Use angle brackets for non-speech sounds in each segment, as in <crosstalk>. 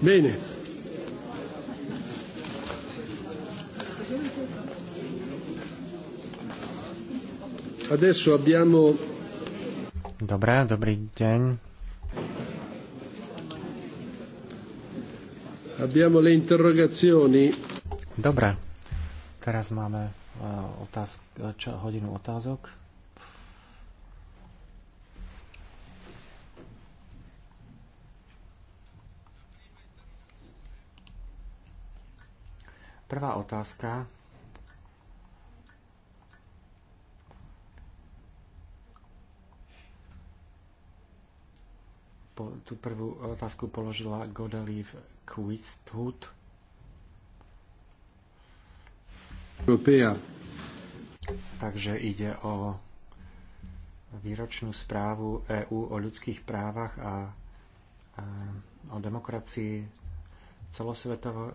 Bene. Adesso abbiamo Dobre, dobrý deň. Abbiamo le interrogazioni. Dobre, teraz máme eh, otázk, eh, čo, hodinu otázok. Prvá otázka. Po, tú prvú otázku položila Godelieve Europea. Takže ide o výročnú správu EÚ o ľudských právach a, a o demokracii celosvetovo.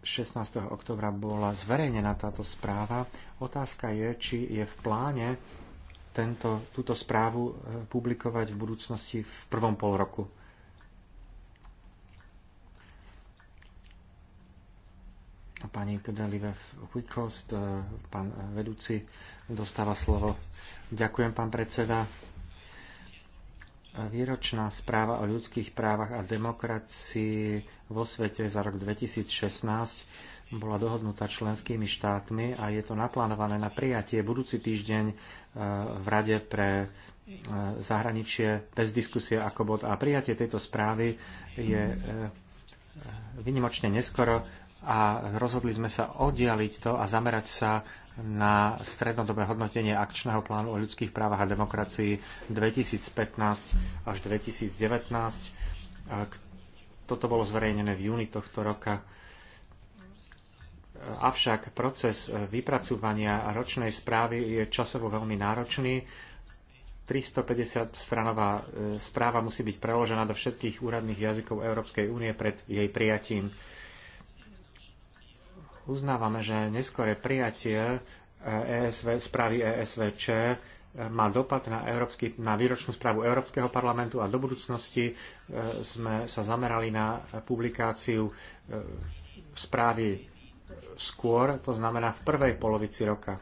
16. oktobra bola zverejnená táto správa. Otázka je, či je v pláne tento, túto správu e, publikovať v budúcnosti v prvom pol roku. pani Delive Huikost, e, pán vedúci, dostáva slovo. Ďakujem, pán predseda. Výročná správa o ľudských právach a demokracii vo svete za rok 2016 bola dohodnutá členskými štátmi a je to naplánované na prijatie budúci týždeň e, v Rade pre e, zahraničie bez diskusie ako bod. A prijatie tejto správy je vynimočne neskoro, a rozhodli sme sa oddialiť to a zamerať sa na strednodobé hodnotenie akčného plánu o ľudských právach a demokracii 2015 až 2019. Toto bolo zverejnené v júni tohto roka. Avšak proces vypracovania ročnej správy je časovo veľmi náročný. 350 stranová e, správa musí byť preložená do všetkých úradných jazykov Európskej únie pred jej prijatím uznávame, že neskore prijatie ESV, eh, e správy ESVČ eh, má dopad na, európsky, na výročnú správu Európskeho parlamentu a do budúcnosti eh, sme sa zamerali na publikáciu správy skôr, to znamená v prvej polovici roka.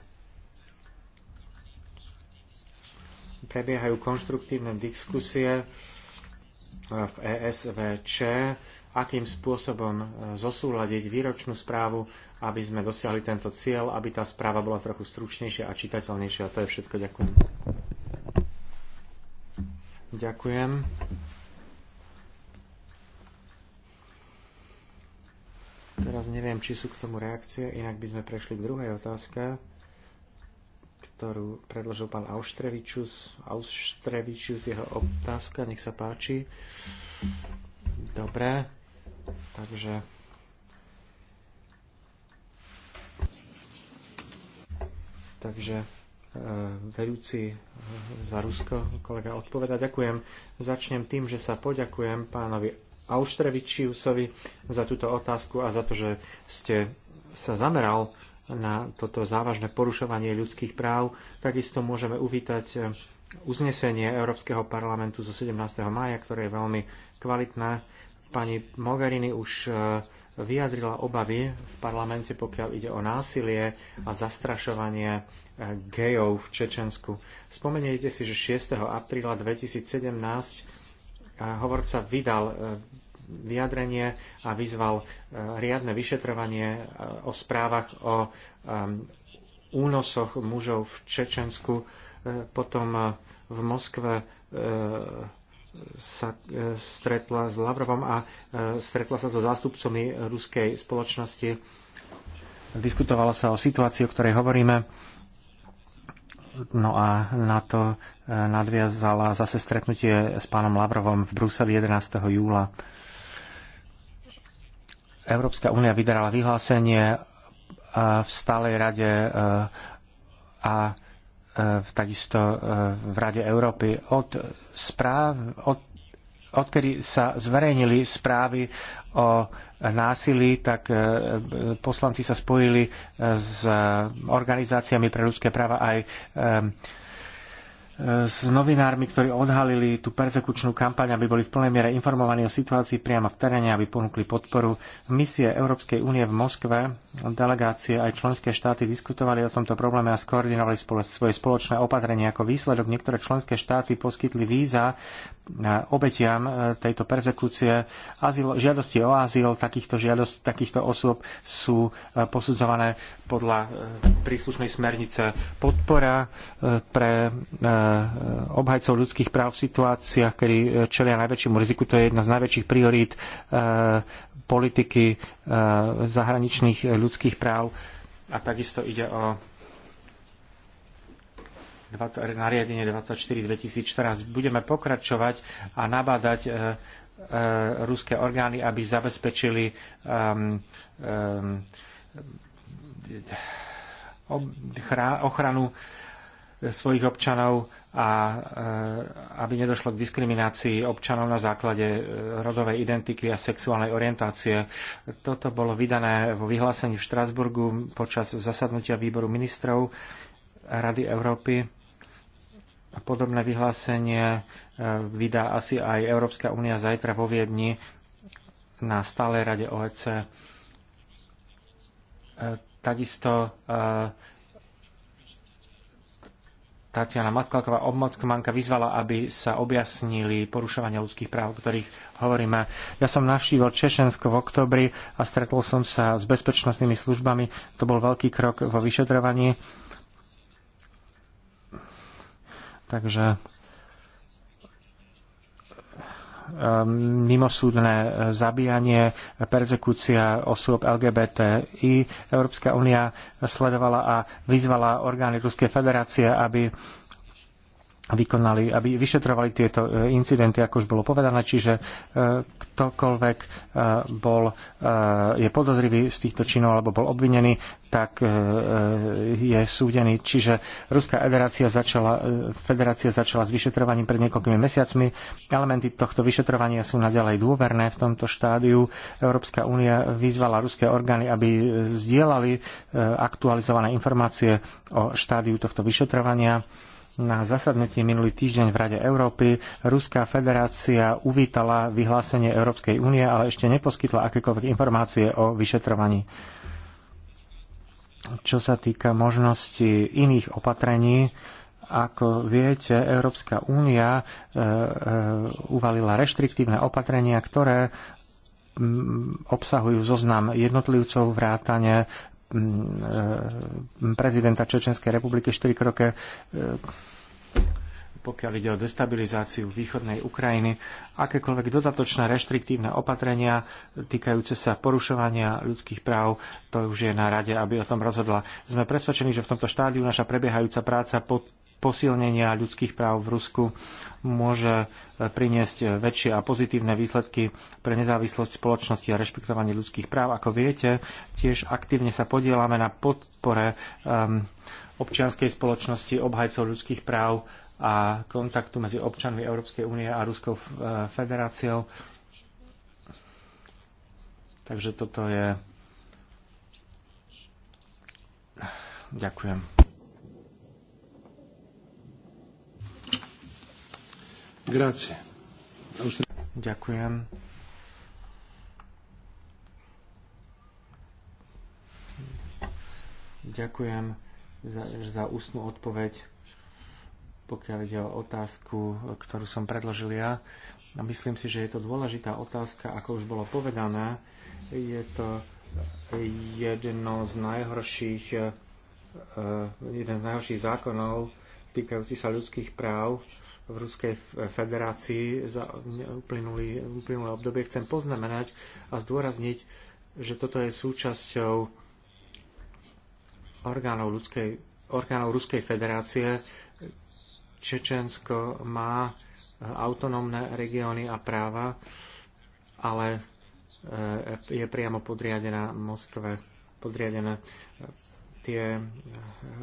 Prebiehajú konštruktívne diskusie v ESVČ akým spôsobom e, zosúľadiť výročnú správu, aby sme dosiahli tento cieľ, aby tá správa bola trochu stručnejšia a čitateľnejšia. A to je všetko. Ďakujem. Ďakujem. Teraz neviem, či sú k tomu reakcie, inak by sme prešli k druhej otázke, ktorú predložil pán Austrevičus. Austrevičus, jeho otázka, nech sa páči. Dobre. Takže Takže e, vedúci e, za Rusko, kolega odpoveda. Ďakujem. Začnem tým, že sa poďakujem pánovi Auštrevičiusovi za túto otázku a za to, že ste sa zameral na toto závažné porušovanie ľudských práv. Takisto môžeme uvítať e, uznesenie Európskeho parlamentu zo 17. maja, ktoré je veľmi kvalitné Pani Mogherini už e, vyjadrila obavy v parlamente, pokiaľ ide o násilie a zastrašovanie e, gejov v Čečensku. Spomeniete si, že 6. apríla 2017 e, hovorca vydal vyjadrenie a vyzval riadne vyšetrovanie o správach o únosoch mužov v Čečensku. Potom v Moskve sa e, stretla s Lavrovom a e, stretla sa so zástupcami ruskej spoločnosti. Diskutovalo sa o situácii, o ktorej hovoríme. No a na to e, nadviazala zase stretnutie s pánom Lavrovom v Bruseli 11. júla. Európska únia vydarala vyhlásenie v stálej rade a E, takisto e, v Rade Európy. Od správ, od, odkedy sa zverejnili správy o násilí, tak e, poslanci sa spojili s organizáciami pre ľudské práva aj s novinármi, ktorí odhalili tú persekučnú kampaň, aby boli v plnej miere informovaní o situácii priamo v teréne, aby ponúkli podporu. Misie Európskej únie v Moskve, delegácie aj členské štáty diskutovali o tomto probléme a skoordinovali svoje spoločné opatrenie. Ako výsledok niektoré členské štáty poskytli víza obetiam e, tejto persekúcie. Azyl, žiadosti o azyl takýchto, žiadost, takýchto osôb sú e, posudzované podľa e, príslušnej smernice podpora pre obhajcov ľudských práv v situáciách, kedy čelia najväčšiemu riziku. To je jedna z najväčších priorít politiky zahraničných ľudských práv. A takisto ide o 20, nariadenie 24 2014. Budeme pokračovať a nabádať e, e, ruské orgány, aby zabezpečili um, um, ochranu e, svojich občanov a e, aby nedošlo k diskriminácii občanov na základe e, rodovej identity a sexuálnej orientácie. Toto bolo vydané vo vyhlásení v Štrásburgu počas zasadnutia výboru ministrov Rady Európy Podobné vyhlásenie e, vydá asi aj Európska únia zajtra vo Viedni na stálej rade OEC. E, takisto e, Tatiana Maskalková, obmocmanka, vyzvala, aby sa objasnili porušovania ľudských práv, o ktorých hovoríme. Ja som navštívil Češensko v oktobri a stretol som sa s bezpečnostnými službami. To bol veľký krok vo vyšetrovaní Takže ehm, mimosúdne zabíjanie, persekúcia osôb LGBT i Európska únia sledovala a vyzvala orgány Ruskej federácie, aby vykonali, aby vyšetrovali tieto e, incidenty, ako už bolo povedané, čiže e, ktokoľvek e, bol, je podozrivý z týchto činov alebo bol obvinený, tak je súdený. Čiže Ruská federácia začala, federácia začala s vyšetrovaním pred niekoľkými mesiacmi. Elementy tohto vyšetrovania sú naďalej dôverné v tomto štádiu. Európska únia vyzvala ruské orgány, aby zdieľali aktualizované informácie o štádiu tohto vyšetrovania na zasadnutí minulý týždeň v Rade Európy Ruská federácia uvítala vyhlásenie Európskej únie, ale ešte neposkytla akékoľvek informácie o vyšetrovaní. Čo sa týka možnosti iných opatrení, ako viete, Európska únia e, e, uvalila reštriktívne opatrenia, ktoré obsahujú zoznam jednotlivcov vrátane Mm, e, prezidenta Čečenskej republiky štyri kroke pokiaľ ide o destabilizáciu východnej Ukrajiny, akékoľvek dodatočné reštriktívne opatrenia týkajúce sa porušovania ľudských práv, to už je na rade, aby o tom rozhodla. Sme presvedčení, že v tomto štádiu naša prebiehajúca práca pod posilnenia ľudských práv v Rusku môže e, priniesť e, väčšie a pozitívne výsledky pre nezávislosť spoločnosti a rešpektovanie ľudských práv. Ako viete, tiež aktívne sa podielame na podpore um, občianskej spoločnosti, obhajcov ľudských práv a kontaktu medzi občanmi Európskej únie a Ruskou e, federáciou. Takže toto je. Ďakujem. Grazie. Ďakujem. Ďakujem za, za ústnu odpoveď, pokiaľ ide o otázku, ktorú som predložil ja. A myslím si, že je to dôležitá otázka, ako už bolo povedané. Je to jedno z najhorších, eh, jeden z najhorších zákonov, týkajúci sa ľudských práv v Ruskej federácii za uplynulé obdobie. Chcem poznamenať a zdôrazniť, že toto je súčasťou orgánov, ľudskej, orgánov Ruskej federácie. Čečensko má autonómne regióny a práva, ale e, je priamo podriadená Moskve, podriadené tie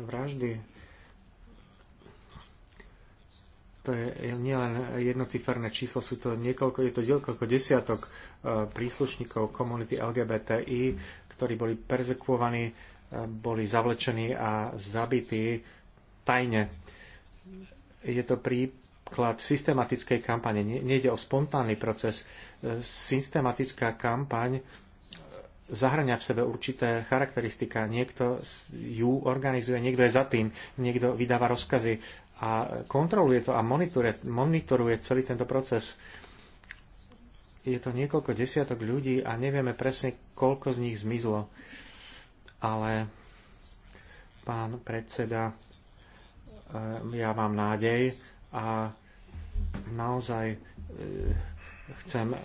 vraždy to je nielen jednociferné číslo, sú to niekoľko, je to niekoľko desiatok e, príslušníkov komunity LGBTI, ktorí boli perzekuovaní, e, boli zavlečení a zabití tajne. Je to príklad systematickej kampane. Nejde o spontánny proces. E, systematická kampaň zahrania v sebe určité charakteristika. Niekto ju organizuje, niekto je za tým, niekto vydáva rozkazy a kontroluje to a monitoruje, monitoruje celý tento proces. Je to niekoľko desiatok ľudí a nevieme presne, koľko z nich zmizlo. Ale pán predseda, e, ja mám nádej a naozaj e, chcem, e,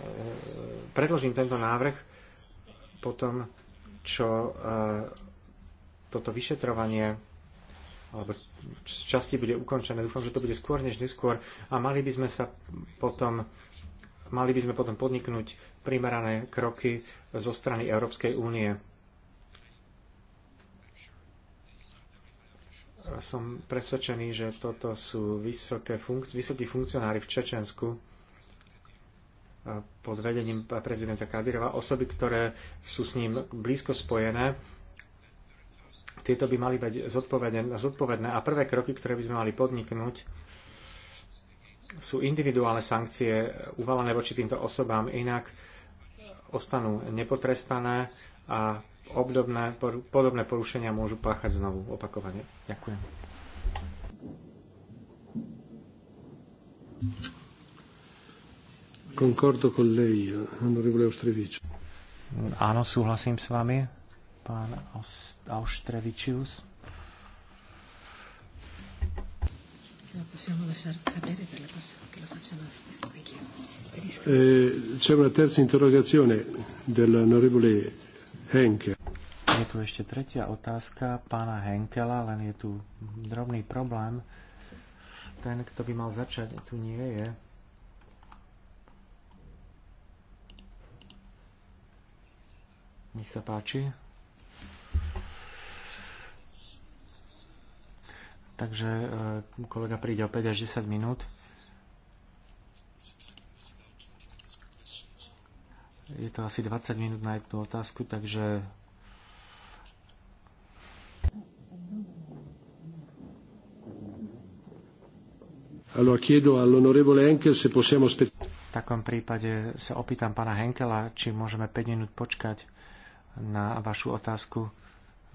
predložím tento návrh po tom, čo toto vyšetrovanie alebo z časti bude ukončené. Dúfam, že to bude skôr než neskôr a mali by sme sa potom mali by sme potom podniknúť primerané kroky zo strany Európskej únie. Som presvedčený, že toto sú vysoké funk- vysokí funkcionári v Čečensku pod vedením prezidenta Kadirova, osoby, ktoré sú s ním blízko spojené tieto by mali byť zodpovedné, a prvé kroky, ktoré by sme mali podniknúť, sú individuálne sankcie uvalené voči týmto osobám, inak ostanú nepotrestané a obdobné, podobné porušenia môžu páchať znovu opakovane. Ďakujem. Concordo con lei, onorevole Áno, súhlasím s vami pán Austrevičius. Eh, c'è una terza interrogazione dell'onorevole Henkel. Je tu ešte tretia otázka pána Henkela, len je tu drobný problém. Ten, kto by mal začať, tu nie je. Nech sa páči. takže e, kolega príde o 5 až 10 minút. Je to asi 20 minút na jednu otázku, takže V takom prípade sa opýtam pána Henkela, či môžeme 5 minút počkať na vašu otázku.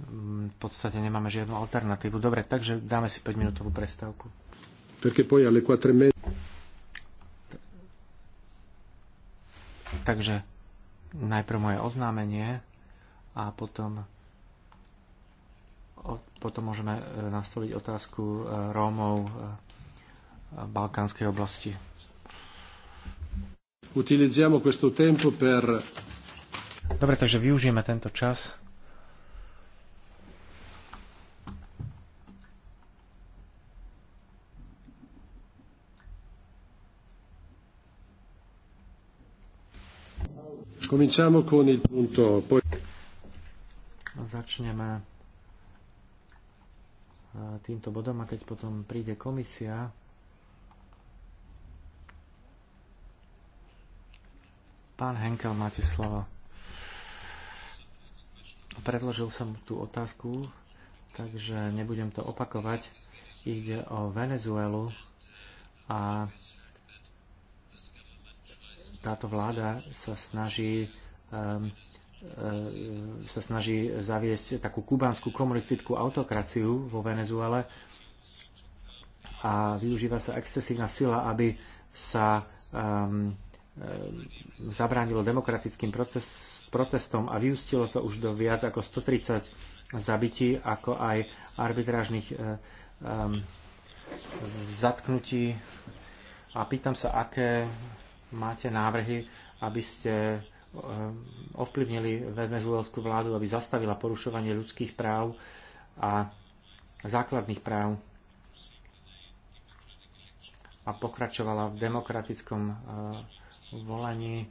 Mm, v podstate nemáme žiadnu alternatívu. Dobre, takže dáme si 5-minútovú prestávku. Perché poi alle 4 e mesi... Takže najprv moje oznámenie a potom, potom môžeme e, nastaviť otázku e, Rómov balkánskej oblasti. Utilizziamo questo tempo per... Dobre, takže využijeme tento čas Začneme e, týmto bodom a keď potom príde komisia, Pán Henkel, máte slovo. Predložil som tú otázku, takže nebudem to opakovať. Ide o Venezuelu a táto vláda sa snaží um, uh, sa snaží zaviesť takú kubánsku komunistickú autokraciu vo Venezuele a využíva sa excesívna sila, aby sa um, um, zabránilo demokratickým proces, protestom a vyústilo to už do viac ako 130 zabití, ako aj arbitrážnych uh, um, zatknutí. A pýtam sa, aké máte návrhy, aby ste eh, ovplyvnili venezuelskú vládu, aby zastavila porušovanie ľudských práv a základných práv a pokračovala v demokratickom eh, volaní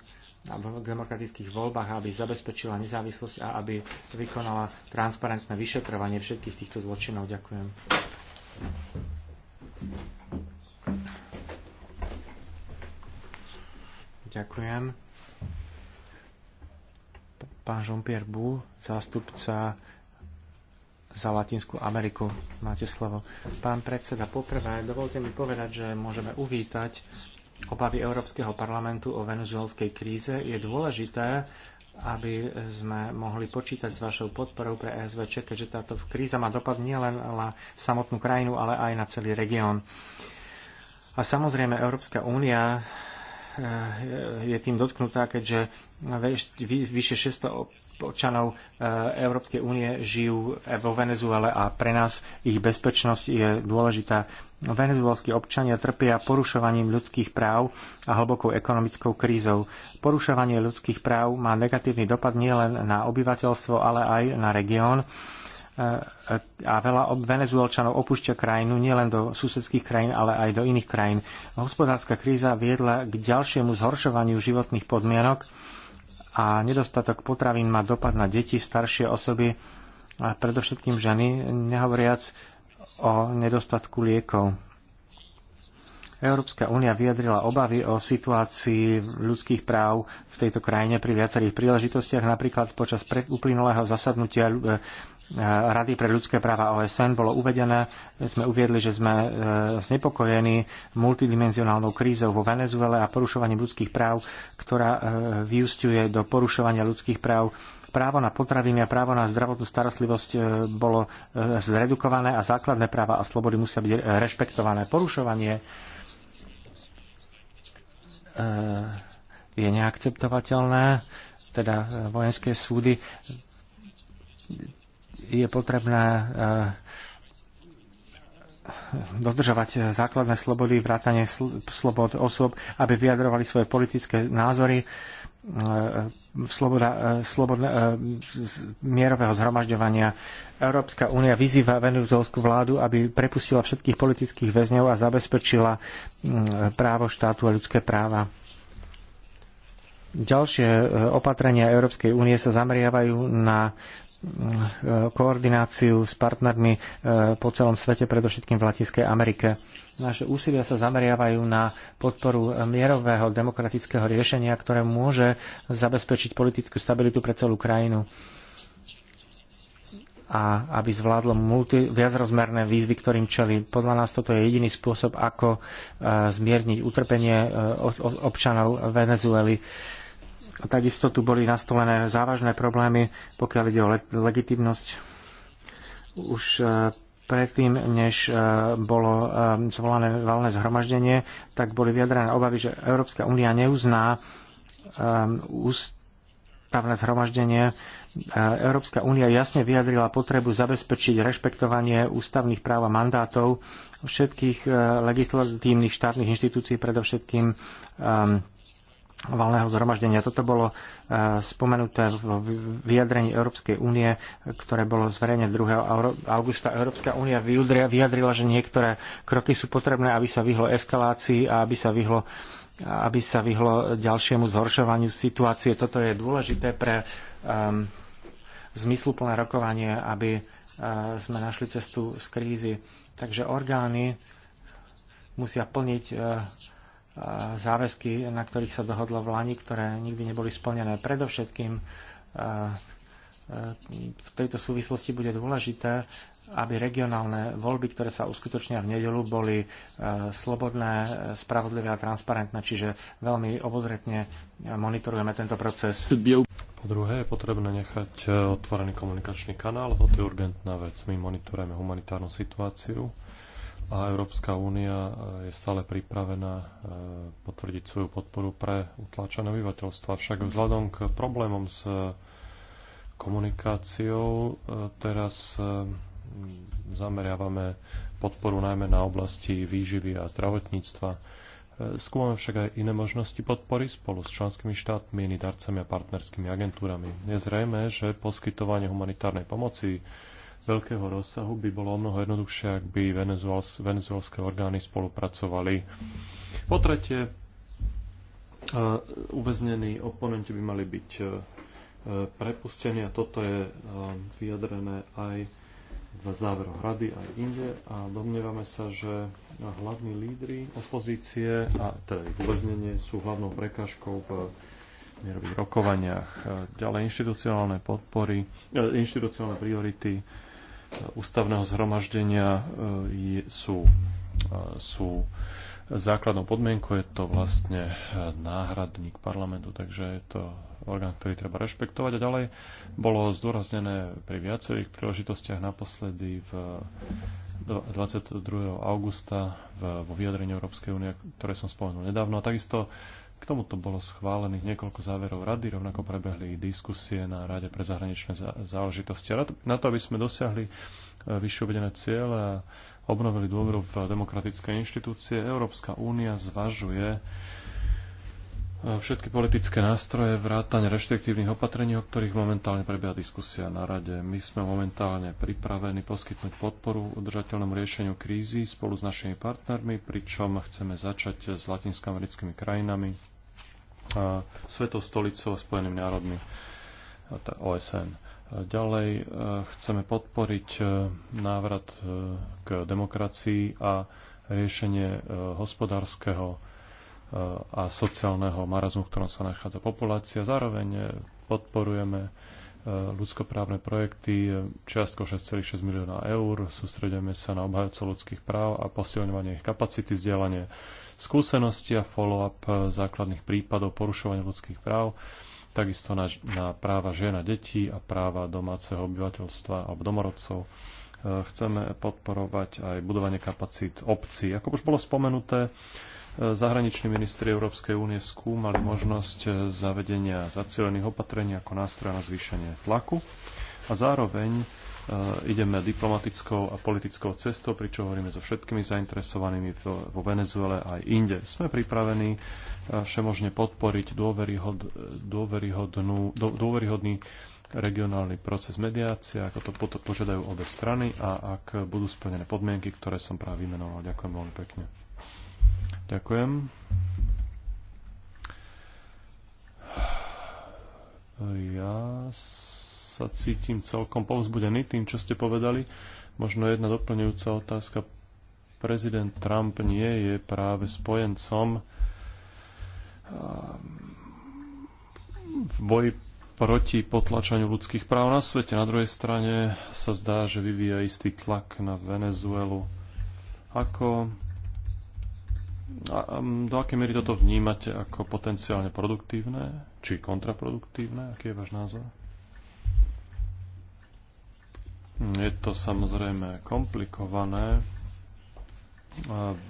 a v demokratických voľbách, aby zabezpečila nezávislosť a aby vykonala transparentné vyšetrovanie všetkých týchto zločinov. Ďakujem. Ďakujem. Pán Jean-Pierre Bou, zástupca za Latinskú Ameriku. Máte slovo. Pán predseda, poprvé, dovolte mi povedať, že môžeme uvítať obavy Európskeho parlamentu o venezuelskej kríze. Je dôležité, aby sme mohli počítať s vašou podporou pre SVČ, keďže táto kríza má dopad nielen na samotnú krajinu, ale aj na celý región. A samozrejme, Európska únia Eh, je tým dotknutá, keďže vyše 600 občanov eh, Európskej únie žijú eh, vo Venezuele a pre nás ich bezpečnosť je dôležitá. Venezuelskí občania trpia porušovaním ľudských práv a hlbokou ekonomickou krízou. Porušovanie ľudských práv má negatívny dopad nielen na obyvateľstvo, ale aj na región a veľa venezuelčanov opúšťa krajinu nielen do susedských krajín, ale aj do iných krajín. Hospodárska kríza viedla k ďalšiemu zhoršovaniu životných podmienok a nedostatok potravín má dopad na deti, staršie osoby a predovšetkým ženy, nehovoriac o nedostatku liekov. Európska únia vyjadrila obavy o situácii ľudských práv v tejto krajine pri viacerých príležitostiach, napríklad počas uplynulého zasadnutia eh, Rady pre ľudské práva OSN bolo uvedené, sme uviedli, že sme e, znepokojení multidimenzionálnou krízou vo Venezuele a porušovaním ľudských práv, ktorá e, vyústiuje do porušovania ľudských práv právo na potraviny a právo na zdravotnú starostlivosť e, bolo zredukované a základné práva a slobody musia byť rešpektované. Porušovanie je neakceptovateľné, teda vojenské súdy je potrebné eh, dodržovať základné slobody, vrátanie slobod osob, aby vyjadrovali svoje politické názory, eh, sloboda, eh, slobodne, mierového zhromažďovania. Európska únia vyzýva venezuelskú vládu, aby prepustila všetkých politických väzňov a zabezpečila mm, právo štátu a ľudské práva. Ďalšie opatrenia Európskej únie sa zameriavajú na Eh, koordináciu s partnermi eh, po celom svete, predovšetkým v Latinskej Amerike. Naše úsilia sa zameriavajú na podporu eh, mierového demokratického riešenia, ktoré môže zabezpečiť politickú stabilitu pre celú krajinu a aby zvládlo multi, viacrozmerné výzvy, ktorým čeli. Podľa nás toto je jediný spôsob, ako zmierniť utrpenie občanov Venezuely. A takisto tu boli nastolené závažné problémy, pokiaľ ide o le- legitimnosť. Už e, predtým, než e, bolo e, zvolané valné zhromaždenie, tak boli vyjadrené obavy, že Európska únia neuzná ústavné zhromaždenie. Európska únia jasne vyjadrila potrebu zabezpečiť rešpektovanie ústavných práv a mandátov všetkých legislatívnych štátnych inštitúcií, predovšetkým valného zhromaždenia. Toto bolo e, spomenuté v vyjadrení Európskej únie, ktoré bolo zverejne 2. augusta. Európska únia vyjadrila, že niektoré kroky sú potrebné, aby sa vyhlo eskalácii a aby sa vyhlo aby sa vyhlo ďalšiemu zhoršovaniu situácie. Toto je dôležité pre um, zmysluplné rokovanie, aby uh, sme našli cestu z krízy. Takže orgány musia plniť uh, záväzky, na ktorých sa dohodlo v Lani, ktoré nikdy neboli splnené. Predovšetkým v tejto súvislosti bude dôležité, aby regionálne voľby, ktoré sa uskutočnia v nedelu, boli slobodné, spravodlivé a transparentné, čiže veľmi obozretne monitorujeme tento proces. Po druhé, je potrebné nechať e, otvorený komunikačný kanál, to je urgentná vec. My monitorujeme humanitárnu situáciu a Európska únia e, je stále pripravená e, potvrdiť svoju podporu pre utlačené obyvateľstvo. Však vzhľadom k problémom s e, komunikáciou teraz zameriavame podporu najmä na oblasti výživy a zdravotníctva. Skúmame však aj iné možnosti podpory spolu s členskými štátmi, darcami a partnerskými agentúrami. Je zrejme, že poskytovanie humanitárnej pomoci veľkého rozsahu by bolo o mnoho jednoduchšie, ak by venezuelské orgány spolupracovali. Po tretie, uväznení oponenti by mali byť e, e, prepustení a toto je e, vyjadrené aj v záveroch rady aj inde a domnievame sa, že hlavní lídry opozície a teda ich uväznenie sú hlavnou prekážkou v mierových rokovaniach. Ďalej inštitucionálne podpory, inštitucionálne priority ústavného zhromaždenia e, sú, e, sú základnou podmienkou. Je to vlastne e, náhradník parlamentu, takže je to orgán, ktorý treba rešpektovať. A ďalej bolo zdôraznené pri viacerých príležitostiach naposledy v 22. augusta v, vo vyjadrení Európskej únie, ktoré som spomenul nedávno. A takisto k tomuto bolo schválených niekoľko záverov rady, rovnako prebehli diskusie na Rade pre zahraničné záležitosti. Na to, aby sme dosiahli e, vyššie uvedené ciele a obnovili dôveru v demokratické inštitúcie, Európska únia zvažuje všetky politické nástroje, vrátane reštriktívnych opatrení, o ktorých momentálne prebieha diskusia na Rade. My sme momentálne pripravení poskytnúť podporu udržateľnému riešeniu krízy spolu s našimi partnermi, pričom chceme začať s latinskoamerickými krajinami, Svetou stolicou a spojeným národmi OSN. Ďalej e, chceme podporiť e, návrat e, k demokracii a riešenie hospodárskeho a sociálneho marazmu, v ktorom sa nachádza populácia. Zároveň eh, podporujeme eh, ľudskoprávne projekty eh, čiastko 6,6 milióna eur. Sústredujeme sa na obhajovcov ľudských práv a posilňovanie ich kapacity, vzdielanie skúsenosti a follow-up základných prípadov porušovania ľudských práv, takisto na, na práva žena, a detí a práva domáceho obyvateľstva alebo domorodcov. Chceme podporovať aj budovanie kapacít obcí. Ako už bolo spomenuté, Zahraniční ministri Európskej únie skúmali možnosť eh, zavedenia zacielených opatrení ako nástroja na zvýšenie tlaku a zároveň eh, ideme diplomatickou a politickou cestou, pričom hovoríme so všetkými zainteresovanými vo Venezuele aj inde. Sme pripravení eh, všemožne podporiť dôveryhod, dôveryhodnú, dôveryhodný regionálny proces mediácie, ako to požiadajú obe strany a ak budú splnené podmienky, ktoré som práve vymenoval. Ďakujem veľmi pekne. Ďakujem. Ja sa cítim celkom povzbudený tým, čo ste povedali. Možno jedna doplňujúca otázka. Prezident Trump nie je práve spojencom ehm, v boji proti potlačaniu ľudských práv na svete. Na druhej strane sa zdá, že vyvíja istý tlak na Venezuelu. Ako a do akej miery toto vnímate ako potenciálne produktívne či kontraproduktívne? Aký je váš názor? Je to samozrejme komplikované eh,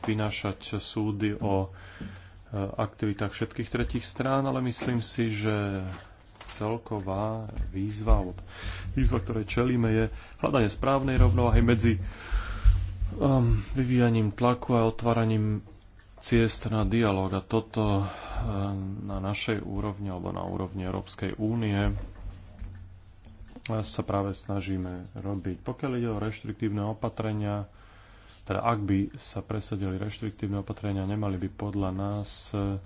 vynášať súdy o eh, aktivitách všetkých tretich strán, ale myslím si, že celková výzva, výzva, ktoré čelíme, je hľadanie správnej rovnováhy medzi um, vyvíjaním tlaku a otváraním ciest na dialog a toto eh, na našej úrovni alebo na úrovni Európskej únie eh, sa práve snažíme robiť. Pokiaľ ide o reštriktívne opatrenia, teda ak by sa presadili reštriktívne opatrenia, nemali by podľa nás eh,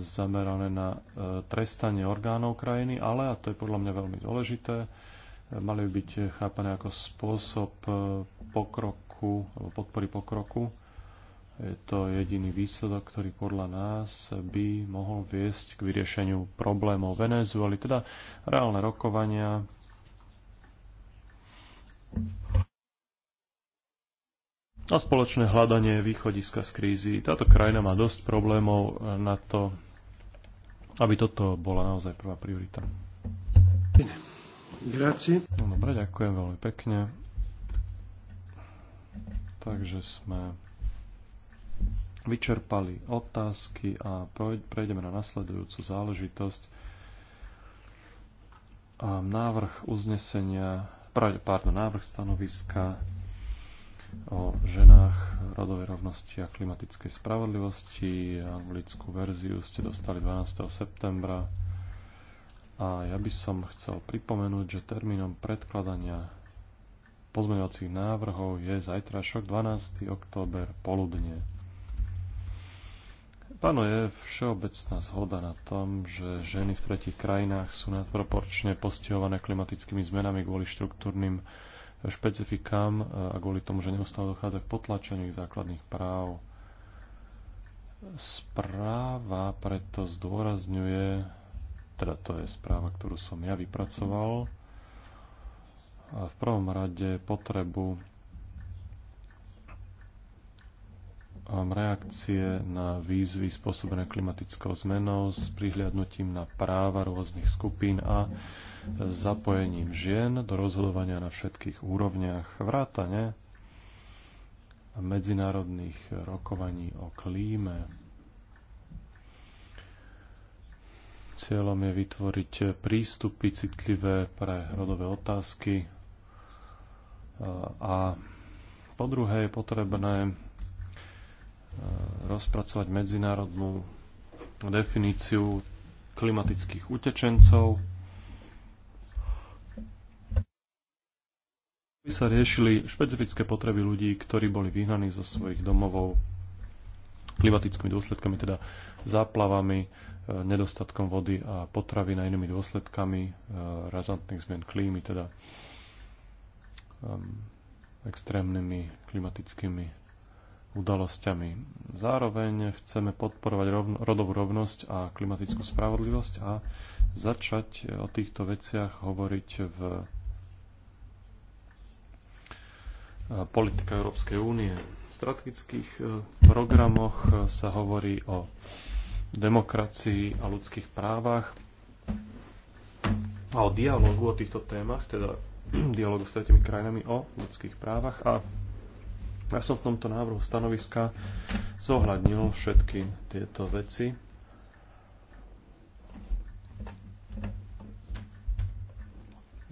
zamerané na trestanie orgánov krajiny, ale, a to je podľa mňa veľmi dôležité, mali by byť chápané ako spôsob pokroku alebo podpory pokroku je to jediný výsledok, ktorý podľa nás by mohol viesť k vyriešeniu problémov Venezuely, teda reálne rokovania. A spoločné hľadanie východiska z krízy. Táto krajina má dosť problémov na to, aby toto bola naozaj prvá priorita. Grazie. No, dobre, ďakujem veľmi pekne. Takže sme vyčerpali otázky a prejdeme na nasledujúcu záležitosť. A návrh uznesenia, pardon, návrh stanoviska o ženách, rodovej rovnosti a klimatickej spravodlivosti. Anglickú verziu ste dostali 12. septembra. A ja by som chcel pripomenúť, že termínom predkladania pozmeňovacích návrhov je zajtrašok 12. október poludne je všeobecná zhoda na tom, že ženy v tretich krajinách sú nadproporčne postihované klimatickými zmenami kvôli štruktúrnym špecifikám a kvôli tomu, že neustále dochádza k potlačeniu ich základných práv. Správa preto zdôrazňuje, teda to je správa, ktorú som ja vypracoval, a v prvom rade potrebu reakcie na výzvy spôsobené klimatickou zmenou s prihliadnutím na práva rôznych skupín a zapojením žien do rozhodovania na všetkých úrovniach vrátane medzinárodných rokovaní o klíme. Cieľom je vytvoriť prístupy citlivé pre rodové otázky a po druhé je potrebné rozpracovať medzinárodnú definíciu klimatických utečencov, aby sa riešili špecifické potreby ľudí, ktorí boli vyhnaní zo svojich domovov klimatickými dôsledkami, teda záplavami, e, nedostatkom vody a potravy na inými dôsledkami e, razantných zmien klímy, teda extrémnymi klimatickými udalosťami. Zároveň chceme podporovať rovn- rodovú rovnosť a klimatickú spravodlivosť a začať o týchto veciach hovoriť v eh, politika Európskej únie. V strategických eh, programoch eh, sa hovorí o demokracii a ľudských právach a o dialogu o týchto témach, teda <clears throat> dialogu s tretimi krajinami o ľudských právach a ja som v tomto návrhu stanoviska zohľadnil všetky tieto veci.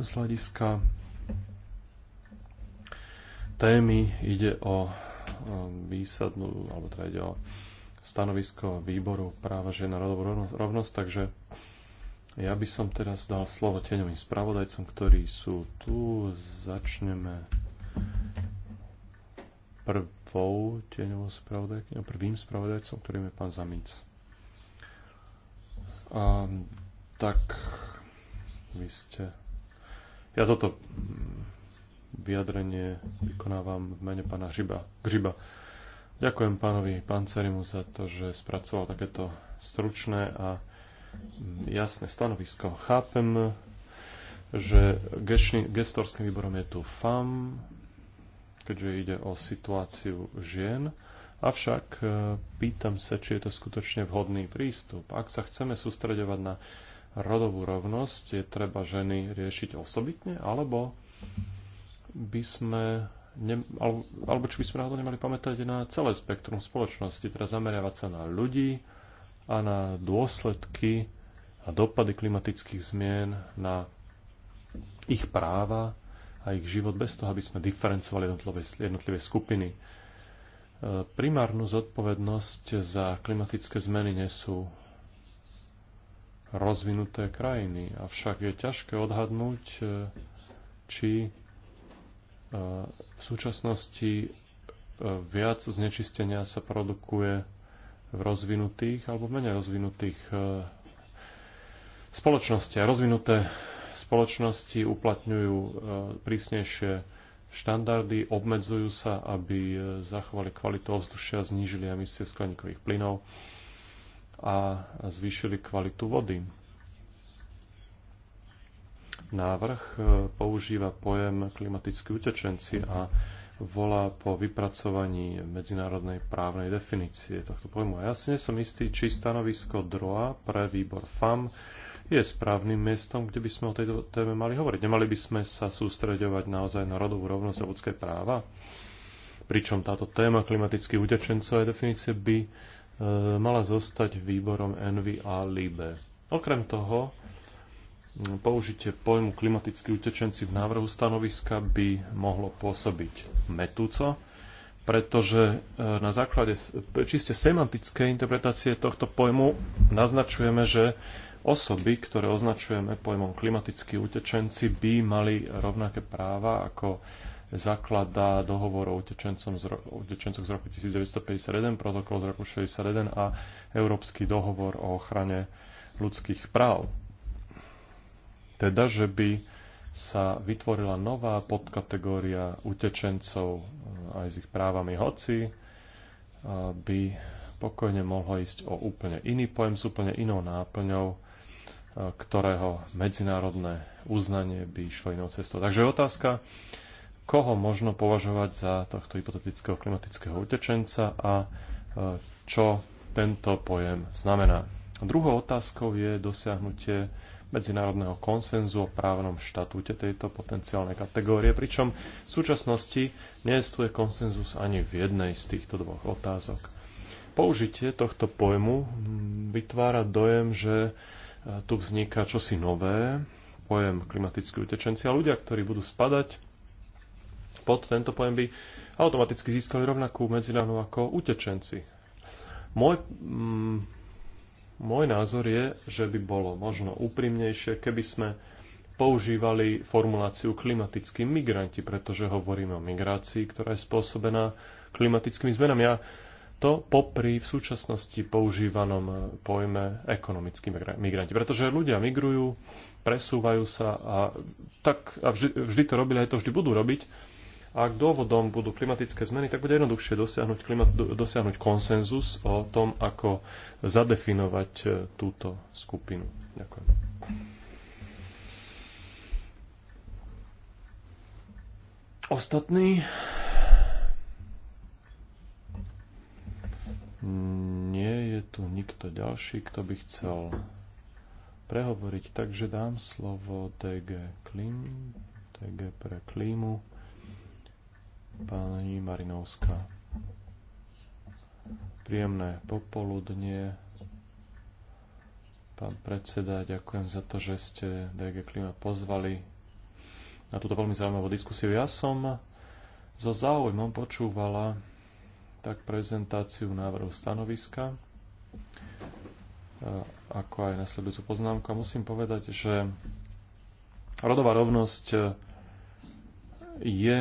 Z hľadiska témy ide o výsadnú, alebo teda ide o stanovisko výboru práva žien na rodovú rovnosť, takže ja by som teraz dal slovo teňovým spravodajcom, ktorí sú tu. Začneme prvou tieňovou spravodajkyňou, no, prvým spravodajcom, ktorým je pán Zamic. A, tak vy ste... Ja toto vyjadrenie vykonávam v mene pána Žiba. Gžiba. Ďakujem pánovi Pancerimu za to, že spracoval takéto stručné a jasné stanovisko. Chápem, že gestorským výborom je tu FAM, keďže ide o situáciu žien. Avšak e, pýtam sa, či je to skutočne vhodný prístup. Ak sa chceme sústredovať na rodovú rovnosť, je treba ženy riešiť osobitne, alebo by sme ne, alebo, alebo či by sme náhodou nemali pamätať na celé spektrum spoločnosti, teda zameriavať sa na ľudí a na dôsledky a dopady klimatických zmien na ich práva a ich život bez toho, aby sme diferencovali jednotlivé, jednotlivé skupiny. E, primárnu zodpovednosť za klimatické zmeny nesú rozvinuté krajiny, avšak je ťažké odhadnúť, e, či e, v súčasnosti viac znečistenia sa produkuje v rozvinutých alebo menej rozvinutých spoločnostiach. Rozvinuté spoločnosti uplatňujú e, prísnejšie štandardy, obmedzujú sa, aby e, zachovali kvalitu ovzdušia, znížili emisie skleníkových plynov a zvýšili kvalitu vody. Návrh e, používa pojem klimatickí utečenci a volá po vypracovaní medzinárodnej právnej definície tohto pojmu. A ja si nesom istý, či stanovisko DROA pre výbor FAM je správnym miestom, kde by sme o tejto téme mali hovoriť. Nemali by sme sa sústreďovať naozaj na rodovú rovnosť a ľudské práva, pričom táto téma klimatických utečencov a definície by e, mala zostať výborom Envy a Libe. Okrem toho, použitie pojmu klimatickí utečenci v návrhu stanoviska by mohlo pôsobiť metúco, pretože e, na základe čiste semantickej interpretácie tohto pojmu naznačujeme, že Osoby, ktoré označujeme pojmom klimatickí utečenci, by mali rovnaké práva ako zaklada dohovor o utečencom z ro- z roku 1951, protokol z roku 1961 a Európsky dohovor o ochrane ľudských práv. Teda, že by sa vytvorila nová podkategória utečencov eh, aj s ich právami, hoci eh, by pokojne mohlo ísť o úplne iný pojem s úplne inou náplňou ktorého medzinárodné uznanie by išlo inou cestou. Takže otázka, koho možno považovať za tohto hypotetického klimatického utečenca a e, čo tento pojem znamená. Druhou otázkou je dosiahnutie medzinárodného konsenzu o právnom štatúte tejto potenciálnej kategórie, pričom v súčasnosti neestuje konsenzus ani v jednej z týchto dvoch otázok. Použitie tohto pojmu vytvára dojem, že tu vzniká čosi nové, pojem klimatickí utečenci a ľudia, ktorí budú spadať pod tento pojem, by automaticky získali rovnakú medzidávnu ako utečenci. Môj, mm, môj názor je, že by bolo možno úprimnejšie, keby sme používali formuláciu klimatickí migranti, pretože hovoríme o migrácii, ktorá je spôsobená klimatickými zmenami. Ja to popri v súčasnosti používanom pojme ekonomickí migranti. Pretože ľudia migrujú, presúvajú sa a, tak, a vždy, vždy to robili, aj to vždy budú robiť. A ak dôvodom budú klimatické zmeny, tak bude jednoduchšie dosiahnuť, klimat, dosiahnuť konsenzus o tom, ako zadefinovať e, túto skupinu. Ďakujem. Ostatní Nie je tu nikto ďalší, kto by chcel prehovoriť, takže dám slovo DG Klim, DG pre klímu, pani Marinovská. Príjemné popoludnie. Pán predseda, ďakujem za to, že ste DG Klima pozvali na túto veľmi zaujímavú diskusiu. Ja som so záujmom počúvala tak prezentáciu návrhu stanoviska, e, ako aj nasledujúcu poznámku. A musím povedať, že rodová rovnosť e, je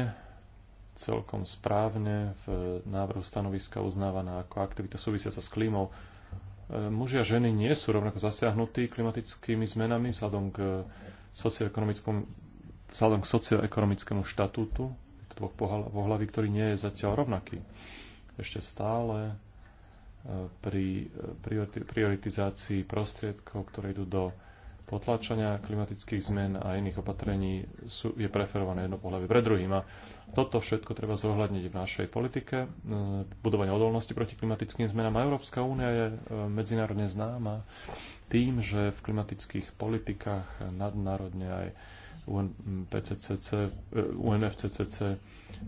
celkom správne v návrhu stanoviska uznávaná ako aktivita súvisiaca s klímou. E, muži a ženy nie sú rovnako zasiahnutí klimatickými zmenami vzhľadom k socioekonomickom, vzhľadom k socioekonomickému štatútu dvoch pohlaví, ktorý nie je zatiaľ rovnaký ešte stále e, pri e, prioritizácii prostriedkov, ktoré idú do potlačania klimatických zmien a iných opatrení sú, je preferované jedno pohľavie pred druhým. A toto všetko treba zohľadniť v našej politike, e, budovanie odolnosti proti klimatickým zmenám. A Európska únia je medzinárodne známa tým, že v klimatických politikách nadnárodne aj PCCC, UNFCCC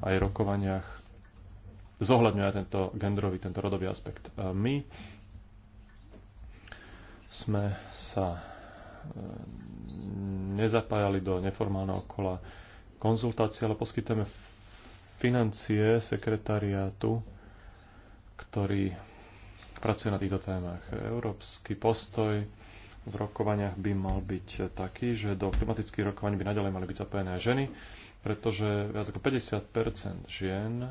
aj rokovaniach zohľadňuje tento genderový, tento rodový aspekt. My sme sa e, nezapájali do neformálneho kola konzultácie, ale poskytujeme financie sekretariátu, ktorý pracuje na týchto témach. Európsky postoj v rokovaniach by mal byť taký, že do klimatických rokovaní by nadalej mali byť zapojené ženy, pretože viac ako 50 žien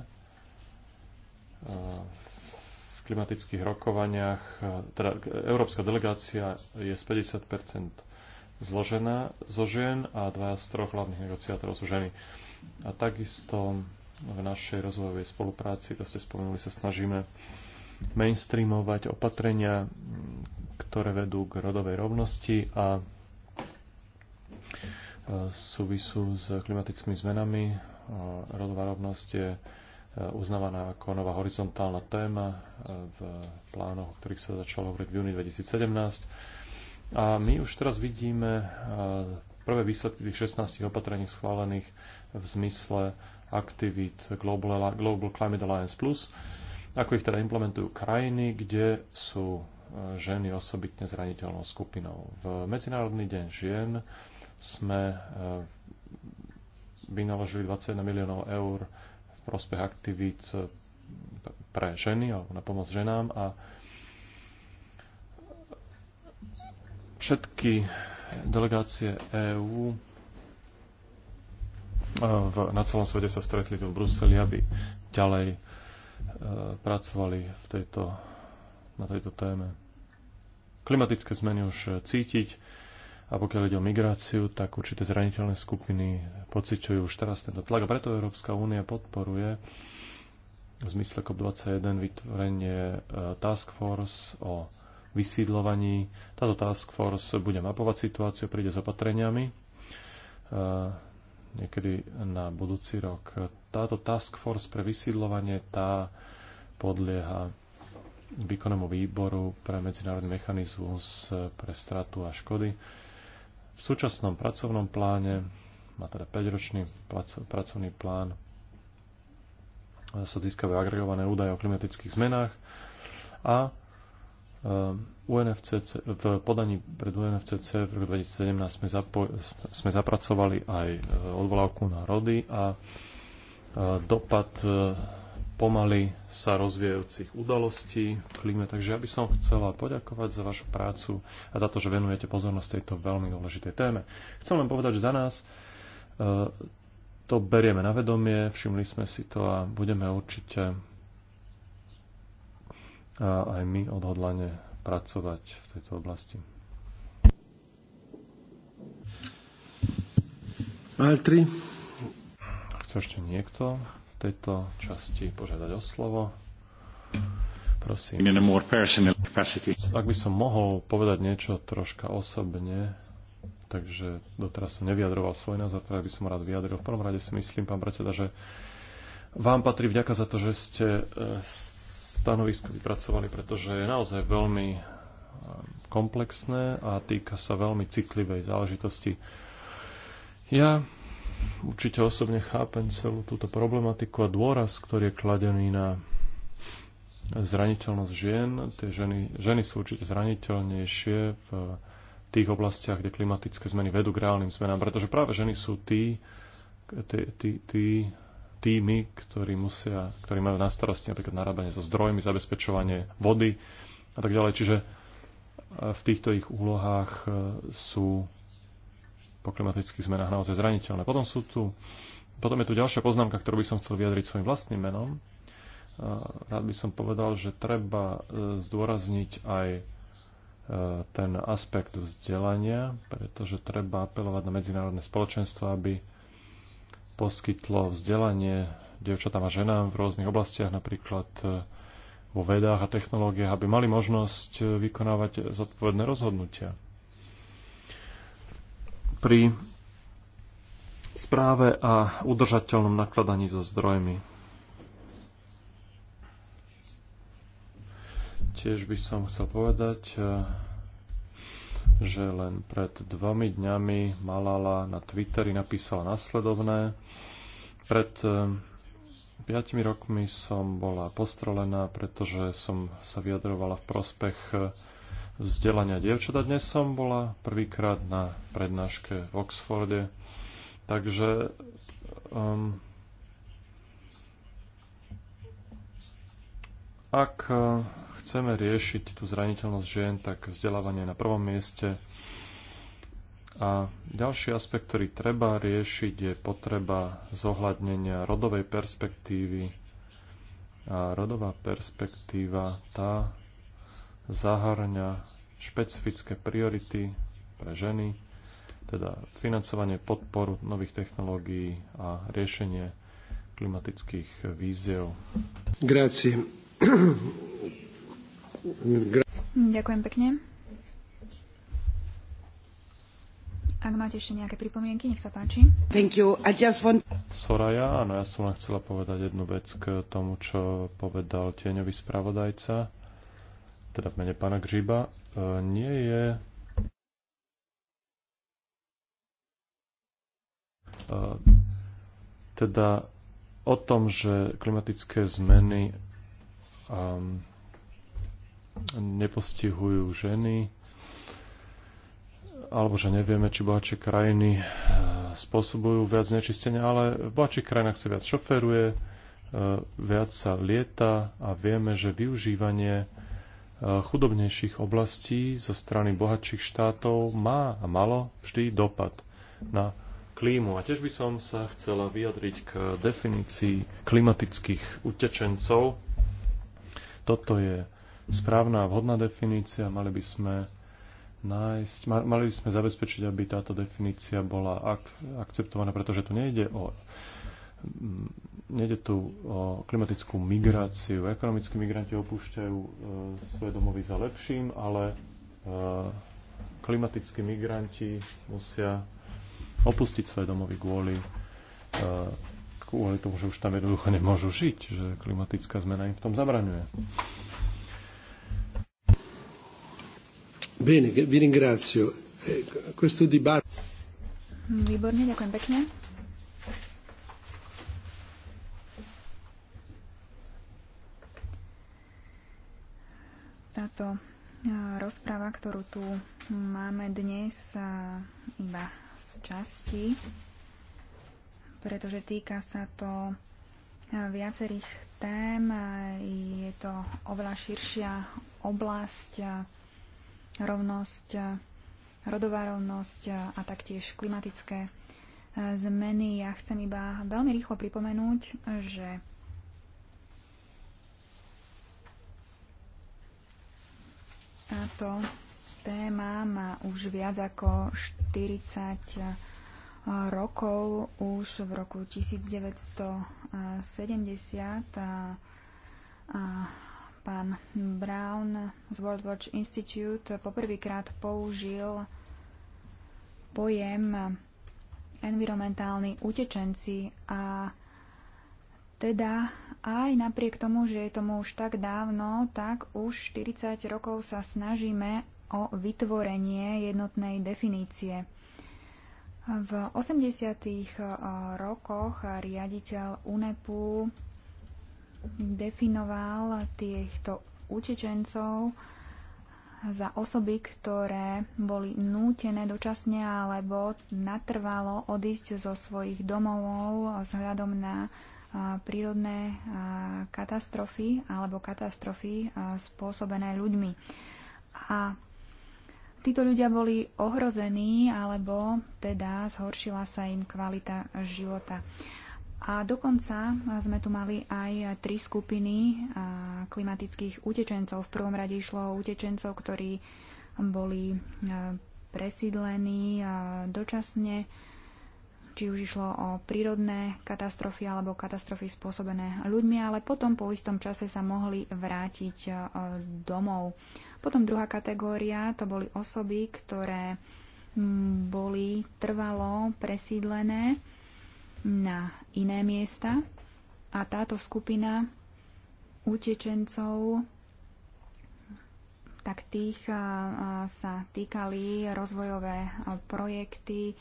v klimatických rokovaniach, teda európska delegácia je z 50 zložená zo žien a dva z troch hlavných negociátorov sú ženy. A takisto v našej rozvojovej spolupráci, to ste spomenuli, sa snažíme mainstreamovať opatrenia, ktoré vedú k rodovej rovnosti a súvisú s klimatickými zmenami. Rodová rovnosť je Eh, uznávaná ako nová horizontálna téma eh, v plánoch, o ktorých sa začalo hovoriť v júni 2017. A my už teraz vidíme eh, prvé výsledky tých 16 opatrení schválených v zmysle aktivít Global, Global Climate Alliance Plus, ako ich teda implementujú krajiny, kde sú ženy osobitne zraniteľnou skupinou. V Medzinárodný deň žien sme vynaložili 21 miliónov eur prospech aktivít e, pre ženy alebo na pomoc ženám a všetky delegácie EÚ e, na celom svete sa stretli tu v Bruseli, aby ďalej e, pracovali v tejto, na tejto téme. Klimatické zmeny už cítiť a pokiaľ ide o migráciu, tak určité zraniteľné skupiny pociťujú už teraz tento tlak. A preto Európska únia podporuje v zmysle COP21 vytvorenie e, task force o vysídlovaní. Táto task force bude mapovať situáciu, príde s opatreniami e, niekedy na budúci rok. Táto task force pre vysídlovanie tá podlieha výkonnému výboru pre medzinárodný mechanizmus e, pre stratu a škody v súčasnom pracovnom pláne, má teda 5-ročný pracovný plán, sa získajú agregované údaje o klimatických zmenách a eh, UNFCC, v podaní pred UNFCC v roku 2017 sme, zapo- sme zapracovali aj eh, odvolávku na rody a eh, dopad pomaly sa rozvíjajúcich udalostí v klíme. Takže ja by som chcela poďakovať za vašu prácu a za to, že venujete pozornosť tejto veľmi dôležitej téme. Chcem len povedať, že za nás e, to berieme na vedomie, všimli sme si to a budeme určite e, aj my odhodlane pracovať v tejto oblasti. Altri. Chce ešte niekto? tejto časti požiadať o slovo. Prosím. Ak by som mohol povedať niečo troška osobne, takže doteraz som nevyjadroval svoj názor, tak by som rád vyjadril. V prvom rade si myslím, pán predseda, že vám patrí vďaka za to, že ste e, stanovisko vypracovali, pretože je naozaj veľmi e, komplexné a týka sa veľmi citlivej záležitosti. Ja určite osobne chápem celú túto problematiku a dôraz, ktorý je kladený na zraniteľnosť žien. Tie ženy, ženy sú určite zraniteľnejšie v tých oblastiach, kde klimatické zmeny vedú k reálnym zmenám, pretože práve ženy sú tí, tí, tí, tí tými, ktorí, musia, ktorí majú na starosti napríklad narábanie so zdrojmi, zabezpečovanie vody a tak ďalej. Čiže v týchto ich úlohách e, sú po klimatických zmenách naozaj zraniteľné. Potom, sú tu, potom je tu ďalšia poznámka, ktorú by som chcel vyjadriť svojim vlastným menom. Rád by som povedal, že treba e, zdôrazniť aj e, ten aspekt vzdelania, pretože treba apelovať na medzinárodné spoločenstvo, aby poskytlo vzdelanie devčatám a ženám v rôznych oblastiach, napríklad e, vo vedách a technológiách, aby mali možnosť vykonávať zodpovedné rozhodnutia pri správe a udržateľnom nakladaní so zdrojmi. Tiež by som chcel povedať, že len pred dvomi dňami Malala na Twitteri napísala nasledovné. Pred eh, piatimi rokmi som bola postrelená, pretože som sa vyjadrovala v prospech eh, vzdelania dievčata. Dnes som bola prvýkrát na prednáške v Oxforde, takže um, ak uh, chceme riešiť tú zraniteľnosť žien, tak vzdelávanie je na prvom mieste. A ďalší aspekt, ktorý treba riešiť, je potreba zohľadnenia rodovej perspektívy. A rodová perspektíva tá zahrňa špecifické priority pre ženy, teda financovanie podporu nových technológií a riešenie klimatických víziev. Grácie. Ďakujem pekne. Ak máte ešte nejaké pripomienky, nech sa páči. Thank you. I just want... Soraya, áno, ja som len chcela povedať jednu vec k tomu, čo povedal tieňový spravodajca teda v mene pána Gříba, e, nie je e, teda o tom, že klimatické zmeny ehm, nepostihujú ženy, alebo že nevieme, či bohatšie krajiny e, spôsobujú viac nečistenia, ale v bohatších krajinách sa viac šoferuje, viac sa lieta a vieme, že využívanie chudobnejších oblastí zo strany bohatších štátov má a malo vždy dopad na klímu. A tiež by som sa chcela vyjadriť k definícii klimatických utečencov. Toto je správna a vhodná definícia. Mali by sme nájsť, mali by sme zabezpečiť, aby táto definícia bola ak, akceptovaná, pretože tu nejde o Mm, Nede tu o klimatickú migráciu. Ekonomickí migranti opúšťajú e, svoje domovy za lepším, ale e, klimatickí migranti musia opustiť svoje domovy kvôli, e, kvôli tomu, že už tam jednoducho nemôžu žiť, že klimatická zmena im v tom zabraňuje. Bene, vi ringrazio. Eh, questo dibattito... Výborne, ďakujem pekne. Táto rozpráva, ktorú tu máme dnes, iba z časti, pretože týka sa to viacerých tém. Je to oveľa širšia oblasť, rovnosť, rodová rovnosť a taktiež klimatické zmeny. Ja chcem iba veľmi rýchlo pripomenúť, že Táto téma má už viac ako 40 eh, rokov. Už v roku 1970 eh, eh, pán Brown z World Watch Institute poprvýkrát použil pojem environmentálni utečenci a teda aj napriek tomu, že je tomu už tak dávno, tak už 40 rokov sa snažíme o vytvorenie jednotnej definície. V 80. E, rokoch riaditeľ UNEPu definoval týchto utečencov za osoby, ktoré boli nútené dočasne alebo natrvalo odísť zo svojich domovov vzhľadom na prírodné katastrofy alebo katastrofy spôsobené ľuďmi. A títo ľudia boli ohrození alebo teda zhoršila sa im kvalita života. A dokonca sme tu mali aj tri skupiny klimatických utečencov. V prvom rade išlo o utečencov, ktorí boli presídlení dočasne či už išlo o prírodné katastrofy alebo katastrofy spôsobené ľuďmi, ale potom po istom čase sa mohli vrátiť e, domov. Potom druhá kategória to boli osoby, ktoré boli trvalo presídlené na iné miesta a táto skupina utečencov tak tých e, e, sa týkali rozvojové projekty,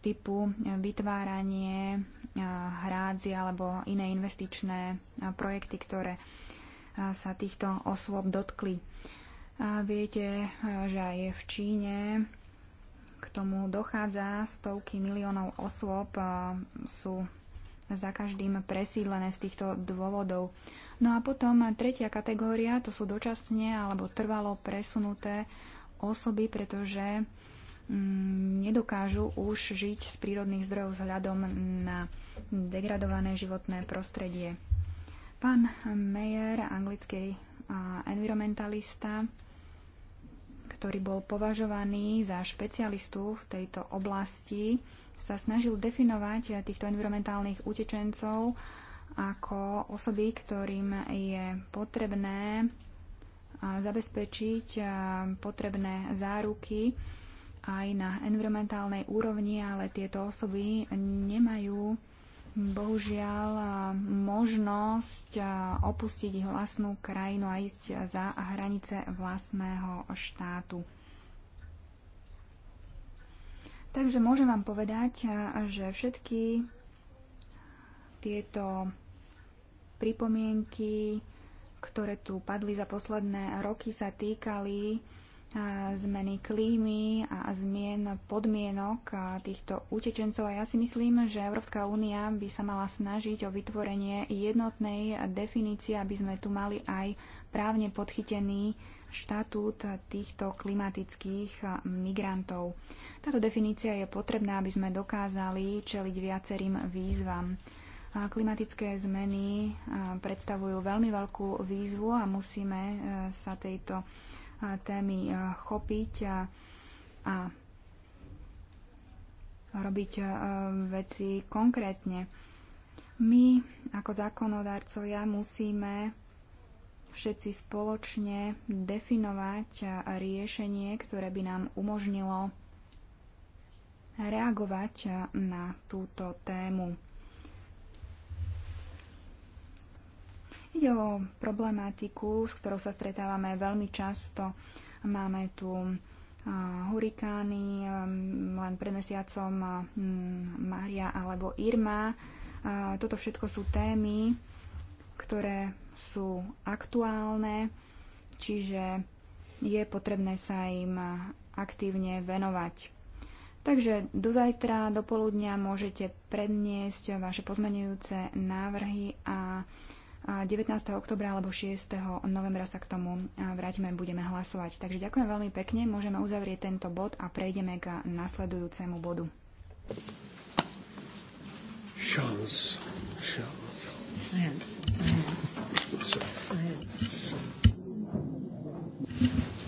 typu vytváranie hrádzi alebo iné investičné projekty, ktoré sa týchto osôb dotkli. A viete, že aj v Číne k tomu dochádza stovky miliónov osôb sú za každým presídlené z týchto dôvodov. No a potom tretia kategória, to sú dočasne alebo trvalo presunuté osoby, pretože Mm, nedokážu už žiť z prírodných zdrojov vzhľadom na degradované životné prostredie. Pán Mayer, anglický environmentalista, ktorý bol považovaný za špecialistu v tejto oblasti, sa snažil definovať týchto environmentálnych utečencov ako osoby, ktorým je potrebné zabezpečiť potrebné záruky aj na environmentálnej úrovni, ale tieto osoby nemajú bohužiaľ možnosť opustiť ich vlastnú krajinu a ísť za hranice vlastného štátu. Takže môžem vám povedať, že všetky tieto pripomienky, ktoré tu padli za posledné roky, sa týkali zmeny klímy a zmien podmienok týchto utečencov. A ja si myslím, že Európska únia by sa mala snažiť o vytvorenie jednotnej definície, aby sme tu mali aj právne podchytený štatút týchto klimatických migrantov. Táto definícia je potrebná, aby sme dokázali čeliť viacerým výzvam. Klimatické zmeny predstavujú veľmi veľkú výzvu a musíme e, sa tejto témy chopiť a, a robiť veci konkrétne. My ako zákonodarcovia musíme všetci spoločne definovať riešenie, ktoré by nám umožnilo reagovať na túto tému. Ide o problematiku, s ktorou sa stretávame veľmi často. Máme tu hurikány, len pred mesiacom Maria hm, alebo Irma. Toto všetko sú témy, ktoré sú aktuálne, čiže je potrebné sa im aktívne venovať. Takže do zajtra, do poludnia môžete predniesť vaše pozmenujúce návrhy a a 19. oktobra alebo 6. novembra sa k tomu vrátime, budeme hlasovať. Takže ďakujem veľmi pekne, môžeme uzavrieť tento bod a prejdeme k nasledujúcemu bodu. Science. Science. Science. Science. Science.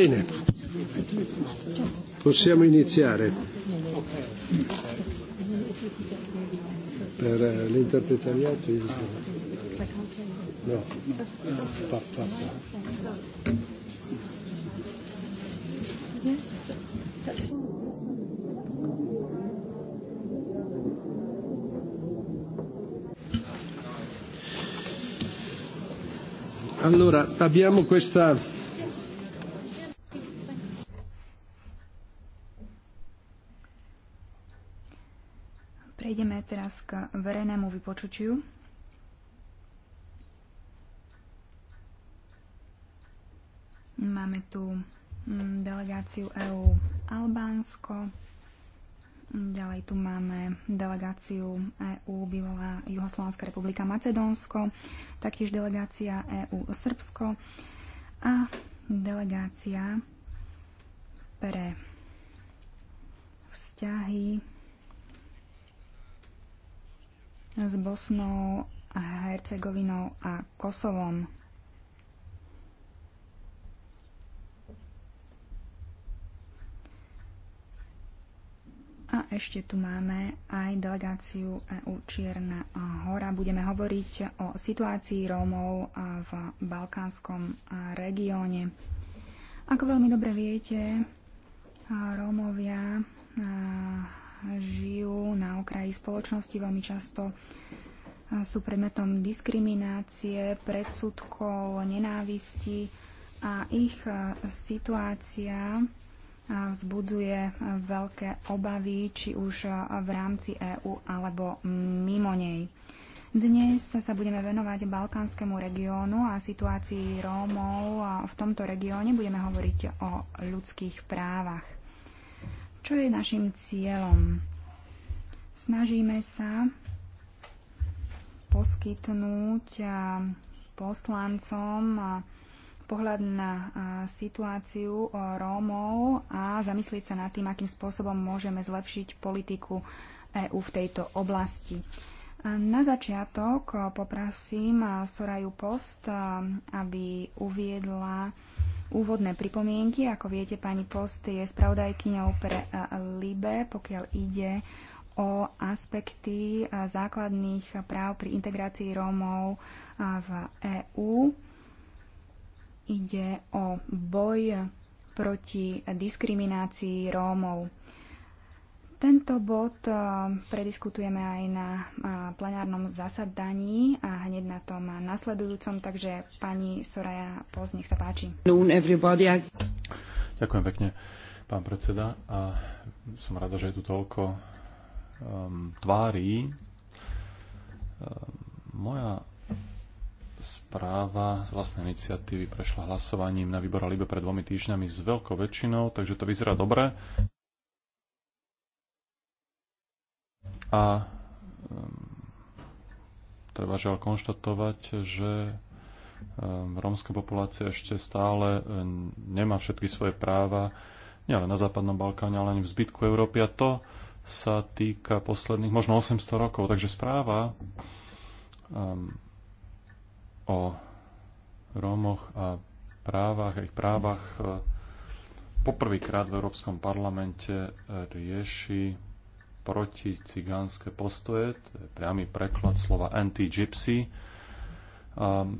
Bene, possiamo iniziare per eh, l'interpretariato. Il... No. Pa, pa, pa. Allora, abbiamo questa teraz k verejnému vypočutiu. Máme tu mm, delegáciu EU Albánsko, ďalej tu máme delegáciu EU bývalá Juhoslovanská republika Macedónsko, taktiež delegácia EU Srbsko a delegácia pre vzťahy s Bosnou a Hercegovinou a Kosovom. A ešte tu máme aj delegáciu EU Čierna hora. Budeme hovoriť o situácii Rómov v balkánskom regióne. Ako veľmi dobre viete, Rómovia žijú na okraji spoločnosti, veľmi často sú predmetom diskriminácie, predsudkov, nenávisti a ich situácia vzbudzuje veľké obavy, či už v rámci EÚ alebo mimo nej. Dnes sa budeme venovať balkánskemu regiónu a situácii Rómov v tomto regióne. Budeme hovoriť o ľudských právach. Čo je našim cieľom? Snažíme sa poskytnúť poslancom pohľad na situáciu Rómov a zamyslieť sa nad tým, akým spôsobom môžeme zlepšiť politiku EÚ v tejto oblasti. Na začiatok eh, poprosím eh, Soraju Post, eh, aby uviedla úvodné pripomienky. Ako viete, pani Post je spravodajkyňou pre LIBE, pokiaľ ide o aspekty základných práv pri integrácii Rómov v EÚ. Ide o boj proti diskriminácii Rómov. Tento bod eh, prediskutujeme aj na eh, plenárnom zasadaní a hneď na tom nasledujúcom, takže pani Soraya Poz, nech sa páči. Ďakujem pekne, pán predseda. A som rada, že je tu toľko um, tvári. Ehm, moja správa z vlastnej iniciatívy prešla hlasovaním na výbor Libe pred dvomi týždňami s veľkou väčšinou, takže to vyzerá dobre. A um, treba žiaľ konštatovať, že um, rómska populácia ešte stále um, nemá všetky svoje práva, nielen na Západnom Balkáne, ale ani v zbytku Európy. A to sa týka posledných možno 800 rokov. Takže správa um, o Rómoch a právach, ich právach uh, poprvýkrát v Európskom parlamente rieši proticigánske postoje, to je priamy preklad slova anti-gypsy, ehm,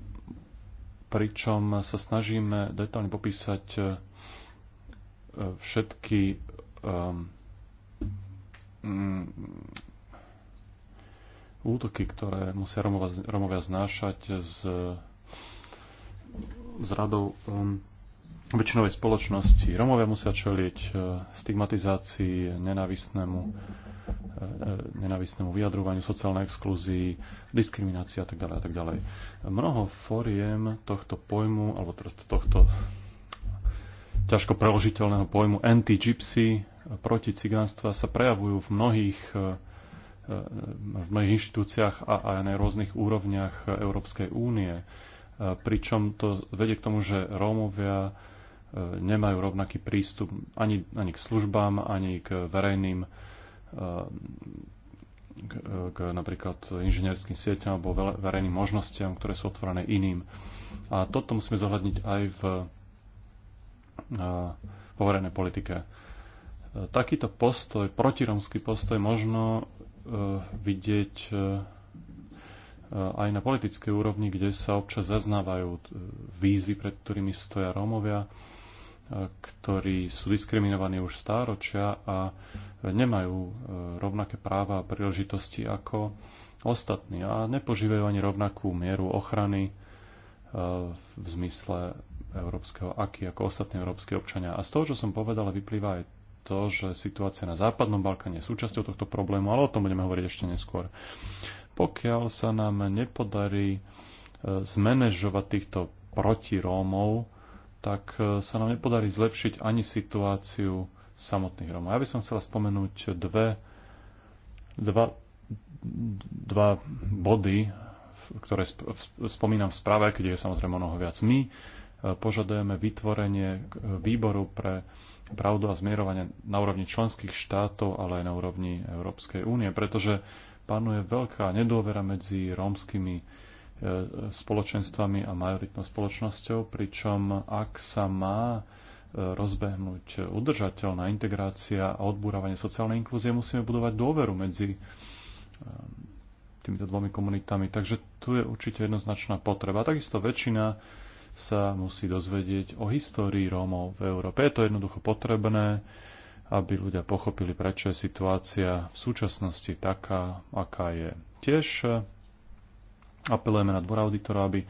pričom sa snažíme detálne popísať e, všetky ehm, mm, útoky, ktoré musia Romovia, Romovia znášať z, z radou um, ehm, väčšinovej spoločnosti. Romovia musia čeliť e, stigmatizácii, nenávisnému nenávistnému vyjadrovaniu, sociálnej exklúzii, diskriminácii a tak ďalej a tak ďalej. Mnoho foriem tohto pojmu, alebo tohto ťažko preložiteľného pojmu anti-gypsy, proti cigánstva sa prejavujú v mnohých e, e, v mnohých inštitúciách a aj na rôznych úrovniach Európskej únie. E, pričom to vedie k tomu, že Rómovia nemajú rovnaký prístup ani, ani k službám, ani k verejným k, k napríklad inžinierským sieťam alebo verejným možnostiam, ktoré sú otvorené iným. A toto musíme zohľadniť aj v vo verejnej politike. E, takýto postoj, protiromský postoj, možno e, vidieť e, aj na politickej úrovni, kde sa občas zaznávajú výzvy, pred ktorými stoja Rómovia, ktorí sú diskriminovaní už stáročia a nemajú e, rovnaké práva a príležitosti ako ostatní a nepožívajú ani rovnakú mieru ochrany e, v zmysle európskeho aky ako ostatní európsky občania. A z toho, čo som povedal, vyplýva aj to, že situácia na Západnom Balkáne je súčasťou tohto problému, ale o tom budeme hovoriť ešte neskôr. Pokiaľ sa nám nepodarí e, zmanéžovať týchto proti Rómov, tak sa nám nepodarí zlepšiť ani situáciu samotných Rómov. Ja by som chcela spomenúť dve, dva, dva body, ktoré spomínam v správe, keď je samozrejme mnoho viac. My e, požadujeme vytvorenie výboru pre pravdu a zmierovanie na úrovni členských štátov, ale aj na úrovni Európskej únie, pretože panuje veľká nedôvera medzi rómskymi e, spoločenstvami a majoritnou spoločnosťou, pričom ak sa má rozbehnúť udržateľná integrácia a odbúravanie sociálnej inklúzie, musíme budovať dôveru medzi eh, týmito dvomi komunitami. Takže tu je určite jednoznačná potreba. Takisto väčšina sa musí dozvedieť o histórii Rómov v Európe. Je to jednoducho potrebné, aby ľudia pochopili, prečo je situácia v súčasnosti taká, aká je. Tiež eh, apelujeme na dvor auditora, aby eh,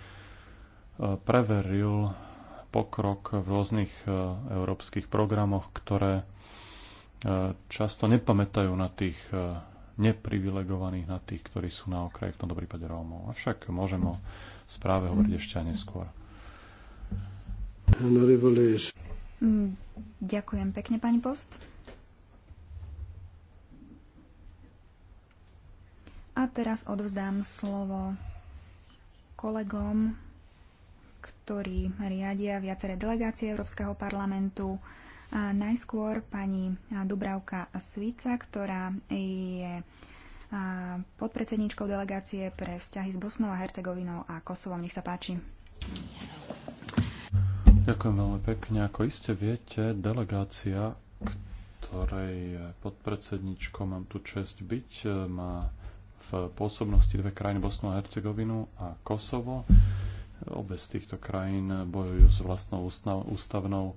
preveril pokrok v rôznych e, európskych programoch, ktoré e, často nepamätajú na tých e, neprivilegovaných, na tých, ktorí sú na okraji, v tomto prípade Rómov. Avšak môžeme o správe hovoriť ešte aj neskôr. Mm, ďakujem pekne, pani Post. A teraz odvzdám slovo kolegom ktorí riadia viaceré delegácie Európskeho parlamentu. A najskôr pani Dubravka Svica, ktorá je podpredsedničkou delegácie pre vzťahy s Bosnou a Hercegovinou a Kosovom. Nech sa páči. Ďakujem veľmi pekne. Ako iste viete, delegácia, ktorej podpredsedničkou mám tu čest byť, má v pôsobnosti dve krajiny Bosnu a Hercegovinu a Kosovo. Obe z týchto krajín bojujú s vlastnou ústavnou e,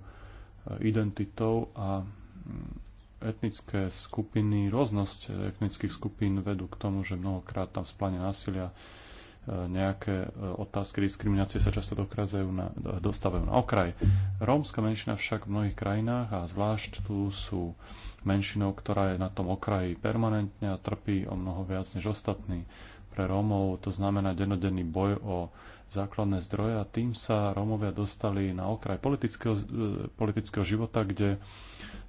identitou a mm, etnické skupiny, rôznosť etnických skupín vedú k tomu, že mnohokrát tam splania násilia, e, nejaké e, otázky diskriminácie sa často na, dostávajú na okraj. Rómska menšina však v mnohých krajinách a zvlášť tu sú menšinou, ktorá je na tom okraji permanentne a trpí o mnoho viac než ostatní. Pre Rómov to znamená denodenný boj o základné zdroje a tým sa Rómovia dostali na okraj politického, e, politického života, kde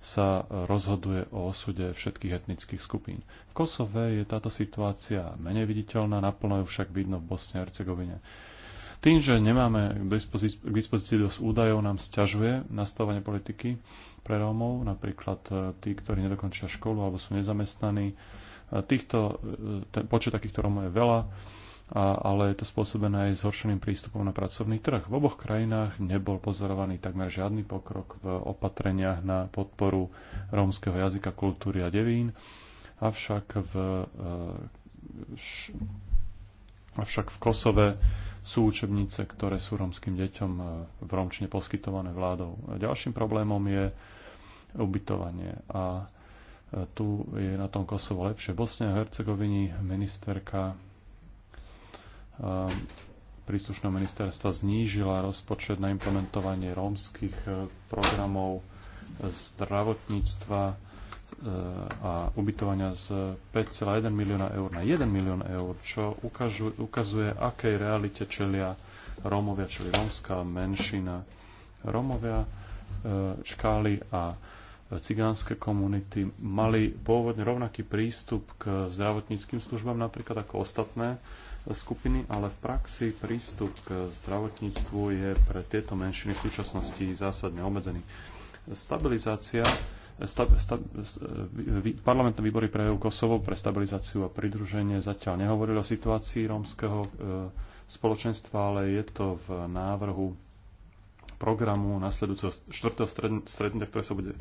sa rozhoduje o osude všetkých etnických skupín. V Kosove je táto situácia menej viditeľná, naplno ju však vidno v Bosne a Hercegovine. Tým, že nemáme k dispozícii, k dispozícii dosť údajov, nám sťažuje nastavovanie politiky pre Rómov, napríklad e, tí, ktorí nedokončia školu alebo sú nezamestnaní. E, týchto, ten, počet takýchto Rómov je veľa ale je to spôsobené aj zhoršeným prístupom na pracovný trh. V oboch krajinách nebol pozorovaný takmer žiadny pokrok v opatreniach na podporu rómskeho jazyka, kultúry a devín, avšak v, e, š, avšak v Kosove sú učebnice, ktoré sú romským deťom e, v Romčine poskytované vládou. Ďalším problémom je ubytovanie a e, tu je na tom Kosovo lepšie. V Bosne a Hercegovini ministerka Ehm, príslušného ministerstva znížila rozpočet na implementovanie rómskych e, programov e, zdravotníctva e, a ubytovania z 5,1 milióna eur na 1 milión eur, čo ukážu, ukazuje, akej realite čelia Rómovia, čili rómska menšina. Rómovia, škály a cigánske komunity mali pôvodne rovnaký prístup k zdravotníckým službám napríklad ako ostatné skupiny, ale v praxi prístup k zdravotníctvu je pre tieto menšiny v súčasnosti zásadne obmedzený. Stabilizácia sta, sta, vý, parlamentné výbory pre EU Kosovo pre stabilizáciu a pridruženie zatiaľ nehovorili o situácii rómskeho e, spoločenstva, ale je to v návrhu programu nasledujúceho 4. stredne, ktoré sa bude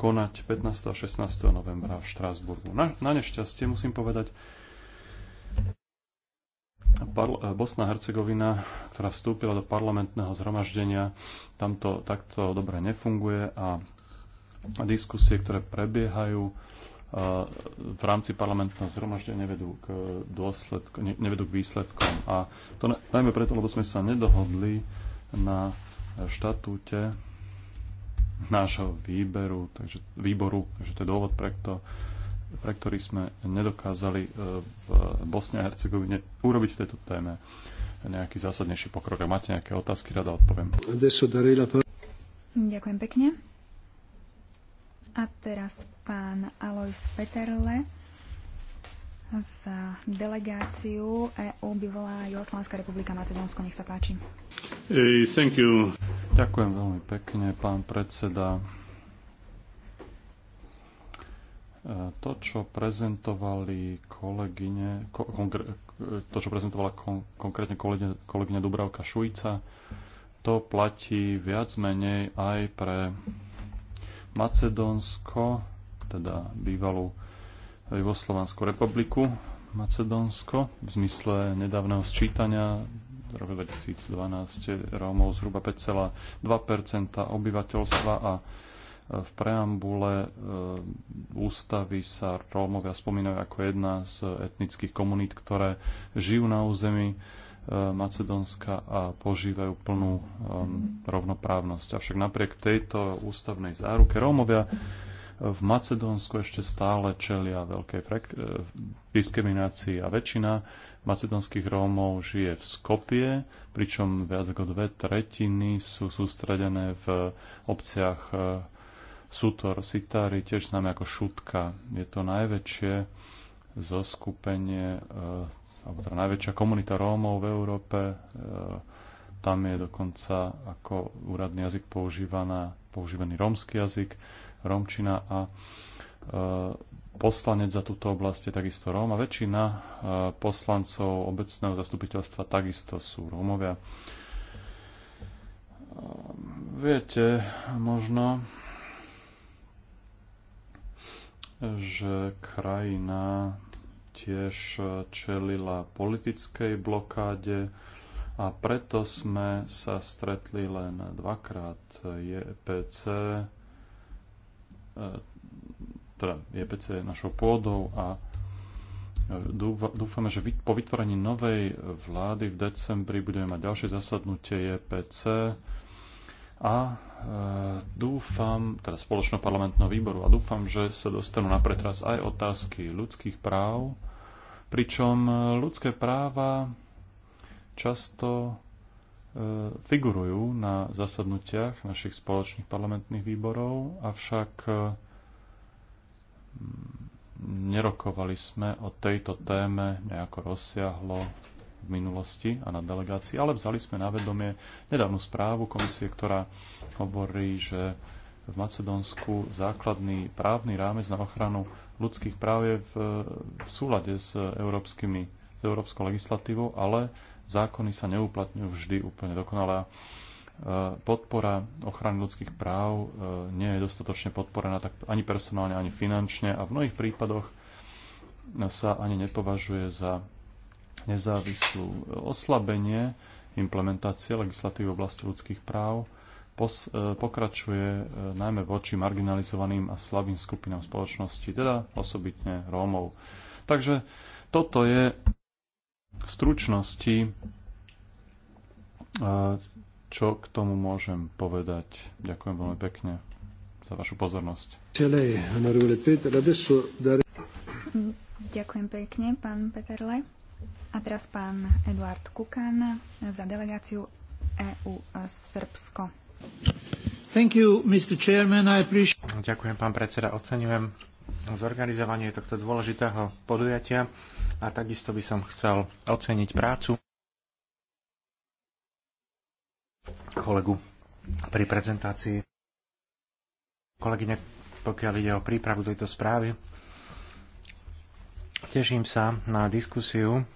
konať 15. a 16. novembra v Štrásburgu. Na, na nešťastie musím povedať, Eh, Bosna a Hercegovina, ktorá vstúpila do parlamentného zhromaždenia, tamto takto dobre nefunguje a diskusie, ktoré prebiehajú eh, v rámci parlamentného zhromaždenia nevedú k, eh, dôsledku, nevedú k výsledkom. A to najmä preto, lebo sme sa nedohodli na štatúte nášho výberu, takže, výboru, takže to je dôvod, pre, to, pre ktorý sme nedokázali e, v Bosne a Hercegovine urobiť v tejto téme nejaký zásadnejší pokrok. A máte nejaké otázky, rada odpoviem. Ďakujem pekne. A teraz pán Alois Peterle za delegáciu EU volá Jugoslánska republika Macedónsko. Nech sa páči. Hey, thank you. Ďakujem veľmi pekne, pán predseda. To, čo prezentovali kolegyne, to, čo prezentovala kon, konkrétne kolegyne, kolegyňa Dubravka Šujca, to platí viac menej aj pre Macedónsko, teda bývalú Jugoslovanskú republiku Macedónsko v zmysle nedávneho sčítania v roku 2012 Rómov zhruba 5,2 obyvateľstva a v preambule e, ústavy sa Rómovia spomínajú ako jedna z etnických komunít, ktoré žijú na území e, Macedónska a požívajú plnú e, rovnoprávnosť. Avšak napriek tejto ústavnej záruke Rómovia v Macedónsku ešte stále čelia veľkej diskriminácii a väčšina macedónskych Rómov žije v Skopie, pričom viac ako dve tretiny sú sústredené v obciach Sutor sitári tiež známe ako šutka. Je to najväčšie zoskupenie, eh, alebo teda najväčšia komunita Rómov v Európe. Eh, tam je dokonca ako úradný jazyk používaná, používaný rómsky jazyk, rómčina a eh, poslanec za túto oblasť je takisto Róm a väčšina poslancov obecného zastupiteľstva takisto sú Rómovia. Ehm, viete, možno že krajina tiež čelila politickej blokáde a preto sme sa stretli len dvakrát. JPC, e e, teda JPC e je našou pôdou a dúfame, že po vytvorení novej vlády v decembri budeme mať ďalšie zasadnutie JPC a Eh, dúfam, teda spoločného parlamentného výboru, a dúfam, že sa dostanú na pretras aj otázky ľudských práv, pričom eh, ľudské práva často eh, figurujú na zasadnutiach našich spoločných parlamentných výborov, avšak mm, nerokovali sme o tejto téme nejako rozsiahlo v minulosti a na delegácii, ale vzali sme na vedomie nedávnu správu komisie, ktorá hovorí, že v Macedónsku základný právny rámec na ochranu ľudských práv je v, v súlade s, európskymi, s európskou legislatívou, ale zákony sa neuplatňujú vždy úplne dokonalá. E, podpora ochrany ľudských práv e, nie je dostatočne podporená tak ani personálne, ani finančne a v mnohých prípadoch sa ani nepovažuje za nezávislú. Oslabenie implementácie legislatívy v oblasti ľudských práv pos- e, pokračuje e, najmä voči marginalizovaným a slabým skupinám spoločnosti, teda osobitne Rómov. Takže toto je v stručnosti, e, čo k tomu môžem povedať. Ďakujem veľmi pekne za vašu pozornosť. Ďakujem pekne, pán Peterle. A teraz pán Eduard Kukan za delegáciu EU Srbsko. Thank you, Mr. Chairman. I appreciate... Ďakujem, pán predseda. Oceňujem zorganizovanie tohto dôležitého podujatia a takisto by som chcel oceniť prácu kolegu pri prezentácii. Kolegyne, pokiaľ ide o prípravu tejto správy, teším sa na diskusiu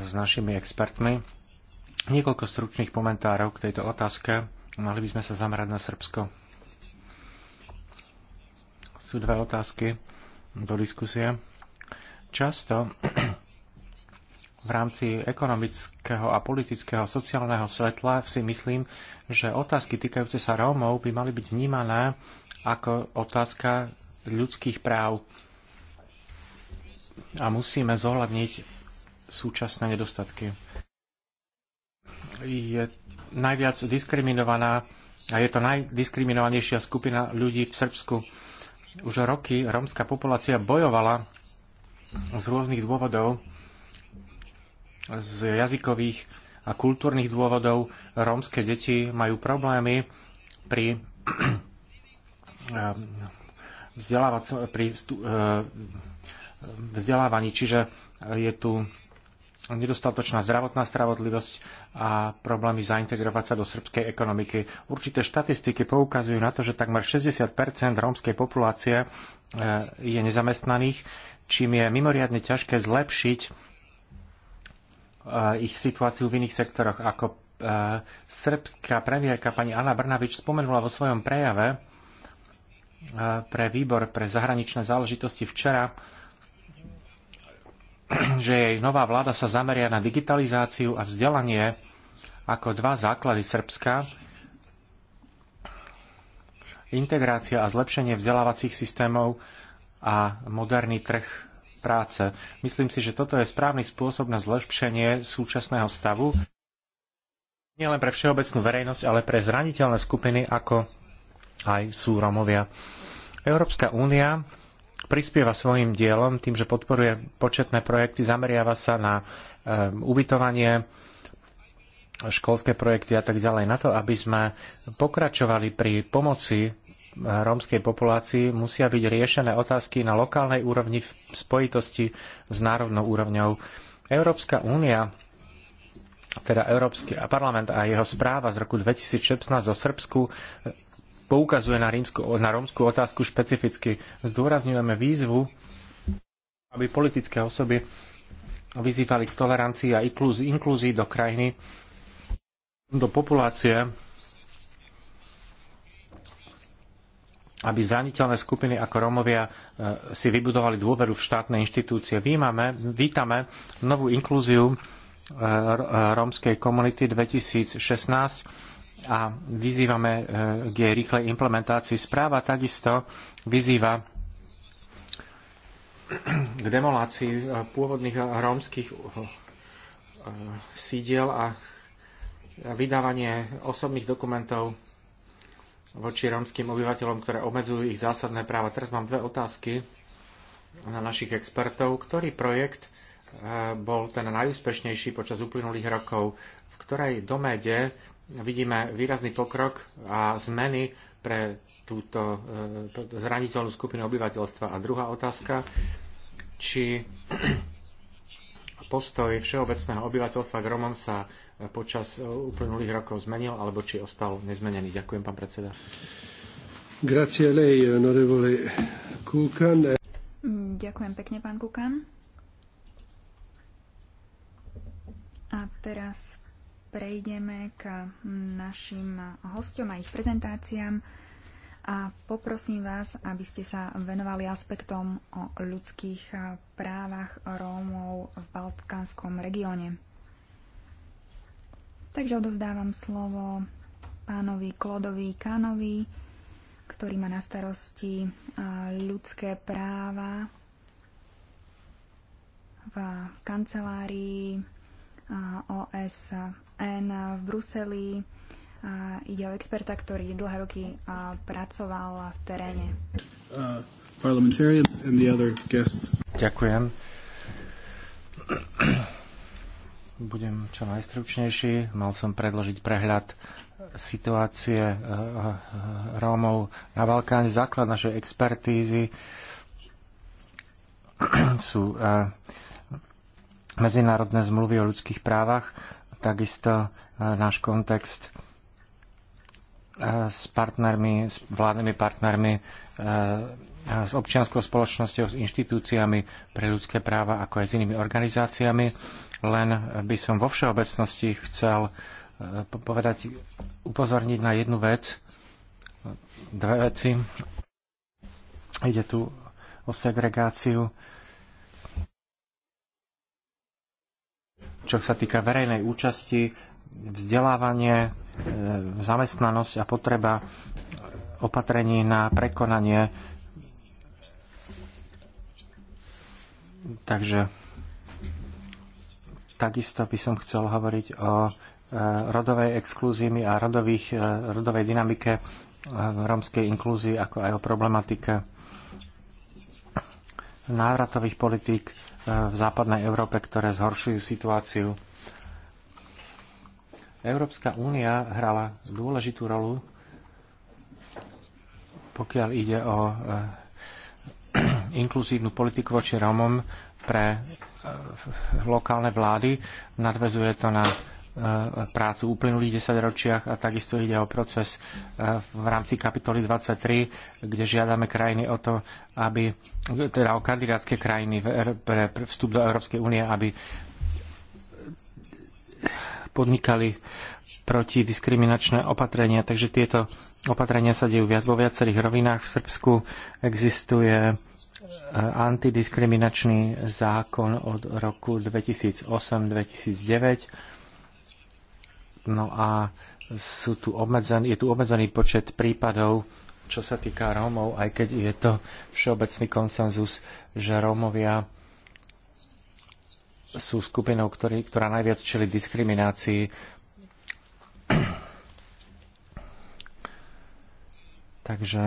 s našimi expertmi. Niekoľko stručných komentárov k tejto otázke. Mohli by sme sa zamerať na Srbsko. Sú dve otázky do diskusie. Často v rámci ekonomického a politického sociálneho svetla si myslím, že otázky týkajúce sa Rómov by mali byť vnímané ako otázka ľudských práv. A musíme zohľadniť súčasné nedostatky. Je najviac diskriminovaná a je to najdiskriminovanejšia skupina ľudí v Srbsku. Už roky rómska populácia bojovala z rôznych dôvodov, z jazykových a kultúrnych dôvodov. Rómske deti majú problémy pri eh, vzdelávaní, čiže je tu nedostatočná zdravotná spravodlivosť a problémy zaintegrovať sa do srbskej ekonomiky. Určité štatistiky poukazujú na to, že takmer 60 rómskej populácie e, je nezamestnaných, čím je mimoriadne ťažké zlepšiť e, ich situáciu v iných sektoroch. Ako e, srbská premiérka pani Anna Brnavič spomenula vo svojom prejave pre výbor pre zahraničné záležitosti včera, <clears throat> že jej nová vláda sa zameria na digitalizáciu a vzdelanie ako dva základy Srbska, integrácia a zlepšenie vzdelávacích systémov a moderný trh práce. Myslím si, že toto je správny spôsob na zlepšenie súčasného stavu nielen pre všeobecnú verejnosť, ale pre zraniteľné skupiny, ako aj sú Romovia. Európska únia prispieva svojim dielom tým, že podporuje početné projekty, zameriava sa na ehm, ubytovanie, školské projekty a tak ďalej. Na to, aby sme pokračovali pri pomoci ehm, rómskej populácii, musia byť riešené otázky na lokálnej úrovni v spojitosti s národnou úrovňou. Európska únia teda Európsky parlament a jeho správa z roku 2016 o Srbsku poukazuje na, rímsku, na rómskú otázku špecificky. Zdôrazňujeme výzvu, aby politické osoby vyzývali k tolerancii a inklúzii do krajiny, do populácie, aby zraniteľné skupiny ako Rómovia e, si vybudovali dôveru v štátne inštitúcie. Vímame, vítame novú inklúziu Eh, rómskej komunity 2016 a vyzývame eh, k jej rýchlej implementácii. Správa takisto vyzýva k demolácii eh, pôvodných rómskych sídiel a vydávanie osobných dokumentov voči rómskym obyvateľom, ktoré obmedzujú ich zásadné práva. Teraz mám dve otázky na našich expertov, ktorý projekt eh, bol ten najúspešnejší počas uplynulých rokov, v ktorej doméde vidíme výrazný pokrok a zmeny pre túto eh, zraniteľnú skupinu obyvateľstva. A druhá otázka, či <clears throat> postoj všeobecného obyvateľstva k Romom sa eh, počas uplynulých rokov zmenil, alebo či ostal nezmenený. Ďakujem, pán predseda. Grazie lei, onorevole Kukan. Ďakujem pekne, pán Kukan. A teraz prejdeme k našim hostom a ich prezentáciám a poprosím vás, aby ste sa venovali aspektom o ľudských právach Rómov v Balkánskom regióne. Takže odovzdávam slovo pánovi Klodovi Kánovi, ktorý má na starosti ľudské práva v kancelárii OSN v Bruseli. Ide o experta, ktorý dlhé roky pracoval v teréne. Ďakujem. <clears throat> Budem čo najstručnejší. Mal som predložiť prehľad situácie e, e, Rómov na Balkáne. Základ našej expertízy <clears throat> sú e, medzinárodné zmluvy o ľudských právach, takisto e, náš kontext e, s partnermi, s vládnymi partnermi, e, s občianskou spoločnosťou, s inštitúciami pre ľudské práva, ako aj s inými organizáciami. Len by som vo všeobecnosti chcel povedať, upozorniť na jednu vec, dve veci. Ide tu o segregáciu čo sa týka verejnej účasti, vzdelávanie, e, zamestnanosť a potreba opatrení na prekonanie. Takže takisto by som chcel hovoriť o e, rodovej exkluzími a rodových, e, rodovej dynamike romskej inklúzii, ako aj o problematike návratových politík e, v západnej Európe, ktoré zhoršujú situáciu. Európska únia hrala dôležitú rolu, pokiaľ ide o e, <clears throat> inkluzívnu politiku voči Rómom pre e, lokálne vlády. Nadvezuje to na prácu uplynulých desaťročiach a takisto ide o proces e, v rámci kapitoly 23, kde žiadame krajiny o to, aby, teda o kandidátske krajiny e, pre vstup do Európskej únie, aby podnikali protidiskriminačné opatrenia. Takže tieto opatrenia sa dejú viac vo viacerých rovinách. V Srbsku existuje e, antidiskriminačný zákon od roku 2008-2009 No a sú tu obmedzený, je tu obmedzený počet prípadov, čo sa týka Rómov, aj keď je to všeobecný konsenzus, že Rómovia sú skupinou, ktorý, ktorá najviac čeli diskriminácii. Takže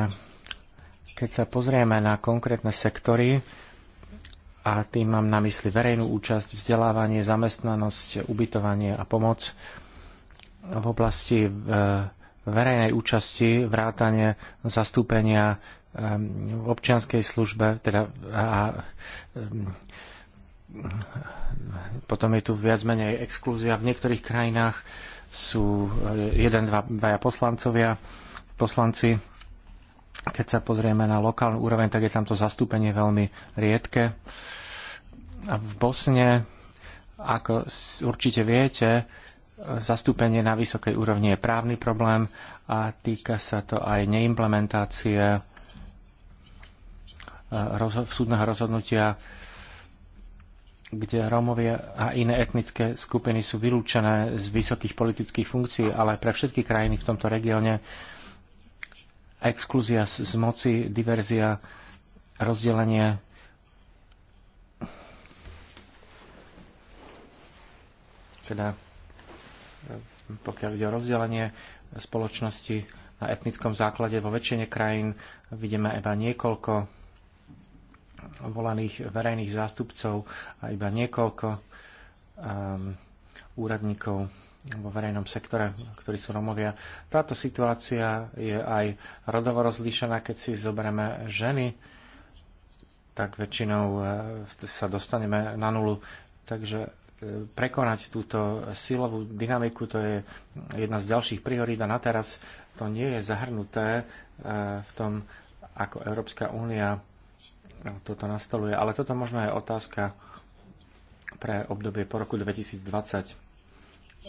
keď sa pozrieme na konkrétne sektory, a tým mám na mysli verejnú účasť, vzdelávanie, zamestnanosť, ubytovanie a pomoc, v oblasti eh, verejnej účasti, vrátane zastúpenia eh, v občianskej službe, teda a, eh, potom je tu viac menej exklúzia. V niektorých krajinách sú jeden, dva, dvaja poslancovia, poslanci. Keď sa pozrieme na lokálnu úroveň, tak je tam to zastúpenie veľmi riedke. A v Bosne, ako určite viete, zastúpenie na vysokej úrovni je právny problém a týka sa to aj neimplementácie eh, súdneho rozhodnutia, kde Rómovia a iné etnické skupiny sú vylúčené z vysokých politických funkcií, ale pre všetky krajiny v tomto regióne exkluzia z moci, diverzia, rozdelenie teda pokiaľ ide o rozdelenie spoločnosti na etnickom základe vo väčšine krajín vidíme iba niekoľko volaných verejných zástupcov a iba niekoľko um, úradníkov vo verejnom sektore, ktorí sú Romovia. Táto situácia je aj rodovo rozlíšená, keď si zoberieme ženy, tak väčšinou e, sa dostaneme na nulu. Takže E, prekonať túto silovú dynamiku, to je jedna z ďalších priorít a na teraz to nie je zahrnuté e, v tom, ako Európska únia no, toto nastoluje. Ale toto možno je otázka pre obdobie po roku 2020.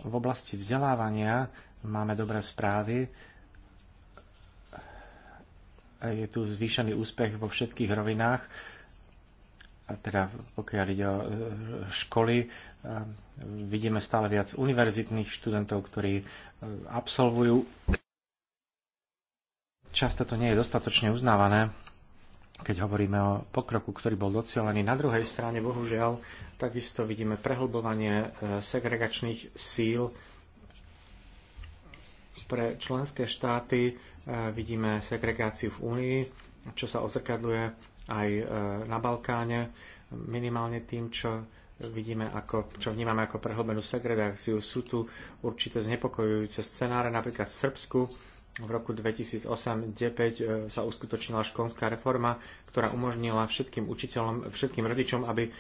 V oblasti vzdelávania máme dobré správy. E, je tu zvýšený úspech vo všetkých rovinách teda pokiaľ ide o e, školy, e, vidíme stále viac univerzitných študentov, ktorí e, absolvujú. Často to nie je dostatočne uznávané, keď hovoríme o pokroku, ktorý bol docielený. Na druhej strane, bohužiaľ, takisto vidíme prehlbovanie segregačných síl pre členské štáty, vidíme segregáciu v Únii, čo sa ozrkadluje aj e, na Balkáne, minimálne tým, čo vidíme ako, čo vnímame ako prehlbenú segregáciu. Sú tu určité znepokojujúce scenáre, napríklad v Srbsku v roku 2008-2009 e, sa uskutočnila školská reforma, ktorá umožnila všetkým učiteľom, všetkým rodičom, aby e,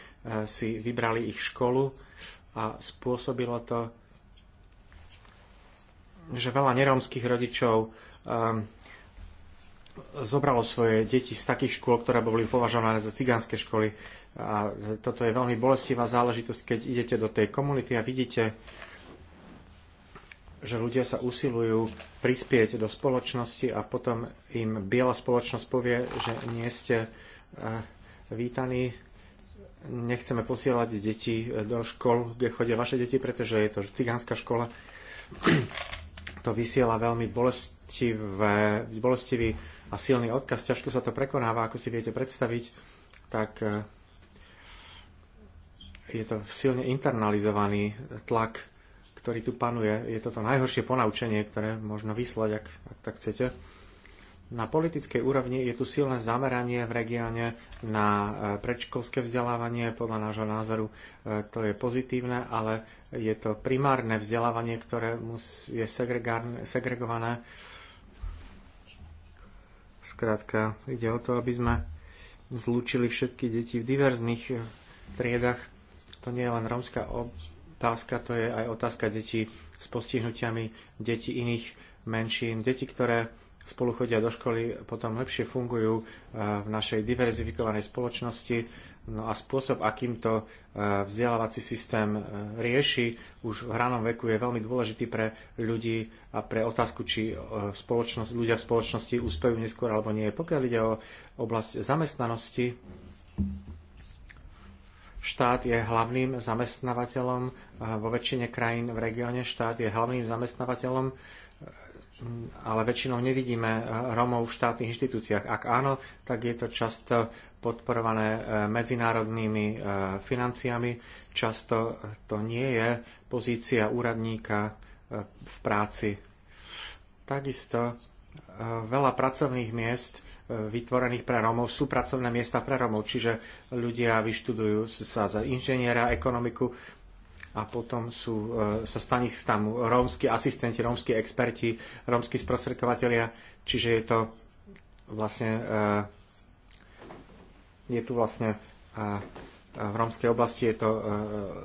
si vybrali ich školu a spôsobilo to, že veľa nerómskych rodičov um, zobralo svoje deti z takých škôl, ktoré boli považované za cigánske školy. A toto je veľmi bolestivá záležitosť, keď idete do tej komunity a vidíte, že ľudia sa usilujú prispieť do spoločnosti a potom im biela spoločnosť povie, že nie ste eh, vítaní, nechceme posielať deti eh, do škol, kde chodia vaše deti, pretože je to cigánska škola. <clears throat> To vysiela veľmi bolestivé, bolestivý a silný odkaz. Ťažko sa to prekonáva, ako si viete predstaviť, tak e, je to silne internalizovaný tlak, ktorý tu panuje. Je to to najhoršie ponaučenie, ktoré možno vyslať, ak, ak tak chcete. Na politickej úrovni je tu silné zameranie v regióne na e, predškolské vzdelávanie. Podľa nášho názoru e, to je pozitívne, ale je to primárne vzdelávanie, ktoré je segregované Skrátka, ide o to, aby sme zlúčili všetky deti v diverzných triedach. To nie je len rómska otázka, to je aj otázka detí s postihnutiami, detí iných menšín, deti, ktoré spolu chodia do školy, potom lepšie fungujú eh, v našej diverzifikovanej spoločnosti. No a spôsob, akým to eh, vzdelávací systém eh, rieši už v hranom veku je veľmi dôležitý pre ľudí a pre otázku, či spoločnosť, ľudia v spoločnosti úspejú neskôr alebo nie. Pokiaľ ide o oblasť zamestnanosti, Štát je hlavným zamestnávateľom vo väčšine krajín v regióne. Štát je hlavným zamestnávateľom ale väčšinou nevidíme eh, Rómov v štátnych inštitúciách. Ak áno, tak je to často podporované eh, medzinárodnými eh, financiami. Často to nie je pozícia úradníka v práci. Takisto veľa pracovných miest vytvorených pre Rómov sú pracovné miesta pre Rómov, čiže ľudia vyštudujú sa za inžiniera, ekonomiku, a potom sú, e, sa staní tam rómsky asistenti, rómsky experti, rómsky sprostredkovateľia, čiže je to vlastne e, je tu vlastne e, v rómskej oblasti je to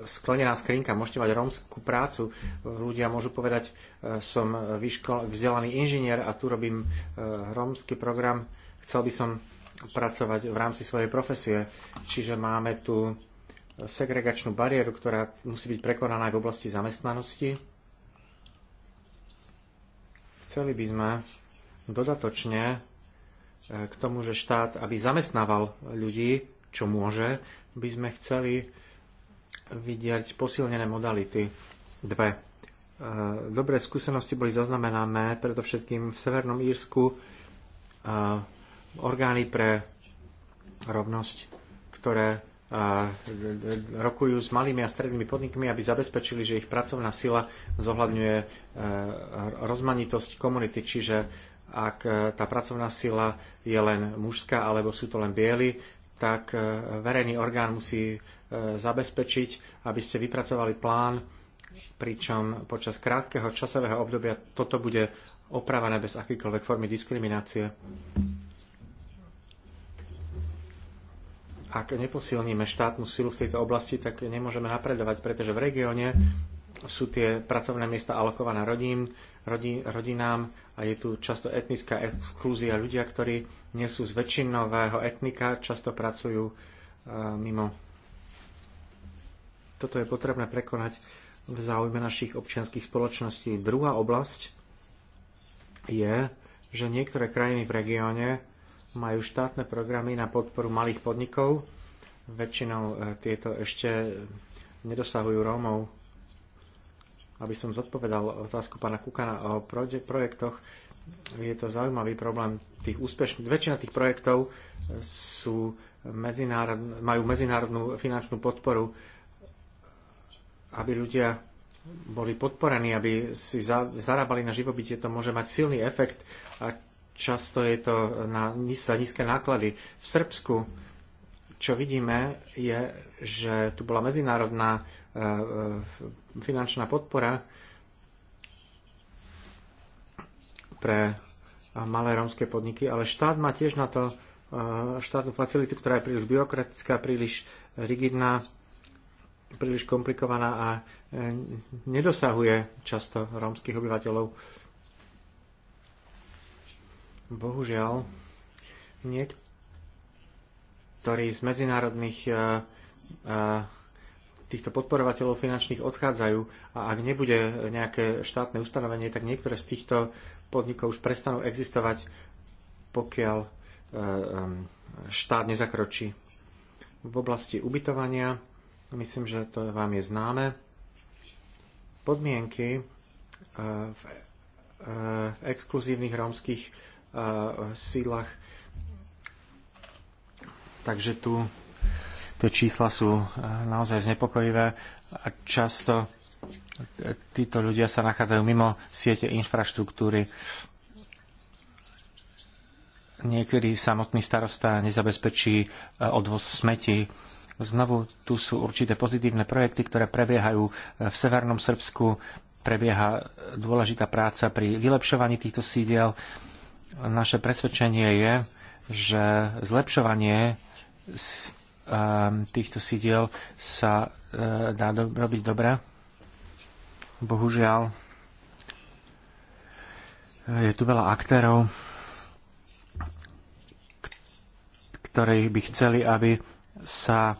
sklenená skrinka, môžete mať rómskú prácu, ľudia môžu povedať, som vyškol, vzdelaný inžinier a tu robím rómsky program, chcel by som pracovať v rámci svojej profesie. Čiže máme tu segregačnú bariéru, ktorá musí byť prekonaná aj v oblasti zamestnanosti. Chceli by sme dodatočne e, k tomu, že štát, aby zamestnával ľudí, čo môže, by sme chceli vidieť posilnené modality. Dve. E, dobré skúsenosti boli zaznamenané predovšetkým v Severnom Írsku e, orgány pre rovnosť, ktoré a rokujú s malými a strednými podnikmi, aby zabezpečili, že ich pracovná sila zohľadňuje e, rozmanitosť komunity, čiže ak e, tá pracovná sila je len mužská alebo sú to len bieli, tak e, verejný orgán musí zabezpečiť, aby ste vypracovali plán, pričom počas krátkeho časového obdobia toto bude opravené bez akýkoľvek formy diskriminácie. ak neposilníme štátnu silu v tejto oblasti, tak nemôžeme napredovať, pretože v regióne sú tie pracovné miesta alokované rodín, rodí, rodinám a je tu často etnická exklúzia. Ľudia, ktorí nie sú z väčšinového etnika, často pracujú e, mimo. Toto je potrebné prekonať v záujme našich občianských spoločností. Druhá oblasť je, že niektoré krajiny v regióne majú štátne programy na podporu malých podnikov. Väčšinou e, tieto ešte nedosahujú Rómov. Aby som zodpovedal otázku pána Kukana o projektoch, je to zaujímavý problém. Tých úspešných, väčšina tých projektov sú medzinárod, majú medzinárodnú finančnú podporu, aby ľudia boli podporení, aby si za, zarábali na živobytie, to môže mať silný efekt. A Často je to na, nízke náklady. V Srbsku, čo vidíme, je, že tu bola medzinárodná e, e, finančná podpora pre malé rómske podniky, ale štát má tiež na to e, štátnu facilitu, ktorá je príliš byrokratická, príliš rigidná, príliš komplikovaná a nedosahuje často rómskych obyvateľov. Bohužiaľ, niektorí z medzinárodných e, e, týchto podporovateľov finančných odchádzajú a ak nebude nejaké štátne ustanovenie, tak niektoré z týchto podnikov už prestanú existovať, pokiaľ e, štát nezakročí. V oblasti ubytovania, myslím, že to vám je známe, podmienky v exkluzívnych rómskych sílach. Takže tu tie čísla sú e, naozaj znepokojivé a často títo ľudia sa nachádzajú mimo siete infraštruktúry. Niekedy samotný starosta nezabezpečí e, odvoz smeti. Znovu tu sú určité pozitívne projekty, ktoré prebiehajú e, v Severnom Srbsku. Prebieha dôležitá práca pri vylepšovaní týchto sídiel. Naše presvedčenie je, že zlepšovanie ehm, týchto sídiel sa eh, dá do, robiť dobre. Bohužiaľ, je tu veľa aktérov, ktorí by chceli, aby sa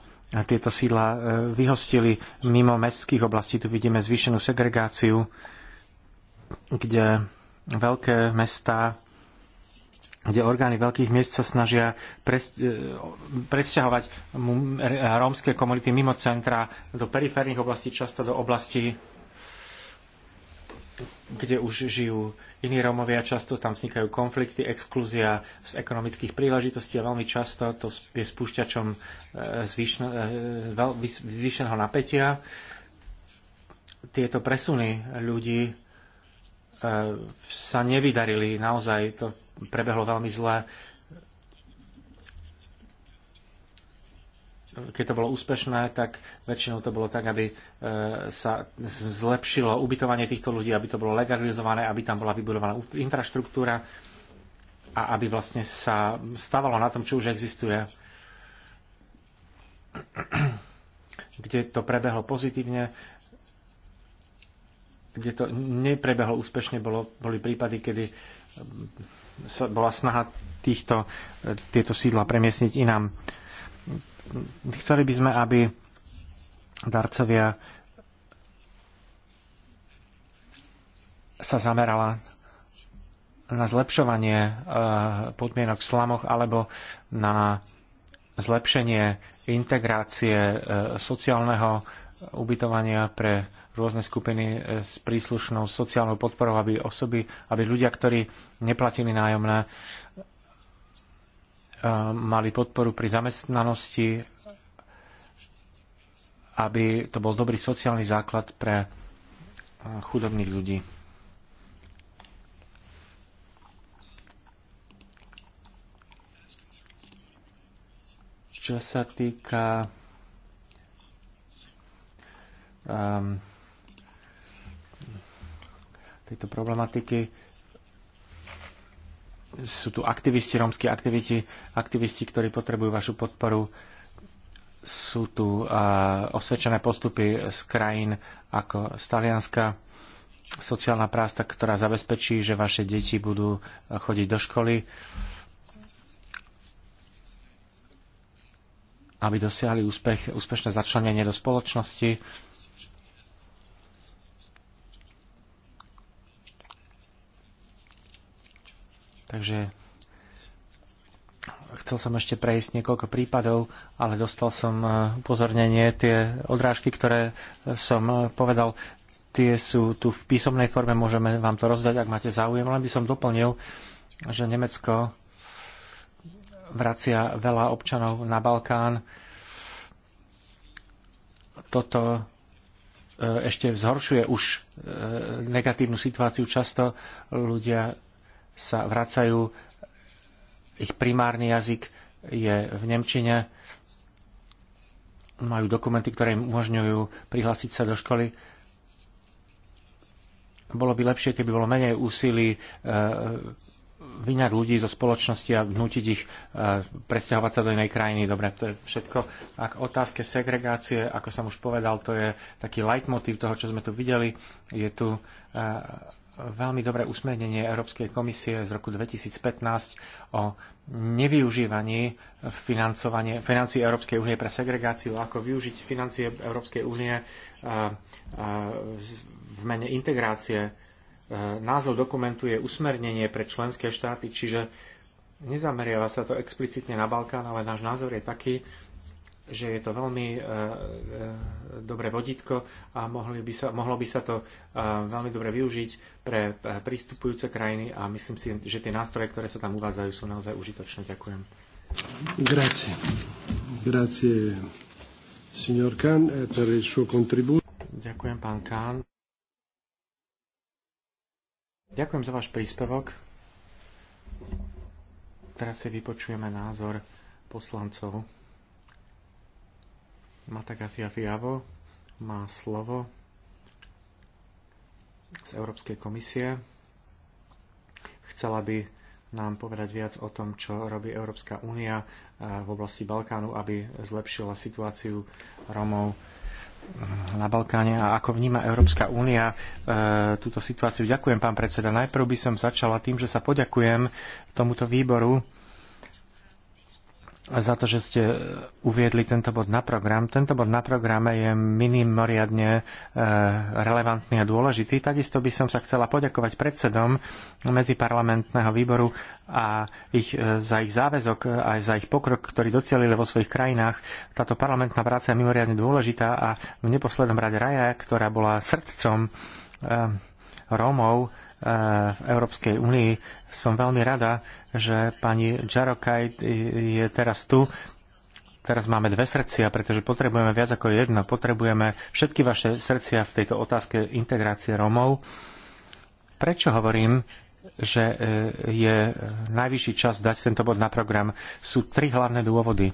tieto sídla eh, vyhostili mimo mestských oblastí. Tu vidíme zvýšenú segregáciu, kde veľké mestá kde orgány veľkých miest sa snažia e, presťahovať e, rómske komunity mimo centra do periférnych oblastí, často do oblastí, kde už žijú iní Rómovia. Často tam vznikajú konflikty, exklúzia z ekonomických príležitostí a veľmi často to je spúšťačom e, zvýšeného napätia. Tieto presuny ľudí sa nevydarili naozaj. To prebehlo veľmi zle. keď to bolo úspešné, tak väčšinou to bolo tak, aby e, sa zlepšilo ubytovanie týchto ľudí, aby to bolo legalizované, aby tam bola vybudovaná infraštruktúra a aby vlastne sa stavalo na tom, čo už existuje. <clears throat> Kde to prebehlo pozitívne, kde to neprebehlo úspešne, bolo, boli prípady, kedy bola snaha týchto, tieto sídla premiesniť inám. Chceli by sme, aby darcovia sa zamerala na zlepšovanie eh, podmienok v slamoch alebo na zlepšenie integrácie eh, sociálneho ubytovania pre rôzne skupiny e, s príslušnou sociálnou podporou, aby osoby, aby ľudia, ktorí neplatili nájomné, e, mali podporu pri zamestnanosti, aby to bol dobrý sociálny základ pre e, chudobných ľudí. Čo sa týka um, tejto problematiky. Sú tu aktivisti, rómsky aktivisti, aktivisti, ktorí potrebujú vašu podporu. Sú tu uh, osvedčené postupy z krajín ako Stalianska, sociálna prásta, ktorá zabezpečí, že vaše deti budú chodiť do školy, aby dosiahli úspech, úspešné začlenenie do spoločnosti. Takže chcel som ešte prejsť niekoľko prípadov, ale dostal som eh, upozornenie. Tie odrážky, ktoré eh, som eh, povedal, tie sú tu v písomnej forme, môžeme vám to rozdať, ak máte záujem. Len by som doplnil, že Nemecko vracia veľa občanov na Balkán. Toto ešte zhoršuje už negatívnu situáciu. Často ľudia sa vracajú. Ich primárny jazyk je v Nemčine. Majú dokumenty, ktoré im umožňujú prihlásiť sa do školy. Bolo by lepšie, keby bolo menej úsilí e, vyňať ľudí zo spoločnosti a vnútiť ich e, presťahovať sa do inej krajiny. Dobre, to je všetko. Ak otázke segregácie, ako som už povedal, to je taký leitmotív toho, čo sme tu videli. Je tu e, veľmi dobré usmernenie Európskej komisie z roku 2015 o nevyužívaní financie financí Európskej únie pre segregáciu, ako využiť financie Európskej únie v mene integrácie. E, názov dokumentu je usmernenie pre členské štáty, čiže nezameriava sa to explicitne na Balkán, ale náš názor je taký, že je to veľmi e, e, dobré vodítko a by sa, mohlo by sa to e, veľmi dobre využiť pre pristupujúce krajiny a myslím si, že tie nástroje, ktoré sa tam uvádzajú, sú naozaj užitočné. Ďakujem. Grazie. Grazie, signor Kahn, eh, per il suo contributo. Ďakujem, pán Kahn. Ďakujem za váš príspevok. Teraz si vypočujeme názor poslancov. Matagatia Fiavo má slovo z Európskej komisie. Chcela by nám povedať viac o tom, čo robí Európska únia eh, v oblasti Balkánu, aby zlepšila situáciu Romov eh, na Balkáne a ako vníma Európska únia e, túto situáciu. Ďakujem, pán predseda. Najprv by som začala tým, že sa poďakujem tomuto výboru za to, že ste e, uviedli tento bod na program. Tento bod na programe je minimoriadne e, relevantný a dôležitý. Takisto by som sa chcela poďakovať predsedom medziparlamentného výboru a ich, e, za ich záväzok aj za ich pokrok, ktorý docielili vo svojich krajinách. Táto parlamentná práca je mimoriadne dôležitá a v neposlednom rade Raja, ktorá bola srdcom Rómov, E, v Európskej únii. Som veľmi rada, že pani Jarokaj je teraz tu. Teraz máme dve srdcia, pretože potrebujeme viac ako jedno. Potrebujeme všetky vaše srdcia v tejto otázke integrácie Romov. Prečo hovorím, že e, je najvyšší čas dať tento bod na program? Sú tri hlavné dôvody.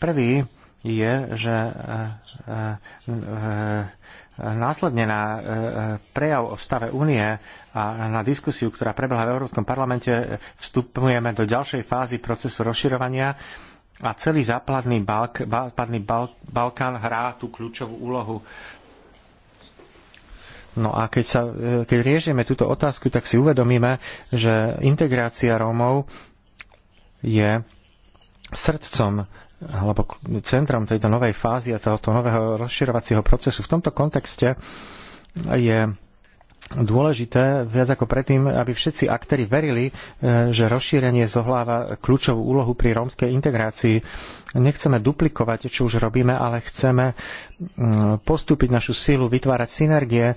Prvý je, že e, následne na e, e, prejav o stave únie a na diskusiu, ktorá prebehla v Európskom parlamente, vstupujeme do ďalšej fázy procesu rozširovania a celý západný Balk, Balk, Balkán hrá tú kľúčovú úlohu. No a keď, sa, e, keď riešime túto otázku, tak si uvedomíme, že integrácia Rómov je srdcom alebo centrom tejto novej fázy a tohoto nového rozširovacieho procesu. V tomto kontexte je dôležité viac ako predtým, aby všetci aktéri verili, e, že rozšírenie zohláva kľúčovú úlohu pri rómskej integrácii. Nechceme duplikovať, čo už robíme, ale chceme postúpiť našu sílu, vytvárať synergie, e,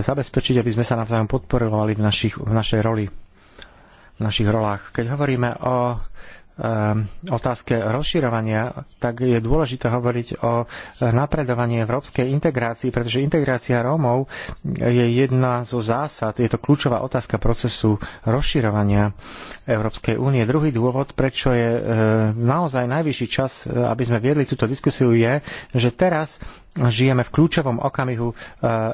zabezpečiť, aby sme sa navzájom podporovali v, našich, v našej roli v našich rolách. Keď hovoríme o Ehm, otázke rozširovania, tak je dôležité hovoriť o napredovaní európskej integrácii, pretože integrácia Rómov je jedna zo zásad, je to kľúčová otázka procesu rozširovania Európskej únie. Druhý dôvod, prečo je ehm, naozaj najvyšší čas, eh, aby sme viedli túto diskusiu, je, že teraz žijeme v kľúčovom okamihu eh,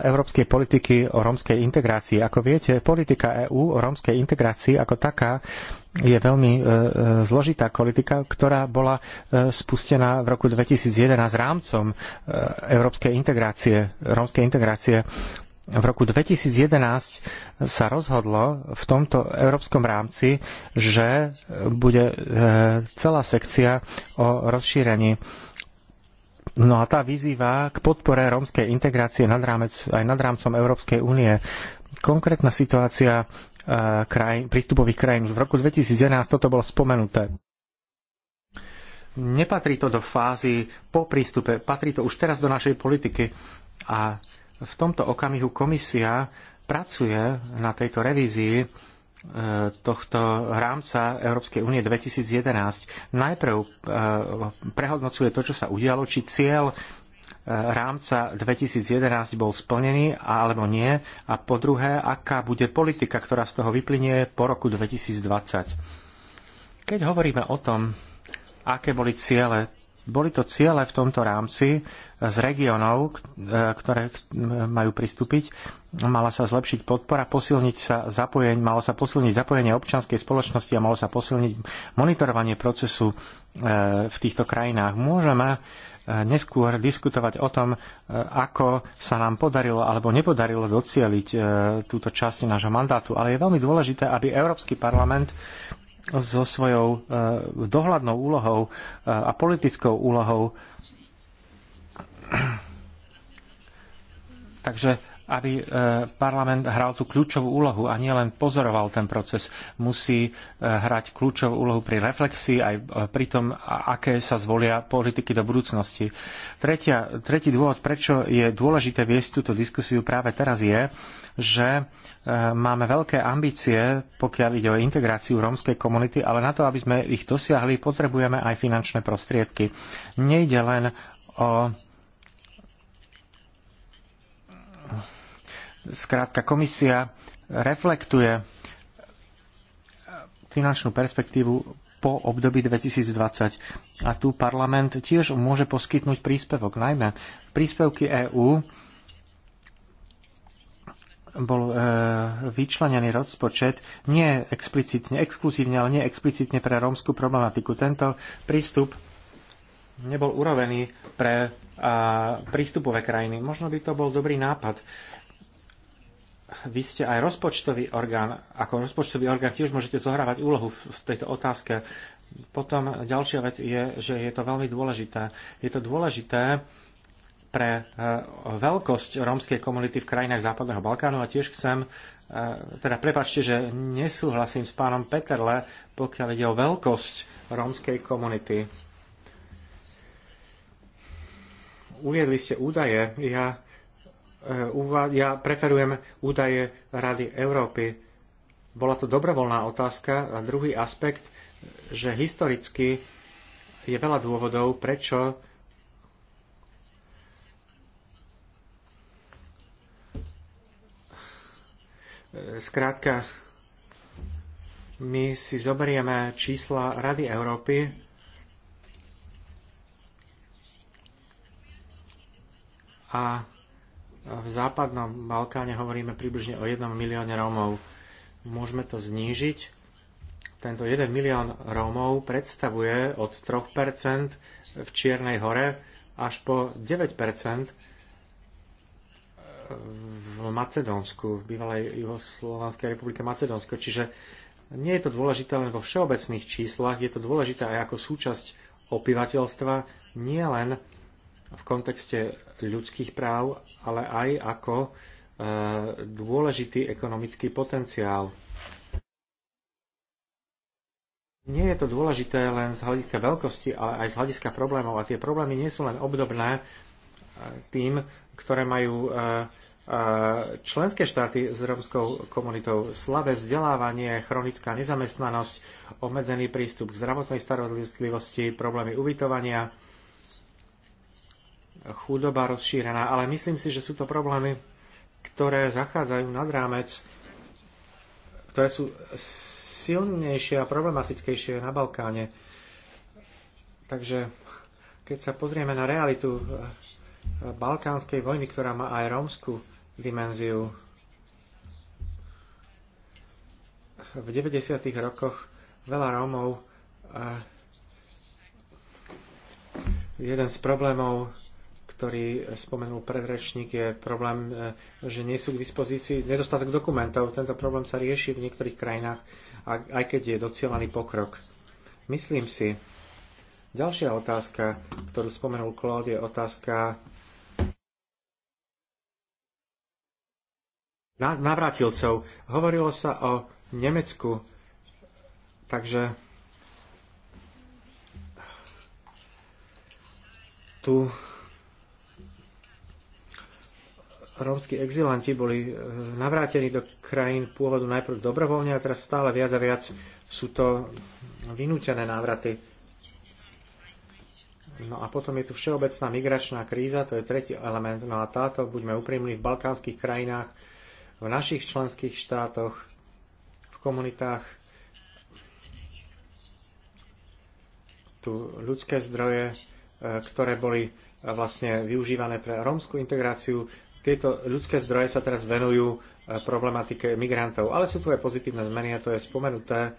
európskej politiky o rómskej integrácii. Ako viete, politika EÚ o rómskej integrácii ako taká je veľmi e, e, zložitá politika, ktorá bola e, spustená v roku 2011 rámcom európskej integrácie, rómskej integrácie. V roku 2011 sa rozhodlo v tomto európskom rámci, že bude celá sekcia o rozšírení No a tá vyzýva k podpore rómskej integrácie nad rámec, aj nad rámcom Európskej únie. Konkrétna situácia Eh, krajín, prístupových krajín. Už v roku 2011 toto bolo spomenuté. Nepatrí to do fázy po prístupe, patrí to už teraz do našej politiky a v tomto okamihu komisia pracuje na tejto revízii eh, tohto rámca Európskej únie 2011 najprv eh, prehodnocuje to, čo sa udialo, či cieľ rámca 2011 bol splnený alebo nie a po druhé, aká bude politika, ktorá z toho vyplynie po roku 2020. Keď hovoríme o tom, aké boli ciele, boli to ciele v tomto rámci z regionov, e, ktoré majú pristúpiť. Mala sa zlepšiť podpora, posilniť sa zapojenie, malo sa posilniť zapojenie občianskej spoločnosti a malo sa posilniť monitorovanie procesu e, v týchto krajinách. Môžeme neskôr diskutovať o tom, e, ako sa nám podarilo alebo nepodarilo docieliť e, túto časť nášho mandátu. Ale je veľmi dôležité, aby Európsky parlament so svojou e, dohľadnou úlohou a politickou úlohou. <clears throat> Takže aby e, parlament hral tú kľúčovú úlohu a nielen pozoroval ten proces. Musí e, hrať kľúčovú úlohu pri reflexii aj e, pri tom, aké sa zvolia politiky do budúcnosti. Tretia, tretí dôvod, prečo je dôležité viesť túto diskusiu práve teraz je, že máme veľké ambície, pokiaľ ide o integráciu rómskej komunity, ale na to, aby sme ich dosiahli, potrebujeme aj finančné prostriedky. Nejde len o Skrátka, komisia reflektuje finančnú perspektívu po období 2020. A tu parlament tiež môže poskytnúť príspevok. Najmä príspevky EÚ bol e, vyčlenený rozpočet nie explicitne, exkluzívne, ale nie explicitne pre rómsku problematiku. Tento prístup nebol urovený pre a, prístupové krajiny. Možno by to bol dobrý nápad vy ste aj rozpočtový orgán. Ako rozpočtový orgán tiež môžete zohrávať úlohu v tejto otázke. Potom ďalšia vec je, že je to veľmi dôležité. Je to dôležité pre e, veľkosť rómskej komunity v krajinách Západného Balkánu a tiež chcem, e, teda prepačte, že nesúhlasím s pánom Peterle, pokiaľ ide o veľkosť rómskej komunity. Uviedli ste údaje, ja E, ja preferujem údaje Rady Európy. Bola to dobrovoľná otázka. A druhý aspekt, že historicky je veľa dôvodov, prečo Skrátka, my si zoberieme čísla Rady Európy a v západnom Balkáne hovoríme približne o 1 milióne Rómov. Môžeme to znížiť. Tento 1 milión Rómov predstavuje od 3% v Čiernej hore až po 9% v Macedónsku, v bývalej Juhoslovanskej republike Macedónsko. Čiže nie je to dôležité len vo všeobecných číslach, je to dôležité aj ako súčasť obyvateľstva, nie len v kontexte ľudských práv, ale aj ako e, dôležitý ekonomický potenciál. Nie je to dôležité len z hľadiska veľkosti, ale aj z hľadiska problémov. A tie problémy nie sú len obdobné e, tým, ktoré majú e, členské štáty s romskou komunitou. Slabé vzdelávanie, chronická nezamestnanosť, obmedzený prístup k zdravotnej starostlivosti, problémy ubytovania, chudoba rozšírená, ale myslím si, že sú to problémy, ktoré zachádzajú nad rámec, ktoré sú silnejšie a problematickejšie na Balkáne. Takže keď sa pozrieme na realitu eh, balkánskej vojny, ktorá má aj rómskú dimenziu, v 90. rokoch veľa Rómov eh, jeden z problémov ktorý spomenul predrečník, je problém, e, že nie sú k dispozícii nedostatok dokumentov. Tento problém sa rieši v niektorých krajinách, aj keď je docielaný pokrok. Myslím si, ďalšia otázka, ktorú spomenul Claude, je otázka navrátilcov. Hovorilo sa o Nemecku, takže tu rómsky exilanti boli e, navrátení do krajín pôvodu najprv dobrovoľne a teraz stále viac a viac sú to vynútené návraty. No a potom je tu všeobecná migračná kríza, to je tretí element. No a táto, buďme úprimní, v balkánskych krajinách, v našich členských štátoch, v komunitách, tu ľudské zdroje, e, ktoré boli e, vlastne využívané pre rómskú integráciu, tieto ľudské zdroje sa teraz venujú e, problematike migrantov, ale sú tu aj pozitívne zmeny a to je spomenuté e,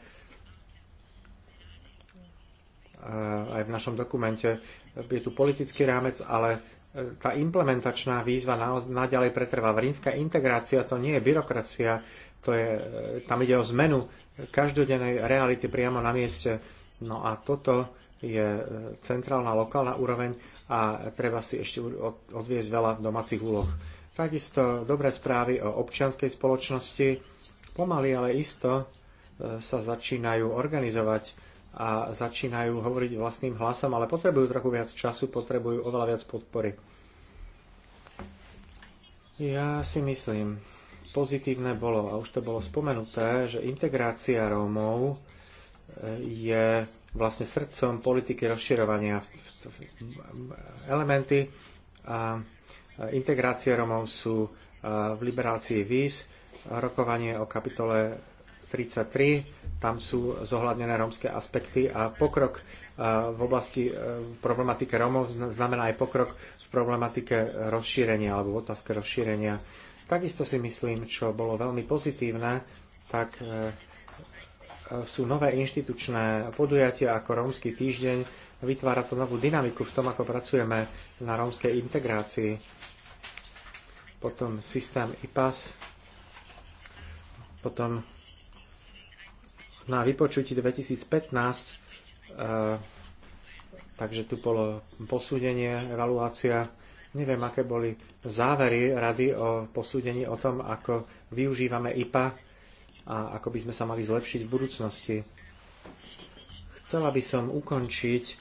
aj v našom dokumente. Je tu politický rámec, ale e, tá implementačná výzva naďalej pretrvá Rímska integrácia to nie je byrokracia, to je, tam ide o zmenu každodennej reality priamo na mieste. No a toto je centrálna, lokálna úroveň a treba si ešte odviesť veľa domácich úloh. Takisto dobré správy o občianskej spoločnosti pomaly, ale isto e, sa začínajú organizovať a začínajú hovoriť vlastným hlasom, ale potrebujú trochu viac času, potrebujú oveľa viac podpory. Ja si myslím, pozitívne bolo, a už to bolo spomenuté, že integrácia Rómov e, je vlastne srdcom politiky rozširovania elementy a integrácie Romov sú v liberácii víz, rokovanie o kapitole 33, tam sú zohľadnené rómske aspekty a pokrok v oblasti e, problematike Rómov znamená aj pokrok v problematike rozšírenia alebo v otázke rozšírenia. Takisto si myslím, čo bolo veľmi pozitívne, tak e, e, sú nové inštitučné podujatia ako Rómsky týždeň, vytvára to novú dynamiku v tom, ako pracujeme na rómskej integrácii. Potom systém IPAS, potom na vypočutí 2015, e, eh, takže tu bolo posúdenie, evaluácia, neviem, aké boli závery rady o posúdení o tom, ako využívame IPA a ako by sme sa mali zlepšiť v budúcnosti. Chcela by som ukončiť e,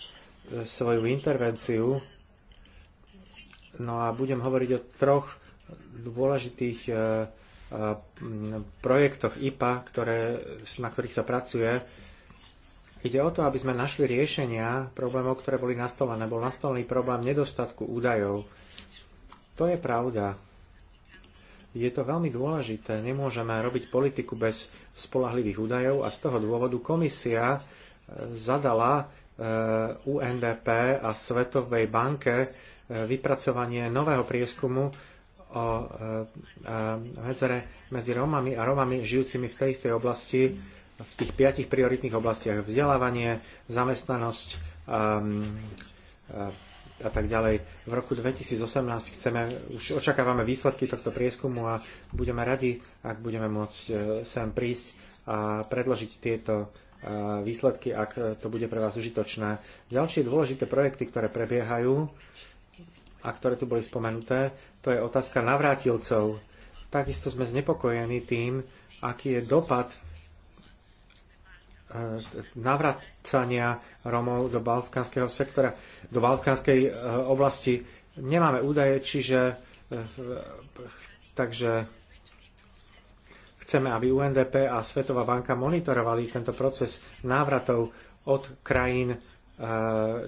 svoju intervenciu, no a budem hovoriť o troch dôležitých e, e, projektoch IPA, ktoré, na ktorých sa pracuje. Ide o to, aby sme našli riešenia problémov, ktoré boli nastolené. Bol nastolený problém nedostatku údajov. To je pravda. Je to veľmi dôležité. Nemôžeme robiť politiku bez spolahlivých údajov a z toho dôvodu komisia zadala eh, UNDP a Svetovej banke eh, vypracovanie nového prieskumu o eh, medzere medzi Rómami a Rómami žijúcimi v tej istej oblasti v tých piatich prioritných oblastiach vzdelávanie, zamestnanosť a, ehm, a, a tak ďalej. V roku 2018 chceme, už očakávame výsledky tohto prieskumu a budeme radi, ak budeme môcť sem prísť a predložiť tieto E, výsledky, ak to bude pre vás užitočné. Ďalšie dôležité projekty, ktoré prebiehajú a ktoré tu boli spomenuté, to je otázka navrátilcov. Takisto sme znepokojení tým, aký je dopad e, navracania Romov do balkánskeho sektora, do balkánskej e, oblasti. Nemáme údaje, čiže takže Chceme, aby UNDP a Svetová banka monitorovali tento proces návratov od krajín e,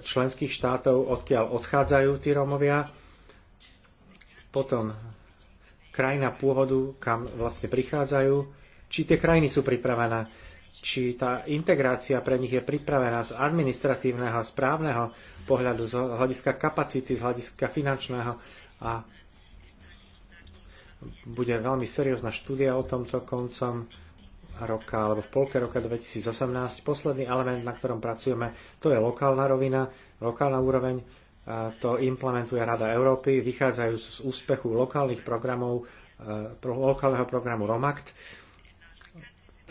členských štátov, odkiaľ odchádzajú tí Rómovia, potom krajina pôvodu, kam vlastne prichádzajú, či tie krajiny sú pripravené, či tá integrácia pre nich je pripravená z administratívneho, správneho pohľadu, z hľadiska kapacity, z hľadiska finančného a bude veľmi seriózna štúdia o tomto koncom roka alebo v polke roka 2018. Posledný element, na ktorom pracujeme, to je lokálna rovina, lokálna úroveň. to implementuje Rada Európy, vychádzajú z úspechu lokálnych programov, e, lokálneho programu Romact,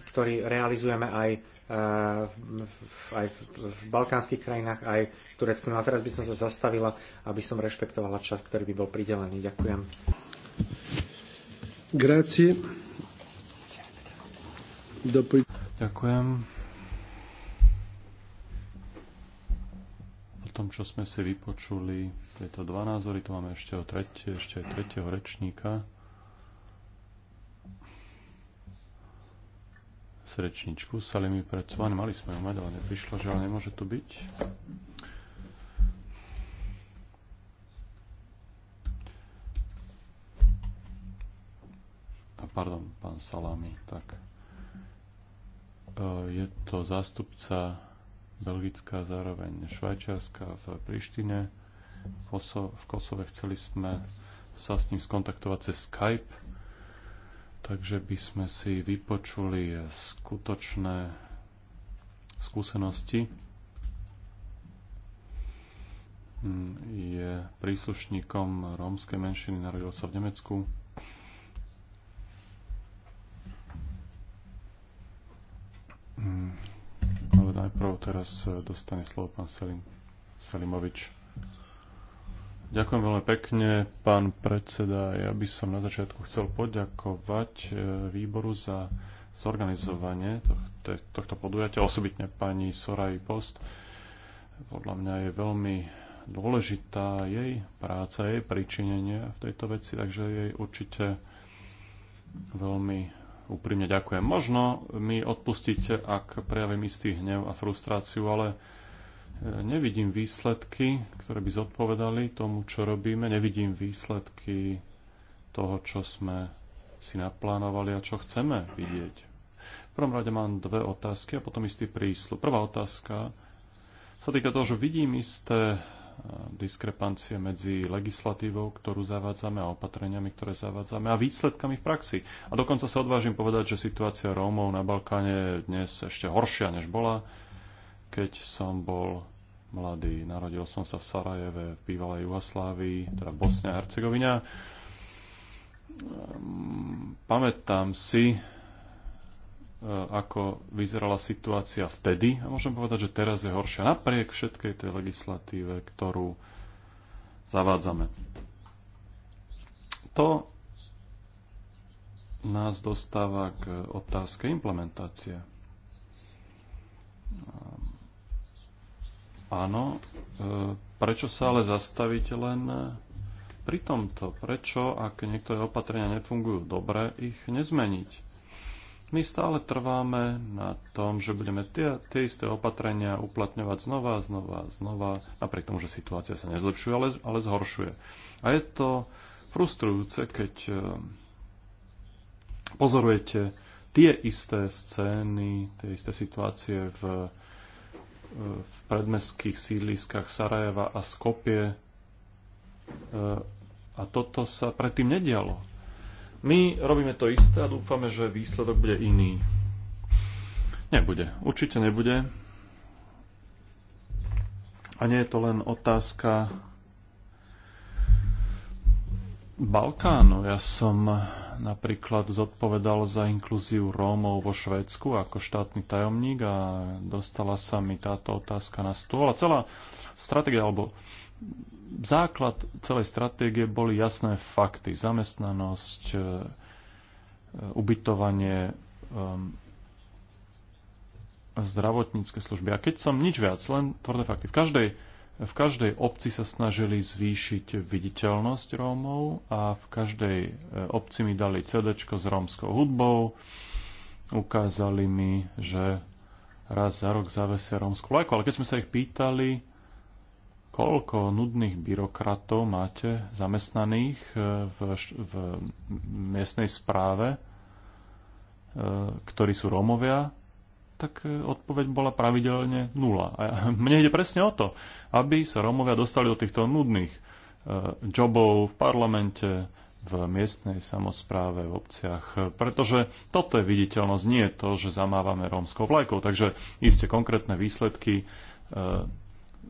ktorý realizujeme aj, e, aj v balkánskych krajinách, aj v Turecku. No a teraz by som sa zastavila, aby som rešpektovala čas, ktorý by bol pridelený. Ďakujem. Grazie. Dopo... Ďakujem. Po tom, čo sme si vypočuli tieto dva názory, tu máme ešte, o tretie, ešte aj tretieho rečníka. Srečničku, Salimi pred mali sme ju mať, ale neprišla, že ale nemôže tu byť. Pardon, pán Salami, tak. E, je to zástupca Belgická, zároveň Švajčiarska v Prištine. V Kosove chceli sme sa s ním skontaktovať cez Skype, takže by sme si vypočuli skutočné skúsenosti. Hm, je príslušníkom rómskej menšiny, narodil sa v Nemecku, Najprv teraz e, dostane slovo pán Selim, Selimovič. Ďakujem veľmi pekne, pán predseda. Ja by som na začiatku chcel poďakovať e, výboru za zorganizovanie tohto, tohto podujatia, osobitne pani Soraj Post. Podľa mňa je veľmi dôležitá jej práca, jej pričinenie v tejto veci, takže jej určite veľmi úprimne ďakujem. Možno mi odpustíte, ak prejavím istý hnev a frustráciu, ale e, nevidím výsledky, ktoré by zodpovedali tomu, čo robíme. Nevidím výsledky toho, čo sme si naplánovali a čo chceme vidieť. V prvom rade mám dve otázky a potom istý príslu. Prvá otázka sa týka toho, že vidím isté diskrepancie medzi legislatívou, ktorú zavádzame a opatreniami, ktoré zavádzame a výsledkami v praxi. A dokonca sa odvážim povedať, že situácia Rómov na Balkáne je dnes ešte horšia, než bola, keď som bol mladý. Narodil som sa v Sarajeve, v bývalej Jugoslávii, teda Bosnia a Hercegovina. Pamätám si, Eh, ako vyzerala situácia vtedy a môžem povedať, že teraz je horšia napriek všetkej tej legislatíve, ktorú zavádzame. To nás dostáva k otázke implementácie. Áno, eh, prečo sa ale zastaviť len pri tomto? Prečo, ak niektoré opatrenia nefungujú dobre, ich nezmeniť? My stále trváme na tom, že budeme tie, tie isté opatrenia uplatňovať znova, znova, znova, napriek tomu, že situácia sa nezlepšuje, ale, ale zhoršuje. A je to frustrujúce, keď eh, pozorujete tie isté scény, tie isté situácie v, eh, v predmestských sídliskách Sarajeva a Skopie. Eh, a toto sa predtým nedialo my robíme to isté a dúfame, že výsledok bude iný. Nebude. Určite nebude. A nie je to len otázka Balkánu. Ja som napríklad zodpovedal za inklúziu Rómov vo Švédsku ako štátny tajomník a dostala sa mi táto otázka na stôl. A celá stratégia alebo základ celej stratégie boli jasné fakty. Zamestnanosť, e, ubytovanie, e, zdravotnícke služby. A keď som nič viac, len tvrdé fakty. V každej, v každej obci sa snažili zvýšiť viditeľnosť Rómov a v každej e, obci mi dali CD s rómskou hudbou. Ukázali mi, že raz za rok zavesia rómsku lajku. Ale keď sme sa ich pýtali, koľko nudných byrokratov máte zamestnaných e, v, v miestnej správe, e, ktorí sú Rómovia, tak e, odpoveď bola pravidelne nula. A <laughs> mne ide presne o to, aby sa Rómovia dostali do týchto nudných jobov v parlamente, v miestnej samozpráve, v obciach, pretože toto je viditeľnosť, nie je to, že zamávame rómskou vlajkou. Takže iste konkrétne výsledky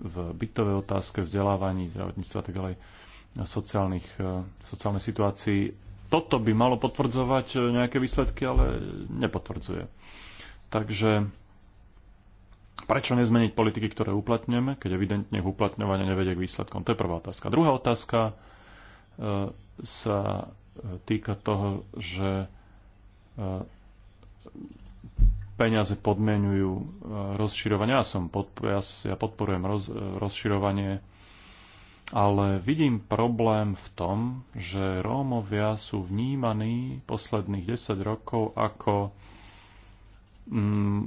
v bytové otázke, vzdelávaní, zdravotníctva a tak ďalej, sociálnych, e, sociálnej situácii. Toto by malo potvrdzovať e, nejaké výsledky, ale nepotvrdzuje. Takže prečo nezmeniť politiky, ktoré uplatňujeme, keď evidentne ich uplatňovanie nevedie k výsledkom? To je prvá otázka. Druhá otázka e, sa týka toho, že peniaze podmienujú e, rozširovanie. Ja, som podp- ja, ja podporujem roz- e, rozširovanie, ale vidím problém v tom, že Rómovia sú vnímaní posledných 10 rokov ako mm,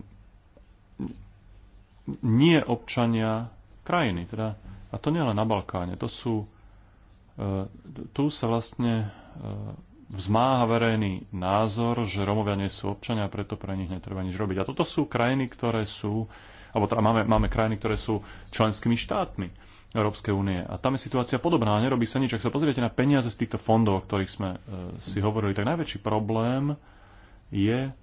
nie občania krajiny. Teda, a to nielen na Balkáne. To sú, e, tu sa vlastne e, vzmáha verejný názor, že Romovia nie sú občania a preto pre nich netreba nič robiť. A toto sú krajiny, ktoré sú, alebo teda máme, máme krajiny, ktoré sú členskými štátmi Európskej únie. A tam je situácia podobná, nerobí sa nič. Ak sa pozriete na peniaze z týchto fondov, o ktorých sme e, si hovorili, tak najväčší problém je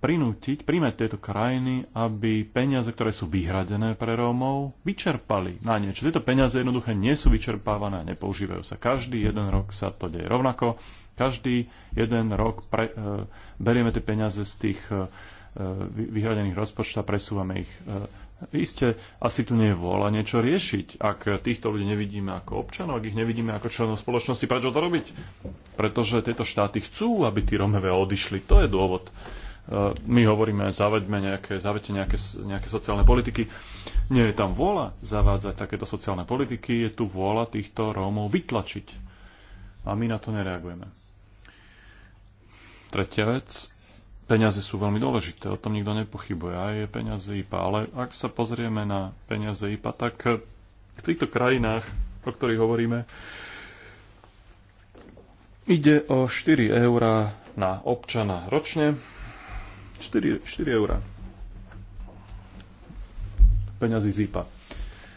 prinútiť, príjmať tieto krajiny, aby peniaze, ktoré sú vyhradené pre Rómov, vyčerpali na niečo. Tieto peniaze jednoduché nie sú vyčerpávané, a nepoužívajú sa. Každý jeden rok sa to deje rovnako. Každý jeden rok pre, e, berieme tie peniaze z tých e, e vyhradených rozpočtov a presúvame ich e, Isté, asi tu nie je vôľa niečo riešiť, ak týchto ľudí nevidíme ako občanov, ak ich nevidíme ako členov spoločnosti, prečo to robiť? Pretože tieto štáty chcú, aby tí Romevia odišli. To je dôvod. E, my hovoríme, zaveďme nejaké, zaveďte nejaké, nejaké sociálne politiky. Nie je tam vôľa zavádzať takéto sociálne politiky, je tu vôľa týchto Rómov vytlačiť. A my na to nereagujeme. Tretia vec. Peniaze sú veľmi dôležité, o tom nikto nepochybuje. Aj je peniaze IPA, ale ak sa pozrieme na peniaze IPA, tak v týchto krajinách, o ktorých hovoríme, ide o 4 eurá na občana ročne, 4, 4 eurá peňazí zípa.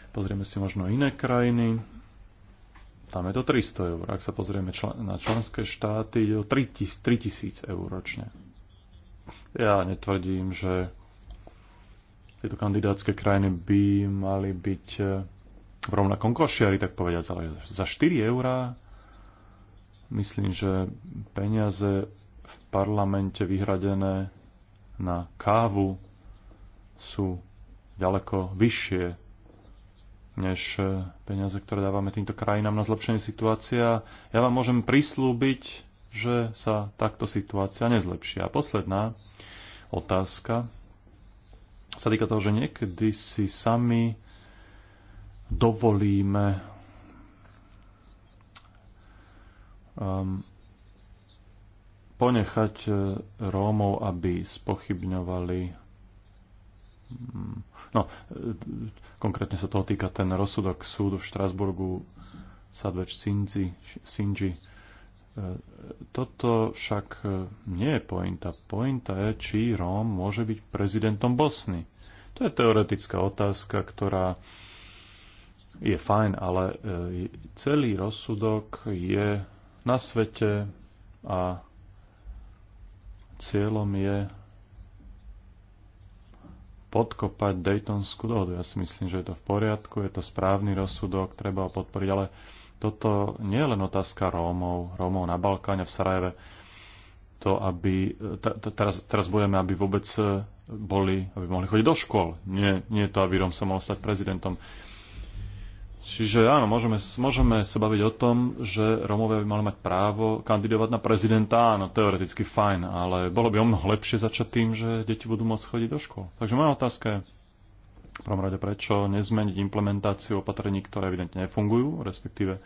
Pozrieme si možno iné krajiny. Tam je to 300 eur. Ak sa pozrieme čl- na členské štáty, je to 3000, 3000 eur ročne. Ja netvrdím, že tieto kandidátske krajiny by mali byť eh, v rovnakom košiari, tak povedať, ale za 4 eurá myslím, že peniaze v parlamente vyhradené na kávu sú ďaleko vyššie než peniaze, ktoré dávame týmto krajinám na zlepšenie situácia. Ja vám môžem prislúbiť, že sa takto situácia nezlepší. A posledná otázka sa týka toho, že niekedy si sami dovolíme um, ponechať e, Rómov, aby spochybňovali mm, No, e, konkrétne sa toho týka ten rozsudok súdu v Štrasburgu Sadveč Sinji, Sinji. E, toto však nie je pointa. Pointa je, či Róm môže byť prezidentom Bosny. To je teoretická otázka, ktorá je fajn, ale celý rozsudok je na svete a Cieľom je podkopať Daytonskú dohodu. Ja si myslím, že je to v poriadku, je to správny rozsudok, treba ho podporiť, ale toto nie je len otázka Rómov, Rómov na Balkáne, v Sarajeve. To, aby, teraz, teraz budeme, aby vôbec eh, boli, aby mohli chodiť do škôl. Nie, nie to, aby Róm sa mohol stať prezidentom. Čiže áno, môžeme, môžeme sa baviť o tom, že Romovia by mali mať právo kandidovať na prezidenta, áno, teoreticky fajn, ale bolo by o mnoho lepšie začať tým, že deti budú môcť chodiť do škôl. Takže moja otázka je, v prvom rade, prečo nezmeniť implementáciu opatrení, ktoré evidentne nefungujú, respektíve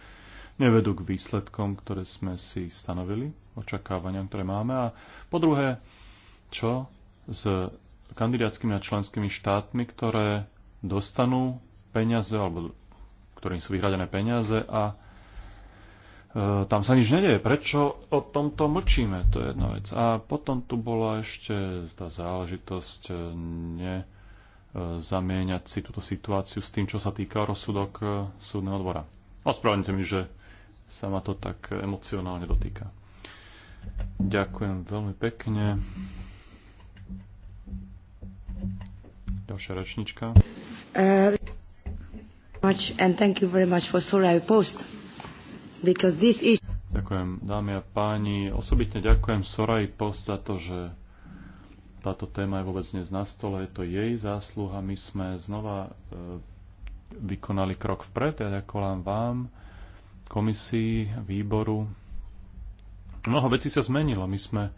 nevedú k výsledkom, ktoré sme si stanovili, očakávaniam, ktoré máme. A po druhé, čo s kandidátskými a členskými štátmi, ktoré dostanú peniaze alebo ktorým sú vyhradené peniaze a e, tam sa nič nedeje. Prečo o tomto mlčíme? To je jedna vec. A potom tu bola ešte tá záležitosť e, ne e, zamieňať si túto situáciu s tým, čo sa týka rozsudok súdneho dvora. Ospravedlňte mi, že sa ma to tak emocionálne dotýka. Ďakujem veľmi pekne. Ďalšia rečnička. Ďakujem, dámy a páni. Osobitne ďakujem Soraj Post za to, že táto téma je vôbec dnes na stole. Je to jej zásluha. My sme znova e, vykonali krok vpred. Ja ďakujem vám, komisii, výboru. Mnoho vecí sa zmenilo. My sme e,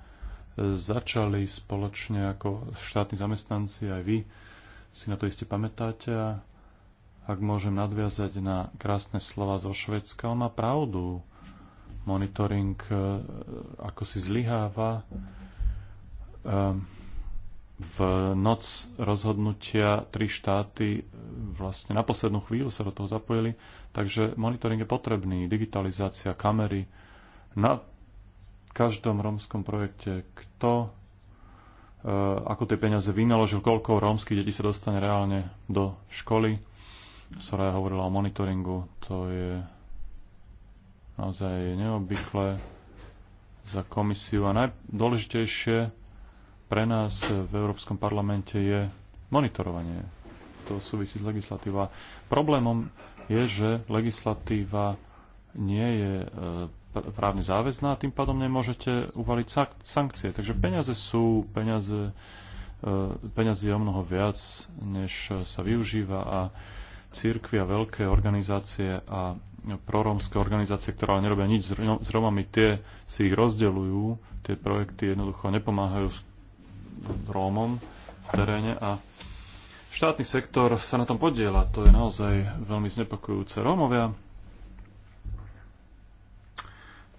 začali spoločne ako štátni zamestnanci, aj vy si na to iste pamätáte. A ak môžem nadviazať na krásne slova zo Švedska, on má pravdu. Monitoring e, ako si zlyháva. E, v noc rozhodnutia tri štáty e, vlastne na poslednú chvíľu sa do toho zapojili, takže monitoring je potrebný, digitalizácia, kamery. Na každom rómskom projekte, kto ako tie peniaze vynaložil, koľko rómskych detí sa dostane reálne do školy, Soraya hovorila o monitoringu. To je naozaj neobvyklé za komisiu. A najdôležitejšie pre nás v Európskom parlamente je monitorovanie. To súvisí s legislatíva. Problémom je, že legislatíva nie je e, právne záväzná, tým pádom nemôžete uvaliť sankcie. Takže peniaze sú, peniaze, e, peniaze je o mnoho viac, než sa využíva a církvy a veľké organizácie a prorómske organizácie, ktoré ale nerobia nič s Romami, tie si ich rozdeľujú, tie projekty jednoducho nepomáhajú s Rómom v teréne a štátny sektor sa na tom podiela. To je naozaj veľmi znepokojúce. Rómovia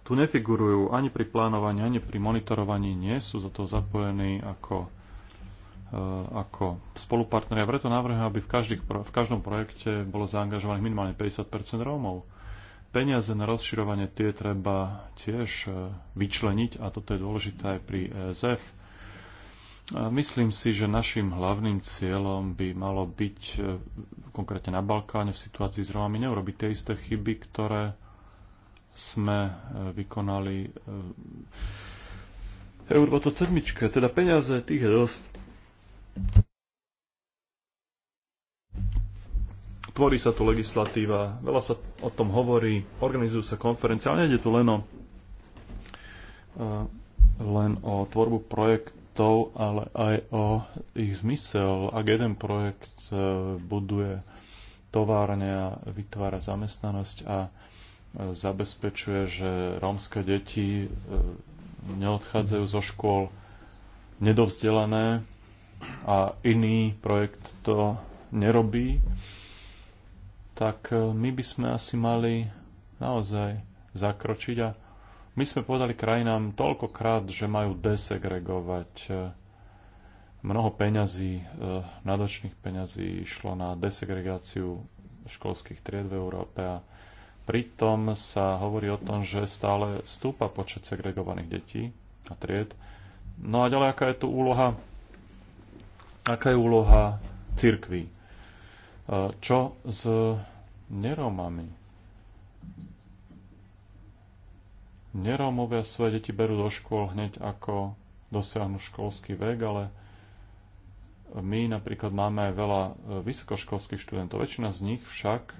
tu nefigurujú ani pri plánovaní, ani pri monitorovaní, nie sú za to zapojení ako Eh, ako spolupartneri. A preto navrhujem, aby v, každý, v každom projekte bolo zaangažovaných minimálne 50 Rómov. Peniaze na rozširovanie tie treba tiež eh, vyčleniť a toto je dôležité aj pri ESF. Myslím si, že našim hlavným cieľom by malo byť eh, konkrétne na Balkáne v situácii s Rómami neurobiť tie isté chyby, ktoré sme vykonali Euro 27, teda peniaze tých je dosť Tvorí sa tu legislatíva, veľa sa o tom hovorí, organizujú sa konferencie, ale nejde tu len o, e, len o tvorbu projektov, ale aj o ich zmysel. Ak jeden projekt e, buduje továrne a vytvára zamestnanosť a e, zabezpečuje, že rómske deti neodchádzajú zo škôl nedovzdelané, a iný projekt to nerobí, tak e, my by sme asi mali naozaj zakročiť a my sme povedali krajinám toľkokrát, že majú desegregovať e, mnoho peňazí, e, nadočných peňazí išlo na desegregáciu školských tried v Európe a pritom sa hovorí o tom, že stále stúpa počet segregovaných detí a tried. No a ďalej, aká je tu úloha aká je úloha církvy. E, čo s nerómami? Nerómovia svoje deti berú do škôl hneď ako dosiahnu školský vek, ale my napríklad máme aj veľa e, vysokoškolských študentov. Väčšina z nich však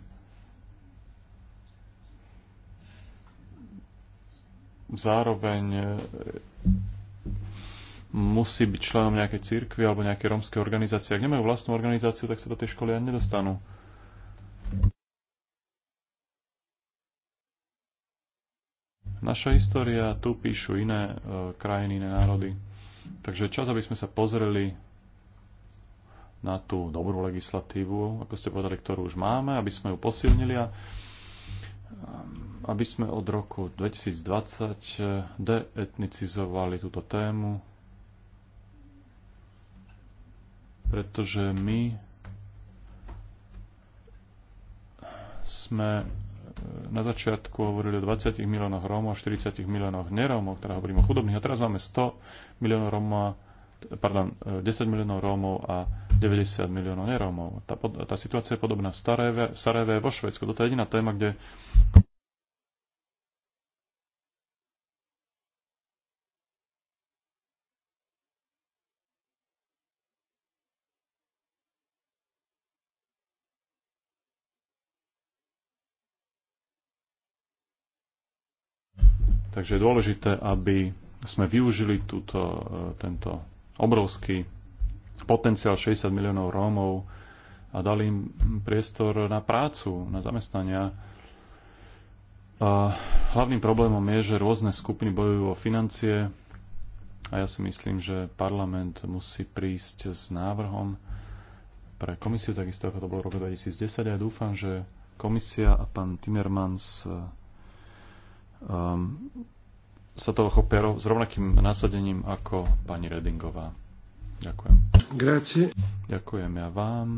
zároveň e, musí byť členom nejakej cirkvi alebo nejaké romské organizácie. Ak nemajú vlastnú organizáciu, tak sa do tej školy ani nedostanú. Naša história tu píšu iné e, krajiny, iné národy. Takže čas, aby sme sa pozreli na tú dobrú legislatívu, ako ste povedali, ktorú už máme, aby sme ju posilnili a aby sme od roku 2020 deetnicizovali túto tému pretože my sme e, na začiatku hovorili o 20 miliónoch Rómov, 40 miliónoch nerómov, teda hovoríme o chudobných, a teraz máme 100 miliónov Rómov, pardon, 10 e, miliónov Rómov a 90 miliónov nerómov. Tá, tá situácia je podobná v Sarajeve, v Sarajeve vo Švedsku. Toto je jediná téma, kde Takže je dôležité, aby sme využili túto, e, tento obrovský potenciál 60 miliónov Rómov a dali im priestor na prácu, na zamestnania. A hlavným problémom je, že rôzne skupiny bojujú o financie a ja si myslím, že parlament musí prísť s návrhom pre komisiu, takisto ako to bolo v roku 2010 a ja dúfam, že komisia a pán Timmermans um, sa toho chopia s rovnakým násadením ako pani Redingová. Ďakujem. Grazie. Ďakujem ja vám.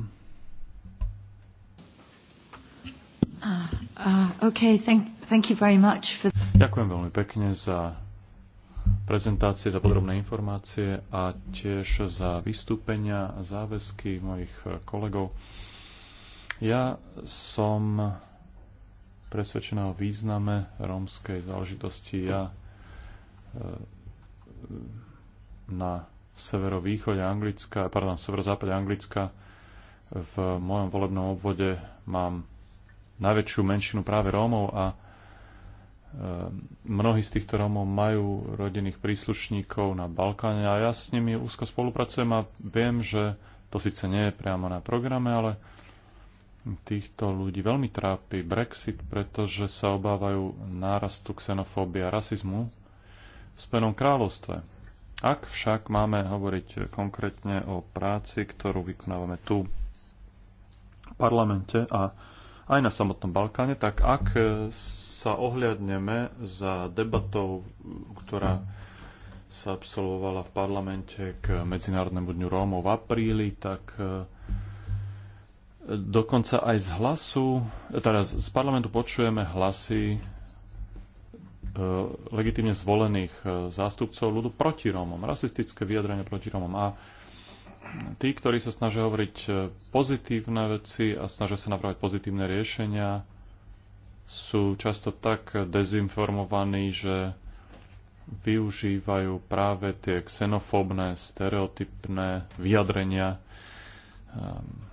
Uh, uh, okay, thank, thank you very much for... Ďakujem veľmi pekne za prezentácie, za podrobné informácie a tiež za vystúpenia a záväzky mojich kolegov. Ja som presvedčená o význame rómskej záležitosti. Ja e, na severovýchode Anglicka, pardon, severozápade Anglicka v mojom volebnom obvode mám najväčšiu menšinu práve Rómov a e, mnohí z týchto Rómov majú rodinných príslušníkov na Balkáne a ja s nimi úzko spolupracujem a viem, že to síce nie je priamo na programe, ale týchto ľudí veľmi trápi Brexit, pretože sa obávajú nárastu xenofóbia a rasizmu v Spojenom kráľovstve. Ak však máme hovoriť konkrétne o práci, ktorú vykonávame tu v parlamente a aj na samotnom Balkáne, tak ak sa ohliadneme za debatou, ktorá sa absolvovala v parlamente k Medzinárodnému dňu Rómov v apríli, tak dokonca aj z hlasu, teda z parlamentu počujeme hlasy e, legitimne zvolených e, zástupcov ľudu proti Rómom, rasistické vyjadrenie proti Rómom. A tí, ktorí sa snažia hovoriť e, pozitívne veci a snažia sa napravať pozitívne riešenia, sú často tak dezinformovaní, že využívajú práve tie xenofóbne, stereotypné vyjadrenia ehm,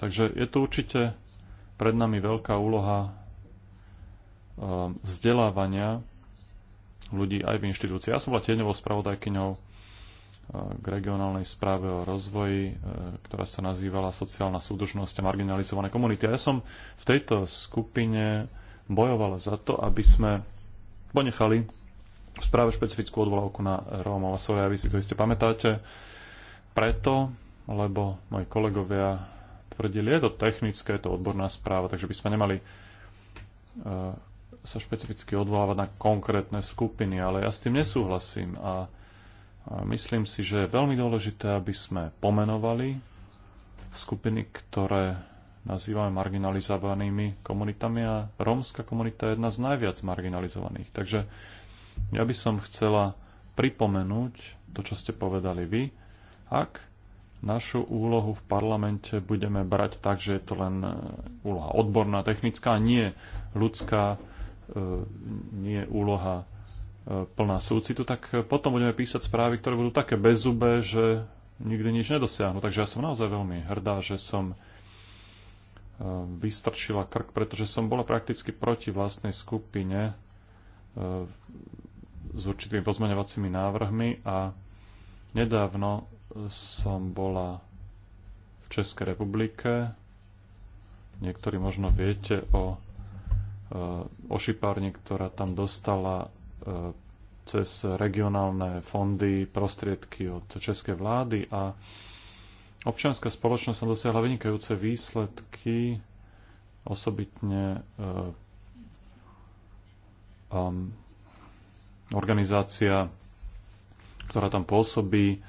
Takže je tu určite pred nami veľká úloha um, vzdelávania ľudí aj v inštitúcii. Ja som bola tieňovou spravodajkyňou uh, k regionálnej správe o rozvoji, uh, ktorá sa nazývala Sociálna súdržnosť a marginalizované komunity. A ja som v tejto skupine bojovala za to, aby sme ponechali v správe špecifickú odvolávku na Rómov a Sovia, vy si to iste pamätáte, preto, lebo moji kolegovia potvrdili. Je to technické, je to odborná správa, takže by sme nemali eh, sa špecificky odvolávať na konkrétne skupiny, ale ja s tým nesúhlasím a myslím si, že je veľmi dôležité, aby sme pomenovali skupiny, ktoré nazývame marginalizovanými komunitami a rómska komunita je jedna z najviac marginalizovaných. Takže ja by som chcela pripomenúť to, čo ste povedali vy, ak našu úlohu v parlamente budeme brať tak, že je to len e, úloha odborná, technická, nie ľudská, e, nie úloha e, plná súcitu, tak potom budeme písať správy, ktoré budú také bezzubé, že nikdy nič nedosiahnu. Takže ja som naozaj veľmi hrdá, že som vystrčila krk, pretože som bola prakticky proti vlastnej skupine s určitými pozmeňovacími návrhmi a nedávno som bola v Českej republike. Niektorí možno viete o e, ošipárni, ktorá tam dostala e, cez regionálne fondy prostriedky od českej vlády a občianská spoločnosť tam dosiahla vynikajúce výsledky, osobitne e, organizácia, ktorá tam pôsobí,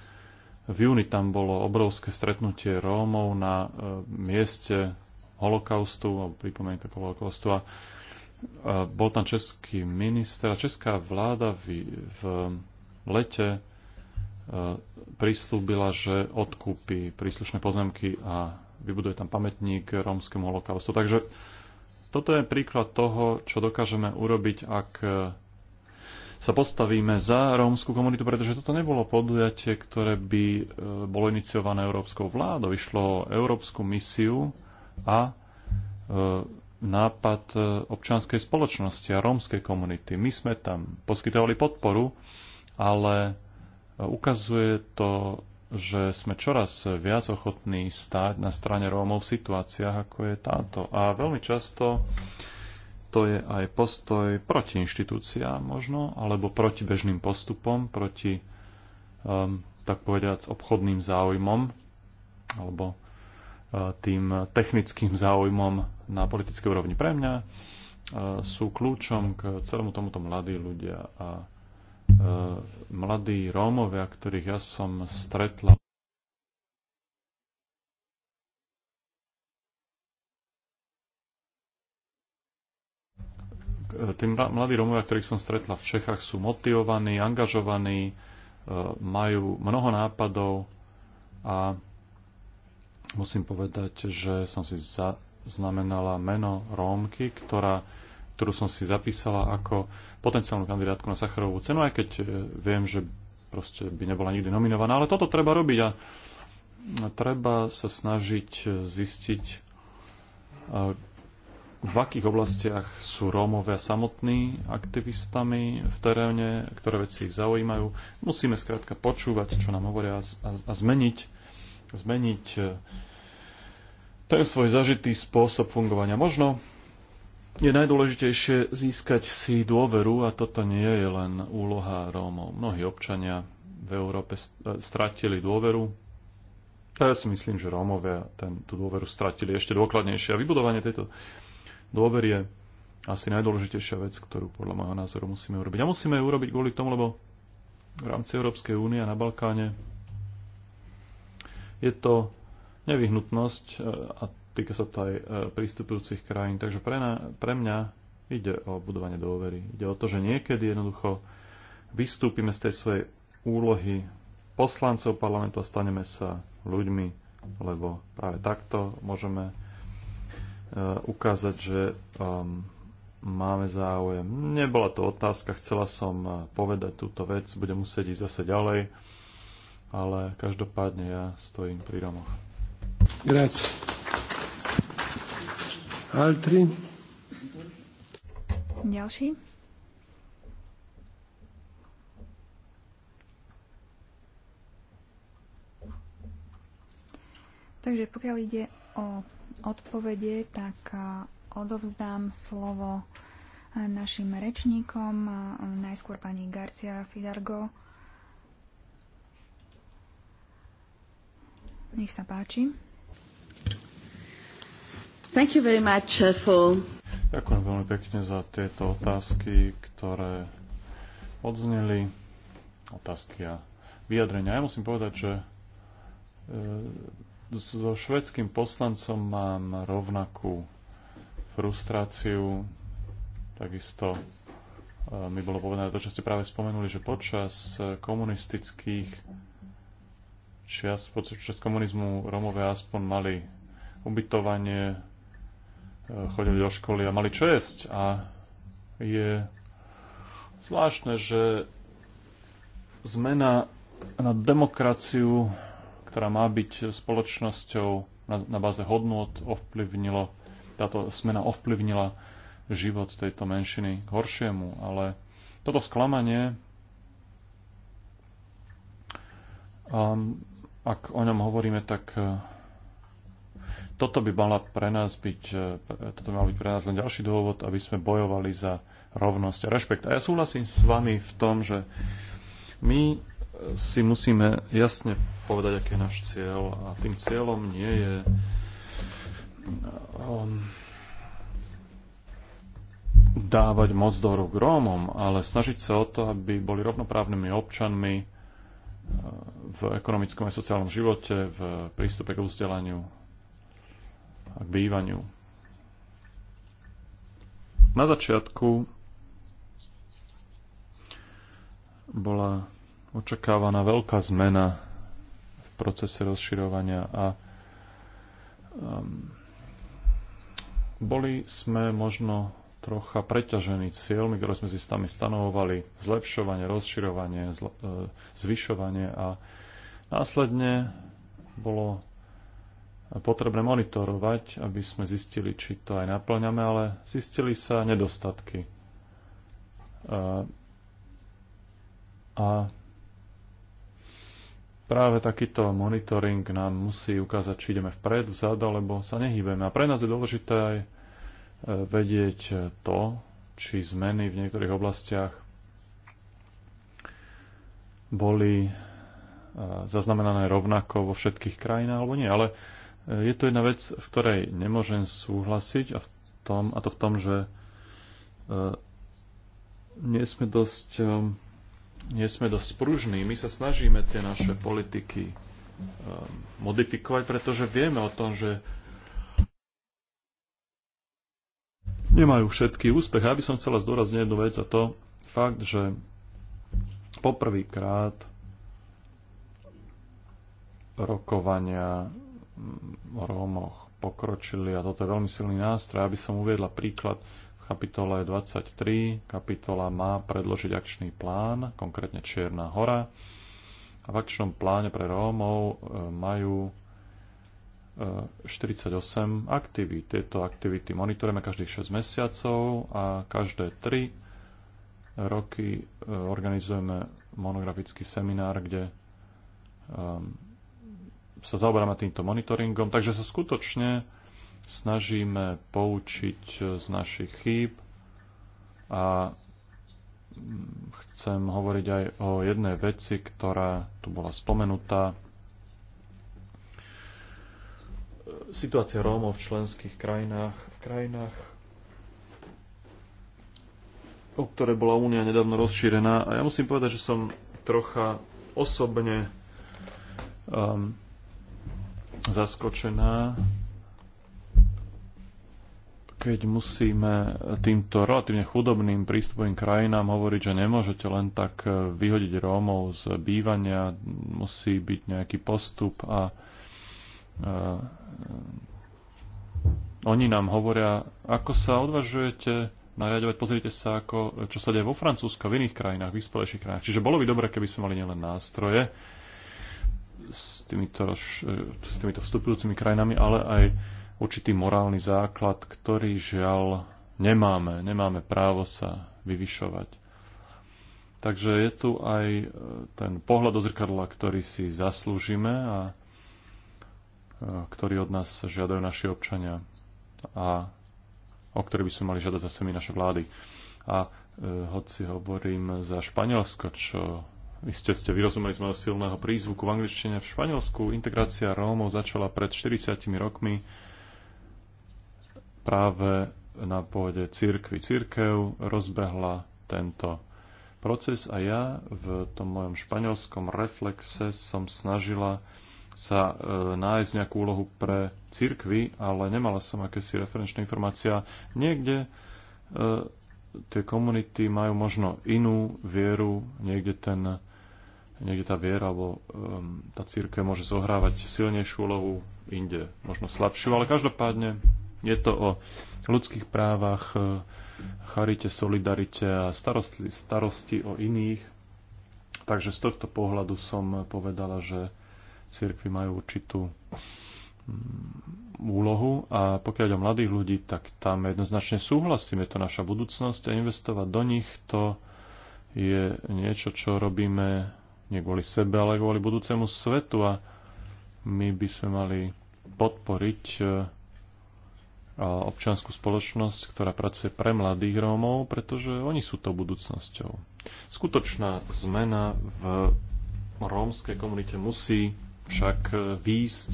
v júni tam bolo obrovské stretnutie Rómov na e, mieste holokaustu, alebo pripomienka holokaustu a e, bol tam český minister a česká vláda v, v lete e, prislúbila, že odkúpi príslušné pozemky a vybuduje tam pamätník rómskemu holokaustu. Takže toto je príklad toho, čo dokážeme urobiť, ak sa postavíme za rómsku komunitu, pretože toto nebolo podujatie, ktoré by e, bolo iniciované európskou vládou. Išlo o európsku misiu a e, nápad e, občianskej spoločnosti a rómskej komunity. My sme tam poskytovali podporu, ale ukazuje to že sme čoraz viac ochotní stáť na strane Rómov v situáciách, ako je táto. A veľmi často to je aj postoj proti inštitúciám možno, alebo proti bežným postupom, proti, um, tak povediac, obchodným záujmom, alebo uh, tým technickým záujmom na politické úrovni. Pre mňa uh, sú kľúčom k celému tomuto mladí ľudia a uh, mladí Rómovia, ktorých ja som stretla tí mladí Romovia, ktorých som stretla v Čechách, sú motivovaní, angažovaní, e, majú mnoho nápadov a musím povedať, že som si zaznamenala meno Rómky, ktorá, ktorú som si zapísala ako potenciálnu kandidátku na Sacharovú cenu, aj keď e, viem, že proste by nebola nikdy nominovaná, ale toto treba robiť a treba sa snažiť zistiť, e, v akých oblastiach sú Rómovia samotní aktivistami v teréne, ktoré veci ich zaujímajú. Musíme skrátka počúvať, čo nám hovoria a, a zmeniť, zmeniť e, ten svoj zažitý spôsob fungovania. Možno je najdôležitejšie získať si dôveru a toto nie je len úloha Rómov. Mnohí občania v Európe e, stratili dôveru a ja si myslím, že Rómovia ten, tú dôveru stratili ešte dôkladnejšie. A vybudovanie tejto Dôver je asi najdôležitejšia vec, ktorú podľa môjho názoru musíme urobiť. A musíme ju urobiť kvôli tomu, lebo v rámci Európskej únie a na Balkáne je to nevyhnutnosť e, a týka sa to aj e, prístupujúcich krajín. Takže pre, na, pre mňa ide o budovanie dôvery. Ide o to, že niekedy jednoducho vystúpime z tej svojej úlohy poslancov parlamentu a staneme sa ľuďmi, lebo práve takto môžeme Eh, ukázať, že ehm, máme záujem. Nebola to otázka, chcela som eh, povedať túto vec, budem musieť ísť zase ďalej, ale každopádne ja stojím pri Romoch. Grazie. Altri? Ďalší? Takže pokiaľ ide o odpovede, tak odovzdám slovo našim rečníkom, najskôr pani Garcia Fidargo. Nech sa páči. Thank you very much uh, for... Ďakujem veľmi pekne za tieto otázky, ktoré odzneli. Otázky a vyjadrenia. Ja musím povedať, že e, so švedským poslancom mám rovnakú frustráciu. Takisto e, mi bolo povedané to, čo ste práve spomenuli, že počas komunistických čias, počas komunizmu Romové aspoň mali ubytovanie, e, chodili do školy a mali čo jesť. A je zvláštne, že zmena na demokraciu ktorá má byť spoločnosťou na, na báze hodnot ovplyvnilo, táto zmena ovplyvnila život tejto menšiny k horšiemu, ale toto sklamanie, um, ak o ňom hovoríme, tak uh, toto by mala pre nás byť, uh, toto by mal byť pre nás len ďalší dôvod, aby sme bojovali za rovnosť a rešpekt. A ja súhlasím s vami v tom, že my si musíme jasne povedať, aký je náš cieľ. A tým cieľom nie je um, dávať moc do rúk Rómom, ale snažiť sa o to, aby boli rovnoprávnymi občanmi uh, v ekonomickom a sociálnom živote, v prístupe k vzdelaniu a k bývaniu. Na začiatku bola očakávaná veľká zmena v procese rozširovania a um, boli sme možno trocha preťažení cieľmi, ktoré sme si sami stanovovali, zlepšovanie, rozširovanie, zl- e, zvyšovanie a následne bolo potrebné monitorovať, aby sme zistili, či to aj naplňame, ale zistili sa nedostatky. E, a práve takýto monitoring nám musí ukázať, či ideme vpred, vzad, alebo sa nehýbeme. A pre nás je dôležité aj e, vedieť to, či zmeny v niektorých oblastiach boli e, zaznamenané rovnako vo všetkých krajinách alebo nie. Ale e, je to jedna vec, v ktorej nemôžem súhlasiť a, v tom, a to v tom, že sme dosť nie sme dosť pružní. My sa snažíme tie naše politiky eh, modifikovať, pretože vieme o tom, že nemajú všetky úspech. Ja by som chcela zdôrazniť jednu vec a to fakt, že poprvýkrát rokovania hm, o Rómoch pokročili a toto je veľmi silný nástroj. Aby som uviedla príklad, kapitole 23 kapitola má predložiť akčný plán, konkrétne Čierna hora. A v akčnom pláne pre Rómov e, majú 48 e, aktivít. Tieto aktivity monitorujeme každých 6 mesiacov a každé 3 roky e, organizujeme monografický seminár, kde sa zaoberáme týmto monitoringom. Takže sa skutočne snažíme poučiť z našich chýb a chcem hovoriť aj o jednej veci, ktorá tu bola spomenutá. Situácia Rómov v členských krajinách, v krajinách, o ktoré bola únia nedávno rozšírená. A ja musím povedať, že som trocha osobne um, zaskočená keď musíme týmto relatívne chudobným prístupovým krajinám hovoriť, že nemôžete len tak e, vyhodiť Rómov z bývania, musí byť nejaký postup a e, e, oni nám hovoria, ako sa odvažujete nariadovať, pozrite sa, ako, čo sa deje vo Francúzsku a v iných krajinách, vyspelejších krajinách. Čiže bolo by dobre, keby sme mali nielen nástroje s týmito, s týmito vstupujúcimi krajinami, ale aj určitý morálny základ, ktorý žiaľ nemáme. Nemáme právo sa vyvyšovať. Takže je tu aj e, ten pohľad do zrkadla, ktorý si zaslúžime a e, ktorý od nás žiadajú naši občania a o ktorý by sme mali žiadať zase my naše vlády. A e, hoci hovorím za Španielsko, čo iste ste vyrozumeli z môjho silného prízvuku v angličtine, v Španielsku integrácia Rómov začala pred 40 rokmi práve na pôde církvy. Církev rozbehla tento proces a ja v tom mojom španielskom reflexe som snažila sa e, nájsť nejakú úlohu pre církvy, ale nemala som akési referenčné informácia. Niekde e, tie komunity majú možno inú vieru, niekde, ten, niekde tá viera alebo um, tá církev môže zohrávať silnejšiu úlohu inde, možno slabšiu, ale každopádne je to o ľudských právach, e, charite, solidarite a starosti, starosti o iných. Takže z tohto pohľadu som povedala, že cirkvi majú určitú mm, úlohu a pokiaľ ide o mladých ľudí, tak tam jednoznačne súhlasím, je to naša budúcnosť a investovať do nich to je niečo, čo robíme nie kvôli sebe, ale kvôli budúcemu svetu a my by sme mali podporiť e, občianskú spoločnosť, ktorá pracuje pre mladých Rómov, pretože oni sú to budúcnosťou. Skutočná zmena v rómskej komunite musí však výjsť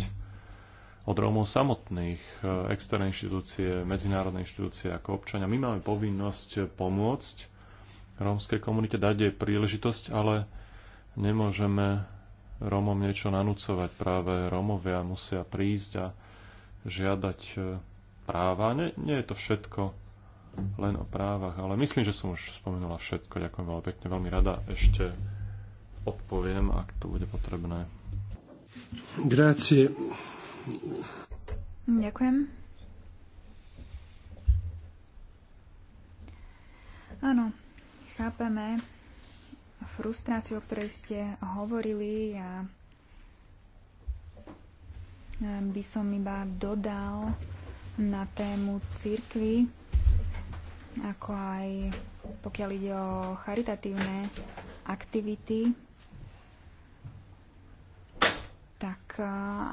od Rómov samotných, e, externé inštitúcie, medzinárodné inštitúcie ako občania. My máme povinnosť pomôcť rómskej komunite, dať jej príležitosť, ale nemôžeme Rómom niečo nanúcovať. Práve Rómovia musia prísť a žiadať e, práva. Nie, nie je to všetko len o právach, ale myslím, že som už spomenula všetko. Ďakujem veľmi pekne, veľmi rada ešte odpoviem, ak to bude potrebné. Grácie. Ďakujem. Áno, chápeme frustráciu, o ktorej ste hovorili a by som iba dodal, na tému církvy, ako aj pokiaľ ide o charitatívne aktivity, tak e,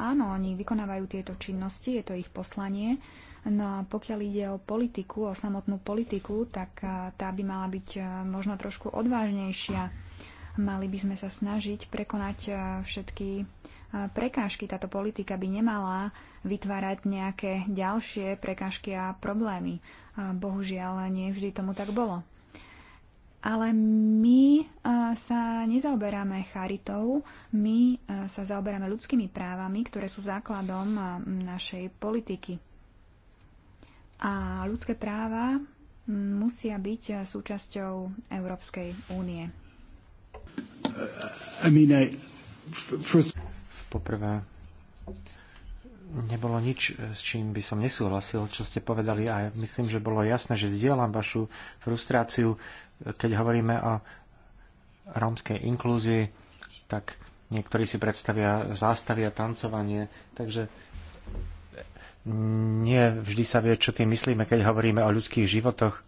áno, oni vykonávajú tieto činnosti, je to ich poslanie. No a pokiaľ ide o politiku, o samotnú politiku, tak e, tá by mala byť e, možno trošku odvážnejšia. Mali by sme sa snažiť prekonať všetky prekážky. Táto politika by nemala vytvárať nejaké ďalšie prekážky a problémy. Bohužiaľ, nie vždy tomu tak bolo. Ale my e, sa nezaoberáme charitou, my e, sa zaoberáme ľudskými právami, ktoré sú základom e, našej politiky. A ľudské práva musia byť súčasťou Európskej únie. I mean, I, first... Poprvé, nebolo nič, s čím by som nesúhlasil, čo ste povedali a myslím, že bolo jasné, že zdieľam vašu frustráciu, keď hovoríme o rómskej inklúzii, tak niektorí si predstavia zástavy a tancovanie, takže nie vždy sa vie, čo tým myslíme, keď hovoríme o ľudských životoch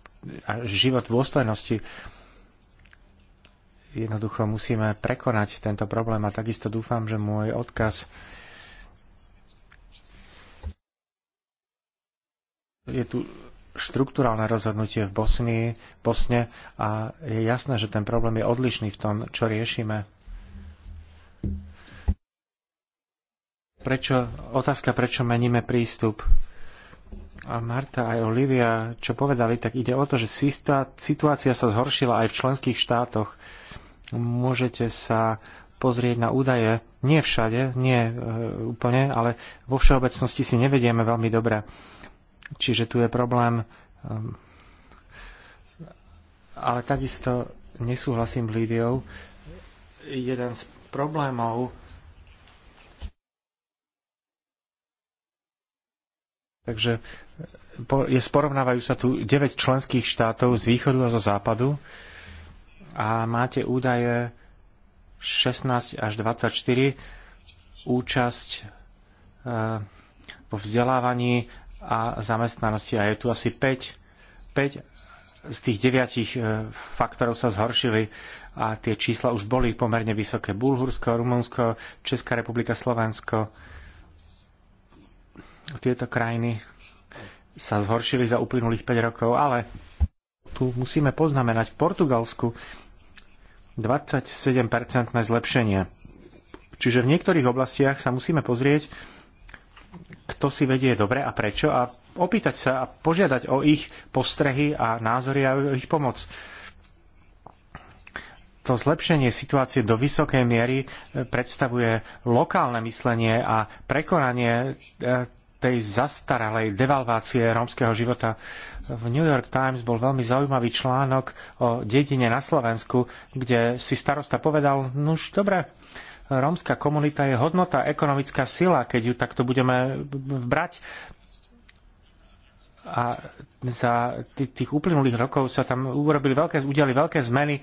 a život v dôstojnosti jednoducho musíme prekonať tento problém a takisto dúfam, že môj odkaz je tu štruktúralne rozhodnutie v Bosni, Bosne a je jasné, že ten problém je odlišný v tom, čo riešime. Prečo, otázka, prečo meníme prístup. A Marta aj Olivia, čo povedali, tak ide o to, že situácia sa zhoršila aj v členských štátoch môžete sa pozrieť na údaje, nie všade, nie e, úplne, ale vo všeobecnosti si nevedieme veľmi dobre. Čiže tu je problém. Ehm, ale takisto nesúhlasím s Lídiou. Jeden z problémov Takže e, je, porovnávajú sa tu 9 členských štátov z východu a zo západu a máte údaje 16 až 24, účasť e, vo vzdelávaní a zamestnanosti. A je tu asi 5, 5 z tých 9 e, faktorov sa zhoršili a tie čísla už boli pomerne vysoké. Bulhursko, Rumunsko, Česká republika, Slovensko. Tieto krajiny sa zhoršili za uplynulých 5 rokov, ale tu musíme poznamenať v Portugalsku 27-percentné zlepšenie. Čiže v niektorých oblastiach sa musíme pozrieť, kto si vedie dobre a prečo a opýtať sa a požiadať o ich postrehy a názory a o ich pomoc. To zlepšenie situácie do vysokej miery eh, predstavuje lokálne myslenie a prekonanie eh, tej zastaralej devalvácie rómskeho života. V New York Times bol veľmi zaujímavý článok o dedine na Slovensku, kde si starosta povedal, nuž dobre, rómska komunita je hodnota, ekonomická sila, keď ju takto budeme brať. A za tých uplynulých rokov sa tam urobili veľké, udiali veľké zmeny e,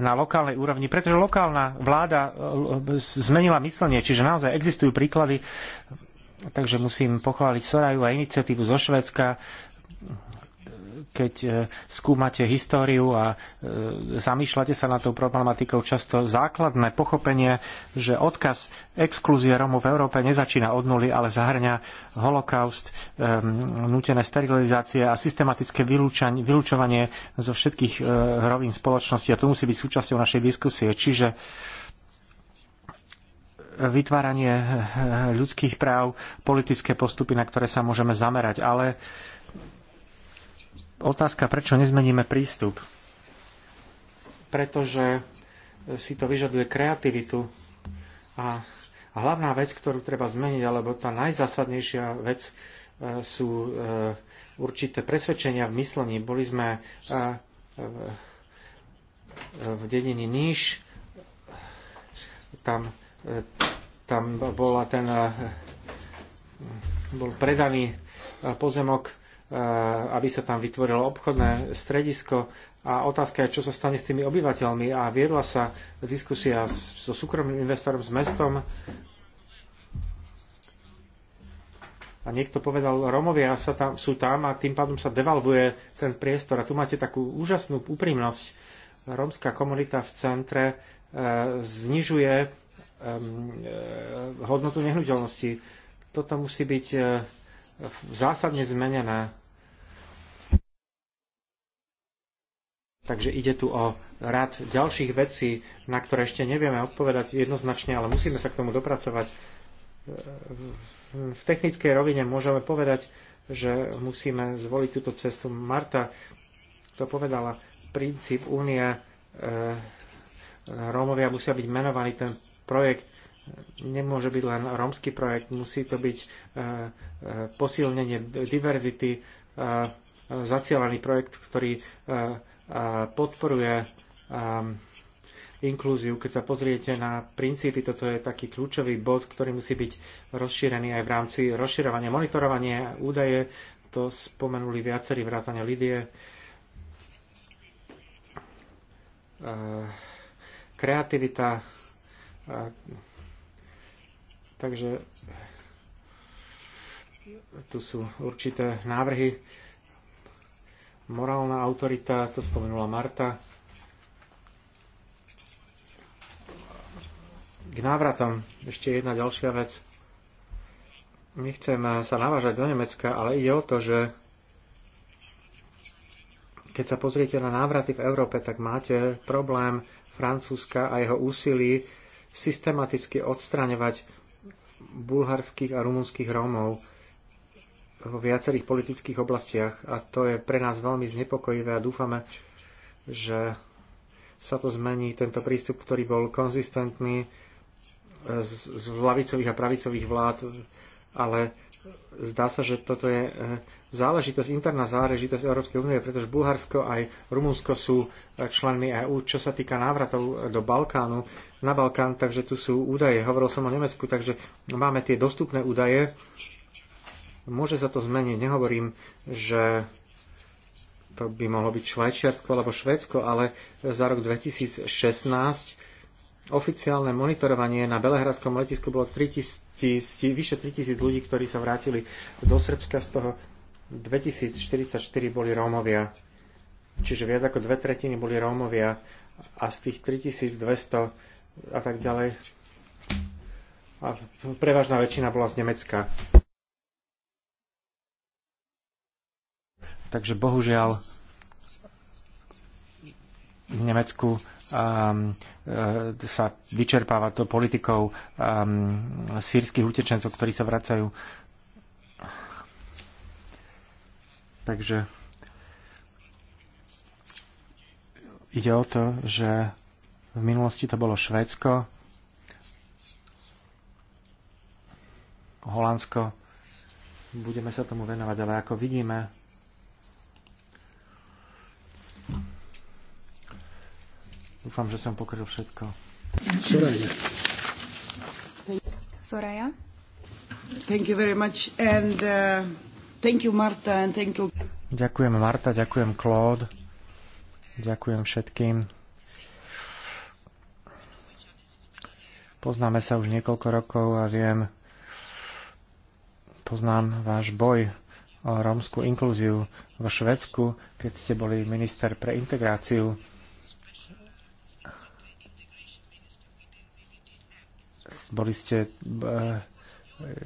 na lokálnej úrovni, pretože lokálna vláda e, e, zmenila myslenie, čiže naozaj existujú príklady Takže musím pochváliť Soraju a iniciatívu zo Švedska, keď e, skúmate históriu a e, zamýšľate sa nad tou problematikou, často základné pochopenie, že odkaz exklúzie Romov v Európe nezačína od nuly, ale zahrňa holokaust, nutené sterilizácie a systematické vylúčovanie zo všetkých e, rovín spoločnosti. A to musí byť súčasťou našej diskusie. Čiže vytváranie ľudských práv, politické postupy, na ktoré sa môžeme zamerať. Ale otázka, prečo nezmeníme prístup? Pretože si to vyžaduje kreativitu a hlavná vec, ktorú treba zmeniť, alebo tá najzásadnejšia vec e, sú e, určité presvedčenia v myslení. Boli sme e, v dedine Níž, tam tam bola ten, eh, bol predaný eh, pozemok, eh, aby sa tam vytvorilo obchodné stredisko a otázka je, čo sa stane s tými obyvateľmi a viedla sa diskusia so súkromným investorom, s mestom a niekto povedal, Romovia sa tam, sú tam a tým pádom sa devalvuje ten priestor. A tu máte takú úžasnú úprimnosť. Rómska komunita v centre e, znižuje Ehm, e, hodnotu nehnuteľnosti. Toto musí byť e, zásadne zmenené. Takže ide tu o rad ďalších vecí, na ktoré ešte nevieme odpovedať jednoznačne, ale musíme sa k tomu dopracovať. E, v technickej rovine môžeme povedať, že musíme zvoliť túto cestu. Marta to povedala, princíp únie, Rómovia musia byť menovaní, ten projekt nemôže byť len rómsky projekt, musí to byť e, e, posilnenie diverzity, e, zacielaný projekt, ktorý podporuje inklúziu. Keď sa pozriete na princípy, toto je taký kľúčový bod, ktorý musí byť rozšírený aj v rámci rozširovania, monitorovania údaje. To spomenuli viacerí vrátane Lidie. Kreativita, a, takže tu sú určité návrhy. Morálna autorita, to spomenula Marta. K návratom ešte jedna ďalšia vec. Nechcem sa navážať do Nemecka, ale ide o to, že keď sa pozriete na návraty v Európe, tak máte problém Francúzska a jeho úsilí systematicky odstraňovať bulharských a rumunských Rómov vo viacerých politických oblastiach a to je pre nás veľmi znepokojivé a dúfame, že sa to zmení, tento prístup, ktorý bol konzistentný z, z lavicových a pravicových vlád, ale zdá sa, že toto je eh, záležitosť, interná záležitosť Európskej únie, pretože Bulharsko aj Rumunsko sú eh, členmi EÚ, čo sa týka návratov eh, do Balkánu, na Balkán, takže tu sú údaje. Hovoril som o Nemecku, takže máme tie dostupné údaje. Môže sa to zmeniť. Nehovorím, že to by mohlo byť Švajčiarsko alebo Švédsko, ale za rok 2016 oficiálne monitorovanie na Belehradskom letisku bolo 3000, vyše 3000 ľudí, ktorí sa vrátili do Srbska, z toho 2044 boli Rómovia. Čiže viac ako dve tretiny boli Rómovia a z tých 3200 a tak ďalej. A prevažná väčšina bola z Nemecka. Takže bohužiaľ v Nemecku um, E, sa vyčerpáva to politikou e, sírskych utečencov, ktorí sa vracajú. Takže ide o to, že v minulosti to bolo Švédsko, Holandsko. Budeme sa tomu venovať, ale ako vidíme, Dúfam, že som pokryl všetko. Soraya. Soraya. Thank you very much and uh, thank you Marta and thank you. Ďakujem Marta, ďakujem Claude. Ďakujem všetkým. Poznáme sa už niekoľko rokov a viem, poznám váš boj o rómskú inklúziu vo Švedsku, keď ste boli minister pre integráciu Boli ste eh,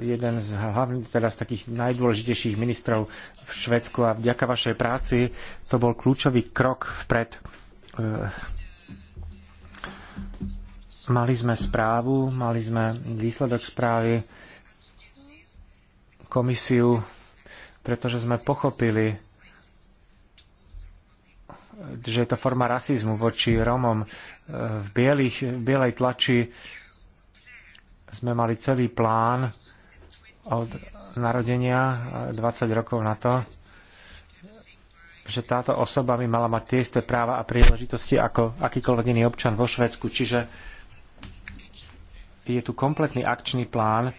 jeden z hlavných, teda z takých najdôležitejších ministrov v Švedsku a vďaka vašej práci to bol kľúčový krok vpred. Eh, mali sme správu, mali sme výsledok správy, komisiu, pretože sme pochopili, že je to forma rasizmu voči Romom eh, v, bielých, v bielej tlači sme mali celý plán od narodenia 20 eh, rokov na to, že táto osoba by mala mať tie isté práva a príležitosti ako akýkoľvek iný občan vo Švedsku. Čiže je tu kompletný akčný plán, eh,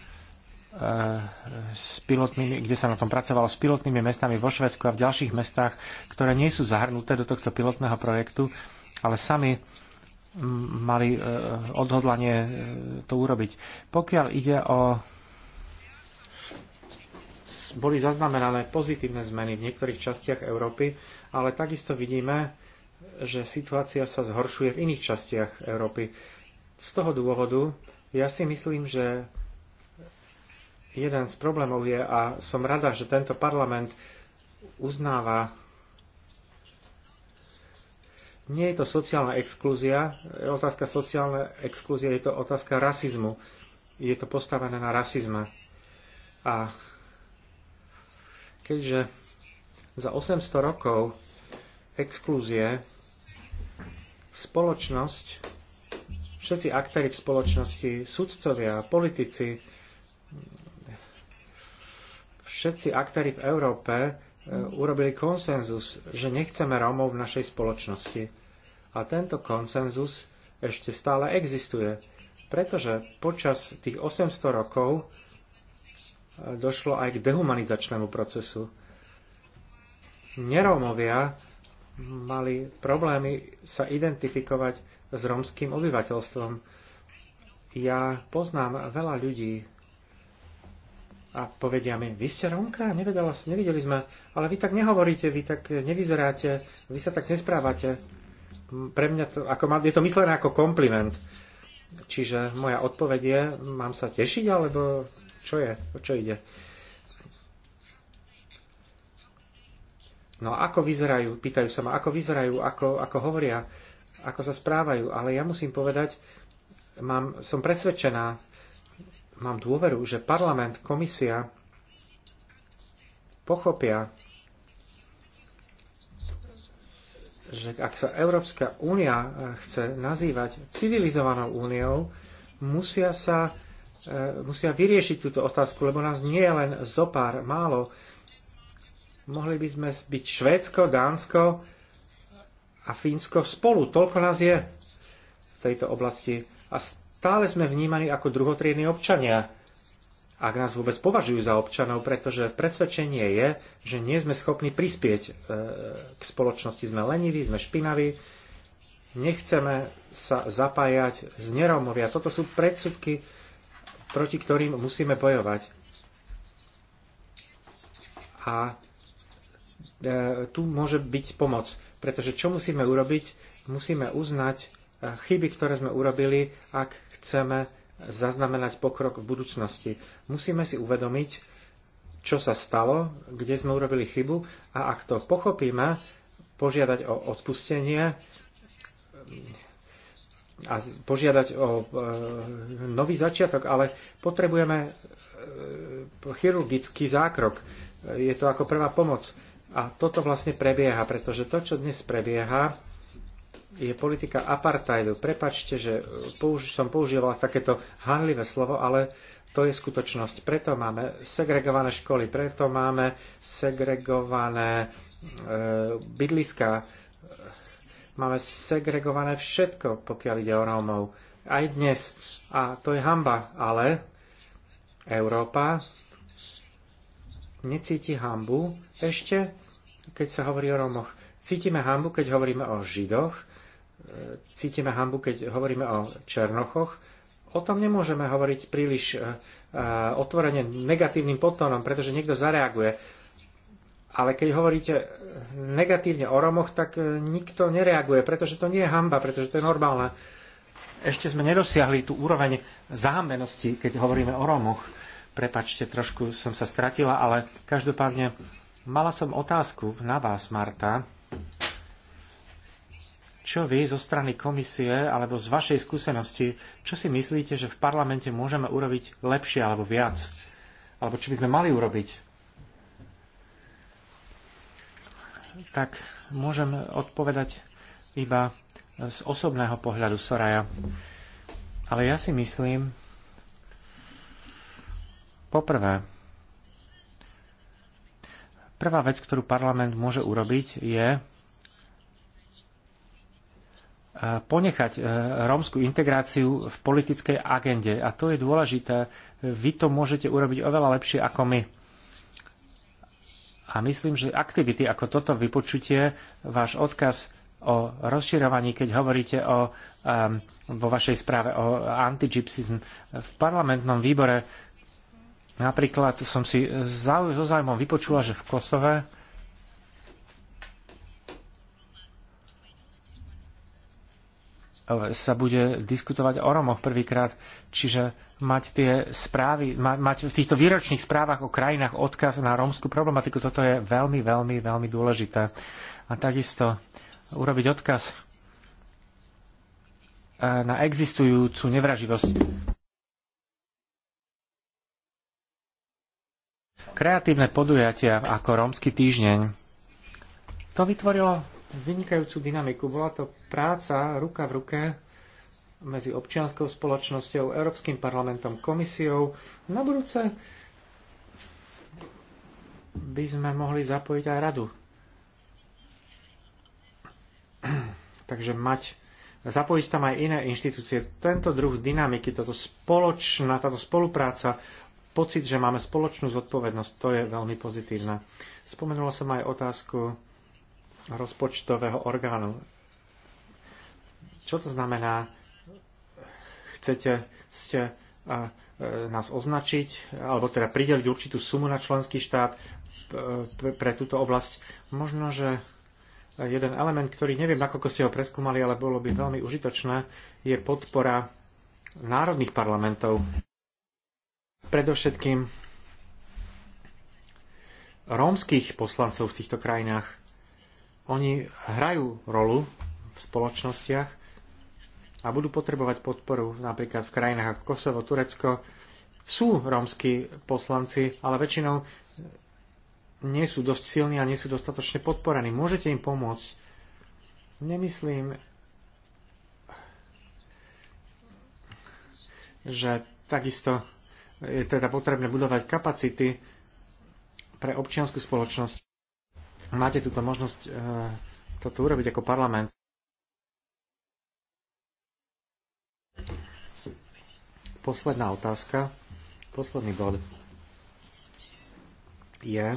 s pilotnými, kde sa na tom pracovalo s pilotnými mestami vo Švedsku a v ďalších mestách, ktoré nie sú zahrnuté do tohto pilotného projektu, ale sami mali e, odhodlanie e, to urobiť. Pokiaľ ide o boli zaznamenané pozitívne zmeny v niektorých častiach Európy, ale takisto vidíme, že situácia sa zhoršuje v iných častiach Európy. Z toho dôvodu ja si myslím, že jeden z problémov je, a som rada, že tento parlament uznáva nie je to sociálna exklúzia, otázka sociálna exklúzia, je to otázka rasizmu. Je to postavené na rasizme. A keďže za 800 rokov exklúzie spoločnosť, všetci aktári v spoločnosti, sudcovia, politici, všetci aktári v Európe e, urobili konsenzus, že nechceme Rómov v našej spoločnosti. A tento konsenzus ešte stále existuje, pretože počas tých 800 rokov e, došlo aj k dehumanizačnému procesu. Nerómovia mali problémy sa identifikovať s rómským obyvateľstvom. Ja poznám veľa ľudí, a povedia mi, vy ste Rómka? Nevedela, nevideli sme, ale vy tak nehovoríte, vy tak nevyzeráte, vy sa tak nesprávate pre mňa to, ako, je to myslené ako kompliment. Čiže moja odpoveď je, mám sa tešiť, alebo čo je, o čo ide? No ako vyzerajú, pýtajú sa ma, ako vyzerajú, ako, ako hovoria, ako sa správajú, ale ja musím povedať, mám, som presvedčená, mám dôveru, že parlament, komisia pochopia, že ak sa Európska únia eh, chce nazývať civilizovanou úniou, musia sa eh, musia vyriešiť túto otázku, lebo nás nie je len zo pár málo. Mohli by sme byť Švédsko, Dánsko a Fínsko spolu. Toľko nás je v tejto oblasti. A stále sme vnímaní ako druhotriední občania ak nás vôbec považujú za občanov, pretože presvedčenie je, že nie sme schopní prispieť e, k spoločnosti. Sme leniví, sme špinaví, nechceme sa zapájať z neromovia. Toto sú predsudky, proti ktorým musíme bojovať. A e, tu môže byť pomoc, pretože čo musíme urobiť? Musíme uznať e, chyby, ktoré sme urobili, ak chceme zaznamenať pokrok v budúcnosti. Musíme si uvedomiť, čo sa stalo, kde sme urobili chybu a ak to pochopíme, požiadať o odpustenie a požiadať o e, nový začiatok, ale potrebujeme e, chirurgický zákrok. Je to ako prvá pomoc. A toto vlastne prebieha, pretože to, čo dnes prebieha, je politika apartheidu. Prepačte, že použi- som používala takéto hanlivé slovo, ale to je skutočnosť. Preto máme segregované školy, preto máme segregované e, bydliska, máme segregované všetko, pokiaľ ide o Rómov. Aj dnes. A to je hamba, ale Európa necíti hambu ešte, keď sa hovorí o Rómoch. Cítime hambu, keď hovoríme o Židoch, E, cítime hambu, keď hovoríme o Černochoch. O tom nemôžeme hovoriť príliš e, e, otvorene negatívnym potónom, pretože niekto zareaguje. Ale keď hovoríte negatívne o Romoch, tak nikto nereaguje, pretože to nie je hamba, pretože to je normálne. Ešte sme nedosiahli tú úroveň zahambenosti, keď hovoríme o Romoch. Prepačte, trošku som sa stratila, ale každopádne mala som otázku na vás, Marta. Čo vy zo strany komisie alebo z vašej skúsenosti, čo si myslíte, že v parlamente môžeme urobiť lepšie alebo viac? Alebo čo by sme mali urobiť? Tak môžem odpovedať iba z osobného pohľadu Soraya. Ale ja si myslím, poprvé, prvá vec, ktorú parlament môže urobiť, je ponechať e, rómskú integráciu v politickej agende. A to je dôležité. Vy to môžete urobiť oveľa lepšie ako my. A myslím, že aktivity ako toto vypočutie, váš odkaz o rozširovaní, keď hovoríte o, um, vo vašej správe o antigypsizm v parlamentnom výbore, napríklad som si so vypočula, že v Kosove sa bude diskutovať o Romoch prvýkrát, čiže mať tie správy, ma, mať v týchto výročných správach o krajinách odkaz na rómskú problematiku, toto je veľmi, veľmi, veľmi dôležité. A takisto urobiť odkaz e, na existujúcu nevraživosť. Kreatívne podujatia ako Rómsky týždeň. To vytvorilo vynikajúcu dynamiku. Bola to práca ruka v ruke medzi občianskou spoločnosťou, Európskym parlamentom, komisiou. Na budúce by sme mohli zapojiť aj radu. <clears throat> Takže mať, zapojiť tam aj iné inštitúcie. Tento druh dynamiky, toto spoločná, táto spolupráca, pocit, že máme spoločnú zodpovednosť, to je veľmi pozitívne. Spomenul som aj otázku rozpočtového orgánu. Čo to znamená? Chcete ste a, e, nás označiť, alebo teda prideliť určitú sumu na členský štát e, pre túto oblasť. Možno, že jeden element, ktorý neviem, nakoľko ste ho preskúmali, ale bolo by veľmi užitočné, je podpora národných parlamentov. Predovšetkým rómskych poslancov v týchto krajinách. Oni hrajú rolu v spoločnostiach a budú potrebovať podporu napríklad v krajinách ako Kosovo, Turecko. Sú rómsky poslanci, ale väčšinou nie sú dosť silní a nie sú dostatočne podporení. Môžete im pomôcť. Nemyslím, že takisto je teda potrebné budovať kapacity pre občianskú spoločnosť máte túto možnosť e, toto urobiť ako parlament. Posledná otázka, posledný bod je,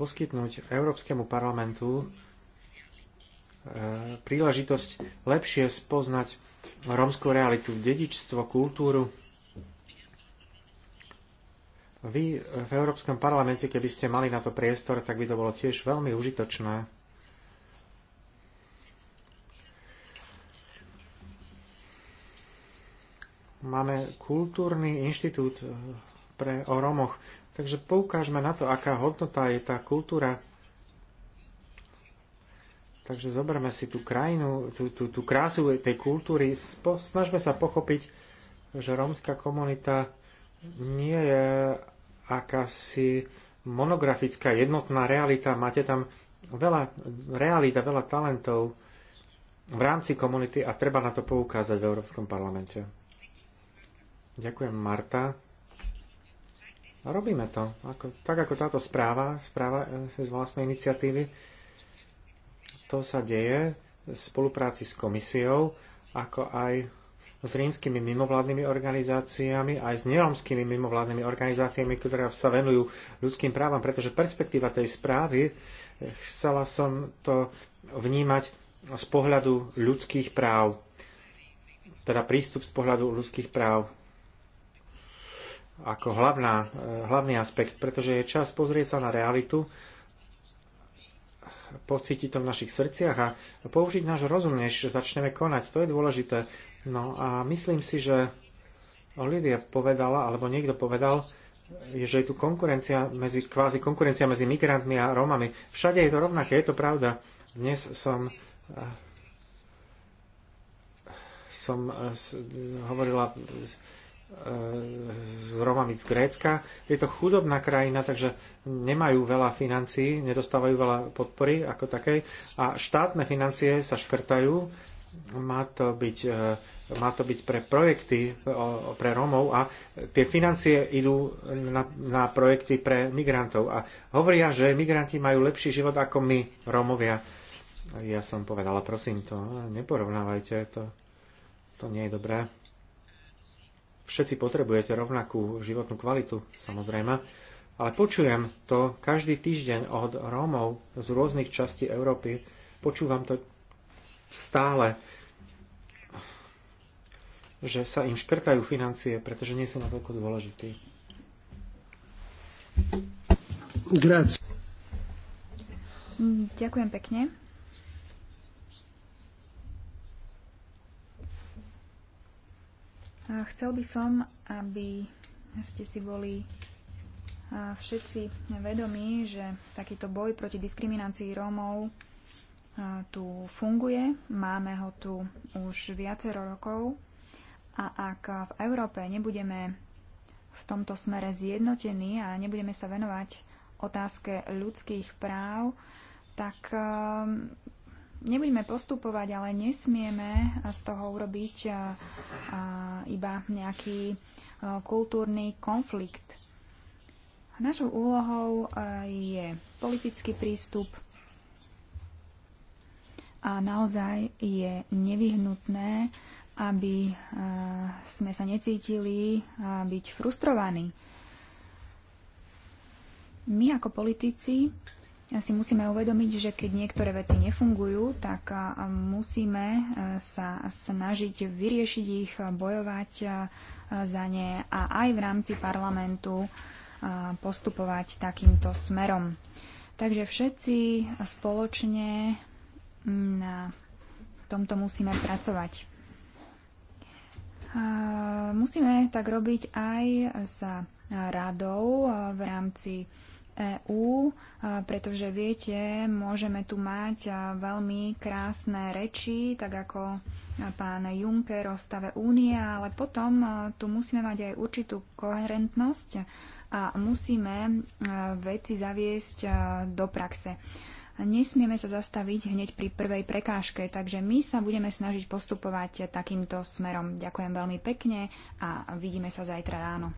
poskytnúť Európskemu parlamentu e, príležitosť lepšie spoznať rómskú realitu, dedičstvo, kultúru vy v Európskom parlamente, keby ste mali na to priestor, tak by to bolo tiež veľmi užitočné. Máme kultúrny inštitút eh, pre, o Romoch, takže poukážme na to, aká hodnota je tá kultúra. Takže zoberme si tú krajinu, tú, tú, tú krásu tej kultúry, snažme sa pochopiť, že rómska komunita nie je akási monografická jednotná realita. Máte tam veľa realita, veľa talentov v rámci komunity a treba na to poukázať v Európskom parlamente. Ďakujem, Marta. A robíme to. Ako, tak ako táto správa, správa eh, z vlastnej iniciatívy, to sa deje v spolupráci s komisiou, ako aj s rímskymi mimovládnymi organizáciami, aj s neromskými mimovládnymi organizáciami, ktoré sa venujú ľudským právam, pretože perspektíva tej správy, e, chcela som to vnímať z pohľadu ľudských práv, teda prístup z pohľadu ľudských práv ako hlavná, e, hlavný aspekt, pretože je čas pozrieť sa na realitu, pocítiť to v našich srdciach a použiť náš rozum, než začneme konať. To je dôležité. No a myslím si, že Olivia povedala, alebo niekto povedal, že je tu konkurencia medzi, kvázi konkurencia medzi migrantmi a Rómami. Všade je to rovnaké, je to pravda. Dnes som eh, som eh, hovorila eh, s Romami z Grécka. Je to chudobná krajina, takže nemajú veľa financií, nedostávajú veľa podpory ako takej a štátne financie sa škrtajú má to byť, e, má to byť pre projekty e, pre Rómov a tie financie idú na, na projekty pre migrantov a hovoria, že migranti majú lepší život ako my, Rómovia. Ja som povedala, prosím to, neporovnávajte, to, to nie je dobré. Všetci potrebujete rovnakú životnú kvalitu, samozrejme, ale počujem to každý týždeň od Rómov z rôznych častí Európy. Počúvam to stále, že sa im škrtajú financie, pretože nie sú natoľko dôležití. Grazie. Ďakujem pekne. Chcel by som, aby ste si boli všetci vedomí, že takýto boj proti diskriminácii Rómov tu funguje, máme ho tu už viacero rokov a ak v Európe nebudeme v tomto smere zjednotení a nebudeme sa venovať otázke ľudských práv, tak nebudeme postupovať, ale nesmieme z toho urobiť iba nejaký kultúrny konflikt. Našou úlohou je politický prístup, a naozaj je nevyhnutné, aby eh, sme sa necítili eh, byť frustrovaní. My ako politici si musíme uvedomiť, že keď niektoré veci nefungujú, tak eh, musíme sa snažiť vyriešiť ich, bojovať za ne a aj v rámci parlamentu postupovať takýmto smerom. Takže všetci spoločne na tomto musíme pracovať. Musíme tak robiť aj s radou v rámci EÚ, pretože viete, môžeme tu mať veľmi krásne reči, tak ako pán Juncker o stave únie, ale potom tu musíme mať aj určitú koherentnosť a musíme veci zaviesť do praxe nesmieme sa zastaviť hneď pri prvej prekážke, takže my sa budeme snažiť postupovať takýmto smerom. Ďakujem veľmi pekne a vidíme sa zajtra ráno.